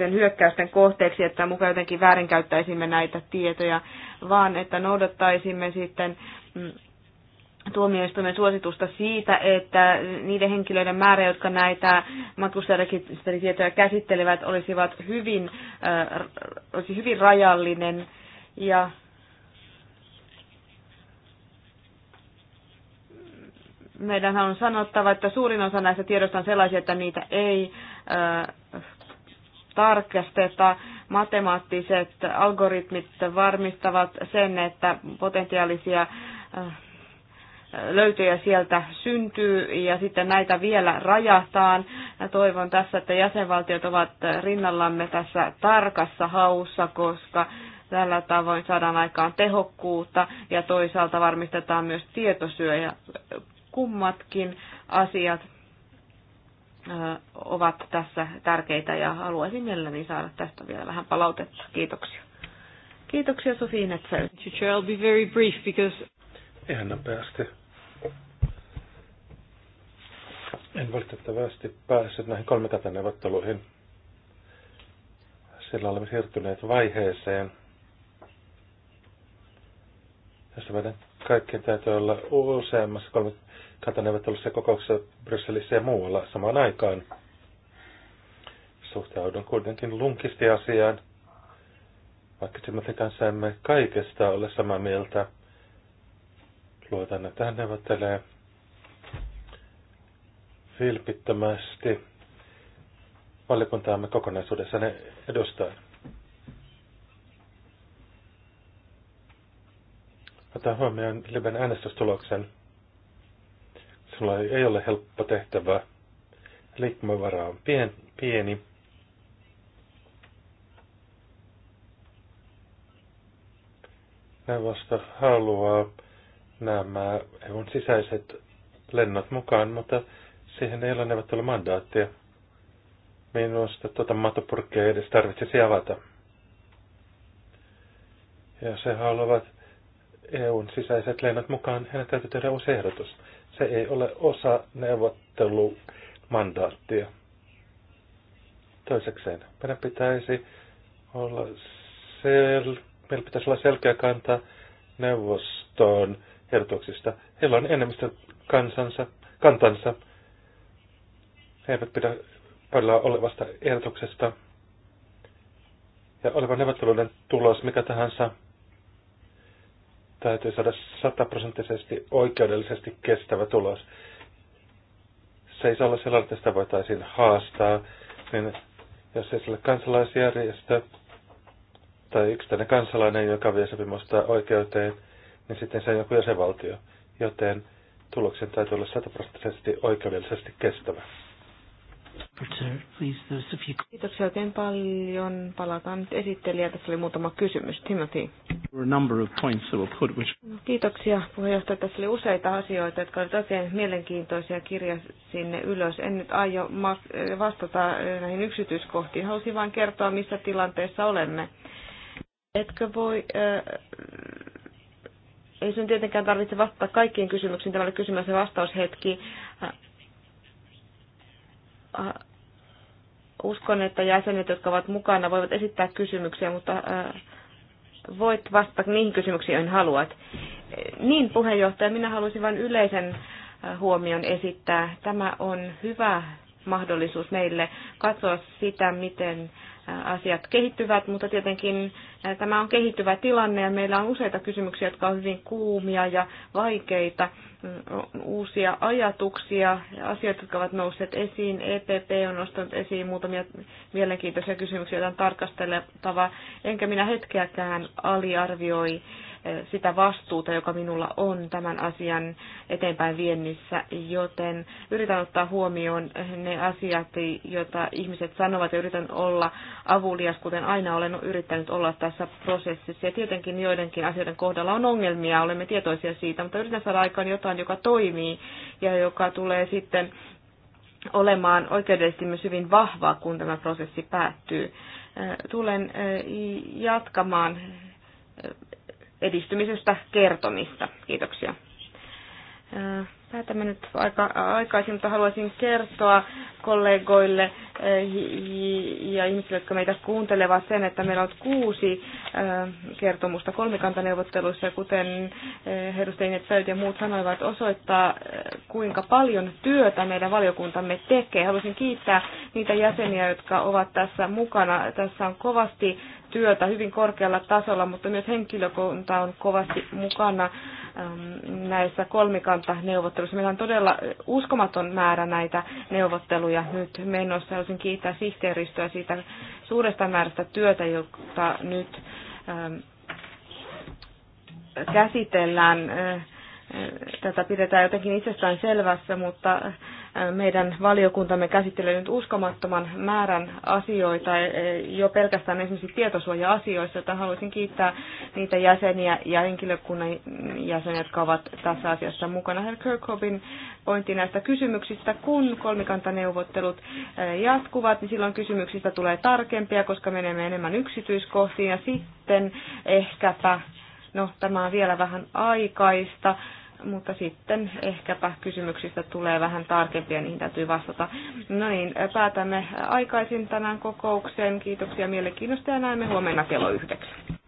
sitten hyökkäysten kohteeksi, että muka jotenkin väärinkäyttäisimme näitä tietoja, vaan että noudattaisimme sitten mm, tuomioistuimen suositusta siitä, että niiden henkilöiden määrä, jotka näitä matkustajarekisteritietoja käsittelevät, olisivat hyvin, äh, olisi hyvin rajallinen ja meidän on sanottava, että suurin osa näistä tiedoista on sellaisia, että niitä ei äh, tarkasteta. Matemaattiset algoritmit varmistavat sen, että potentiaalisia äh, löytöjä sieltä syntyy ja sitten näitä vielä rajataan. Ja toivon tässä, että jäsenvaltiot ovat rinnallamme tässä tarkassa haussa, koska tällä tavoin saadaan aikaan tehokkuutta ja toisaalta varmistetaan myös tietosyöjä. kummatkin asiat ovat tässä tärkeitä ja haluaisin mielelläni saada tästä vielä vähän palautetta. Kiitoksia. Kiitoksia Sofi Netzer. I'll be very brief because... Ihan nopeasti. En valitettavasti päässyt näihin kolmikataneuvotteluihin. Sillä olemme siirtyneet vaiheeseen, jossa meidän kaikkien täytyy olla useammassa kantaneuvottelussa ja kokouksessa Brysselissä ja muualla samaan aikaan. Suhtaudun kuitenkin lunkisti asiaan, vaikka Timothy kanssa emme kaikesta ole samaa mieltä. Luotan, että hän neuvottelee vilpittömästi valiokuntaamme kokonaisuudessaan edustaa. Otan huomioon Liben äänestystuloksen. Sinulla ei ole helppo tehtävä. Liikkumavara on pien, pieni. vasta haluaa nämä EUn sisäiset lennot mukaan, mutta siihen ei ole mandaattia. Minusta tuota matopurkkia ei edes tarvitsisi avata. Ja se haluavat EUn sisäiset lennot mukaan, heidän täytyy tehdä uusi ehdotus. Se ei ole osa neuvottelumandaattia. Toisekseen, meidän pitäisi olla sel- meillä pitäisi olla selkeä kanta neuvostoon ehdotuksista. Heillä on enemmistö kansansa, kantansa. He eivät pidä paljon olevasta ehdotuksesta. Ja olevan neuvotteluiden tulos, mikä tahansa, täytyy saada sataprosenttisesti oikeudellisesti kestävä tulos. Se ei saa olla sellainen, että sitä voitaisiin haastaa, niin jos ei sillä kansalaisjärjestö tai yksittäinen kansalainen, joka vie sopimusta oikeuteen, niin sitten se on joku jäsenvaltio. Joten tuloksen täytyy olla sataprosenttisesti oikeudellisesti kestävä. Kiitoksia oikein paljon. Palataan nyt esittelijä. Tässä oli muutama kysymys. Timothy. Kiitoksia puheenjohtaja. Tässä oli useita asioita, jotka olivat oikein mielenkiintoisia kirja sinne ylös. En nyt aio vastata näihin yksityiskohtiin. Halusin vain kertoa, missä tilanteessa olemme. Etkö voi äh, ei sinun tietenkään tarvitse vastata kaikkiin kysymyksiin. Tämä oli kysymys- ja vastaushetki uskon, että jäsenet, jotka ovat mukana, voivat esittää kysymyksiä, mutta voit vastata niihin kysymyksiin, joihin haluat. Niin, puheenjohtaja, minä haluaisin vain yleisen huomion esittää. Tämä on hyvä mahdollisuus meille katsoa sitä, miten asiat kehittyvät, mutta tietenkin tämä on kehittyvä tilanne ja meillä on useita kysymyksiä, jotka ovat hyvin kuumia ja vaikeita, mm, uusia ajatuksia, ja asioita, jotka ovat nousseet esiin. EPP on nostanut esiin muutamia mielenkiintoisia kysymyksiä, joita on tarkasteltava, enkä minä hetkeäkään aliarvioi sitä vastuuta, joka minulla on tämän asian eteenpäin viennissä, joten yritän ottaa huomioon ne asiat, joita ihmiset sanovat ja yritän olla avulias, kuten aina olen yrittänyt olla tässä prosessissa. Ja tietenkin joidenkin asioiden kohdalla on ongelmia, olemme tietoisia siitä, mutta yritän saada aikaan jotain, joka toimii ja joka tulee sitten olemaan oikeudellisesti myös hyvin vahvaa, kun tämä prosessi päättyy. Tulen eh, jatkamaan eh, edistymisestä kertomista. Kiitoksia. Päätämme nyt aika aikaisin, mutta haluaisin kertoa kollegoille ja ihmisille, jotka meitä kuuntelevat sen, että meillä on kuusi kertomusta kolmikantaneuvotteluissa ja kuten edustajien Föyd ja muut sanoivat, osoittaa kuinka paljon työtä meidän valiokuntamme tekee. Haluaisin kiittää niitä jäseniä, jotka ovat tässä mukana. Tässä on kovasti työtä hyvin korkealla tasolla, mutta myös henkilökunta on kovasti mukana ähm, näissä kolmikantaneuvotteluissa. Meillä on todella uskomaton määrä näitä neuvotteluja nyt menossa. Haluaisin kiittää sihteeristöä siitä suuresta määrästä työtä, jota nyt ähm, käsitellään. Äh, äh, tätä pidetään jotenkin itsestään selvässä, mutta meidän valiokuntamme käsittelee nyt uskomattoman määrän asioita e, e, jo pelkästään esimerkiksi tietosuoja-asioissa, jota haluaisin kiittää niitä jäseniä ja henkilökunnan jäseniä, jotka ovat tässä asiassa mukana. Herr Kirkhobin pointti näistä kysymyksistä, kun kolmikantaneuvottelut e, jatkuvat, niin silloin kysymyksistä tulee tarkempia, koska menemme enemmän yksityiskohtiin ja sitten ehkäpä No, tämä on vielä vähän aikaista mutta sitten ehkäpä kysymyksistä tulee vähän tarkempia, niihin täytyy vastata. No niin, päätämme aikaisin tänään kokoukseen. Kiitoksia mielenkiinnosta ja näemme huomenna kello yhdeksän.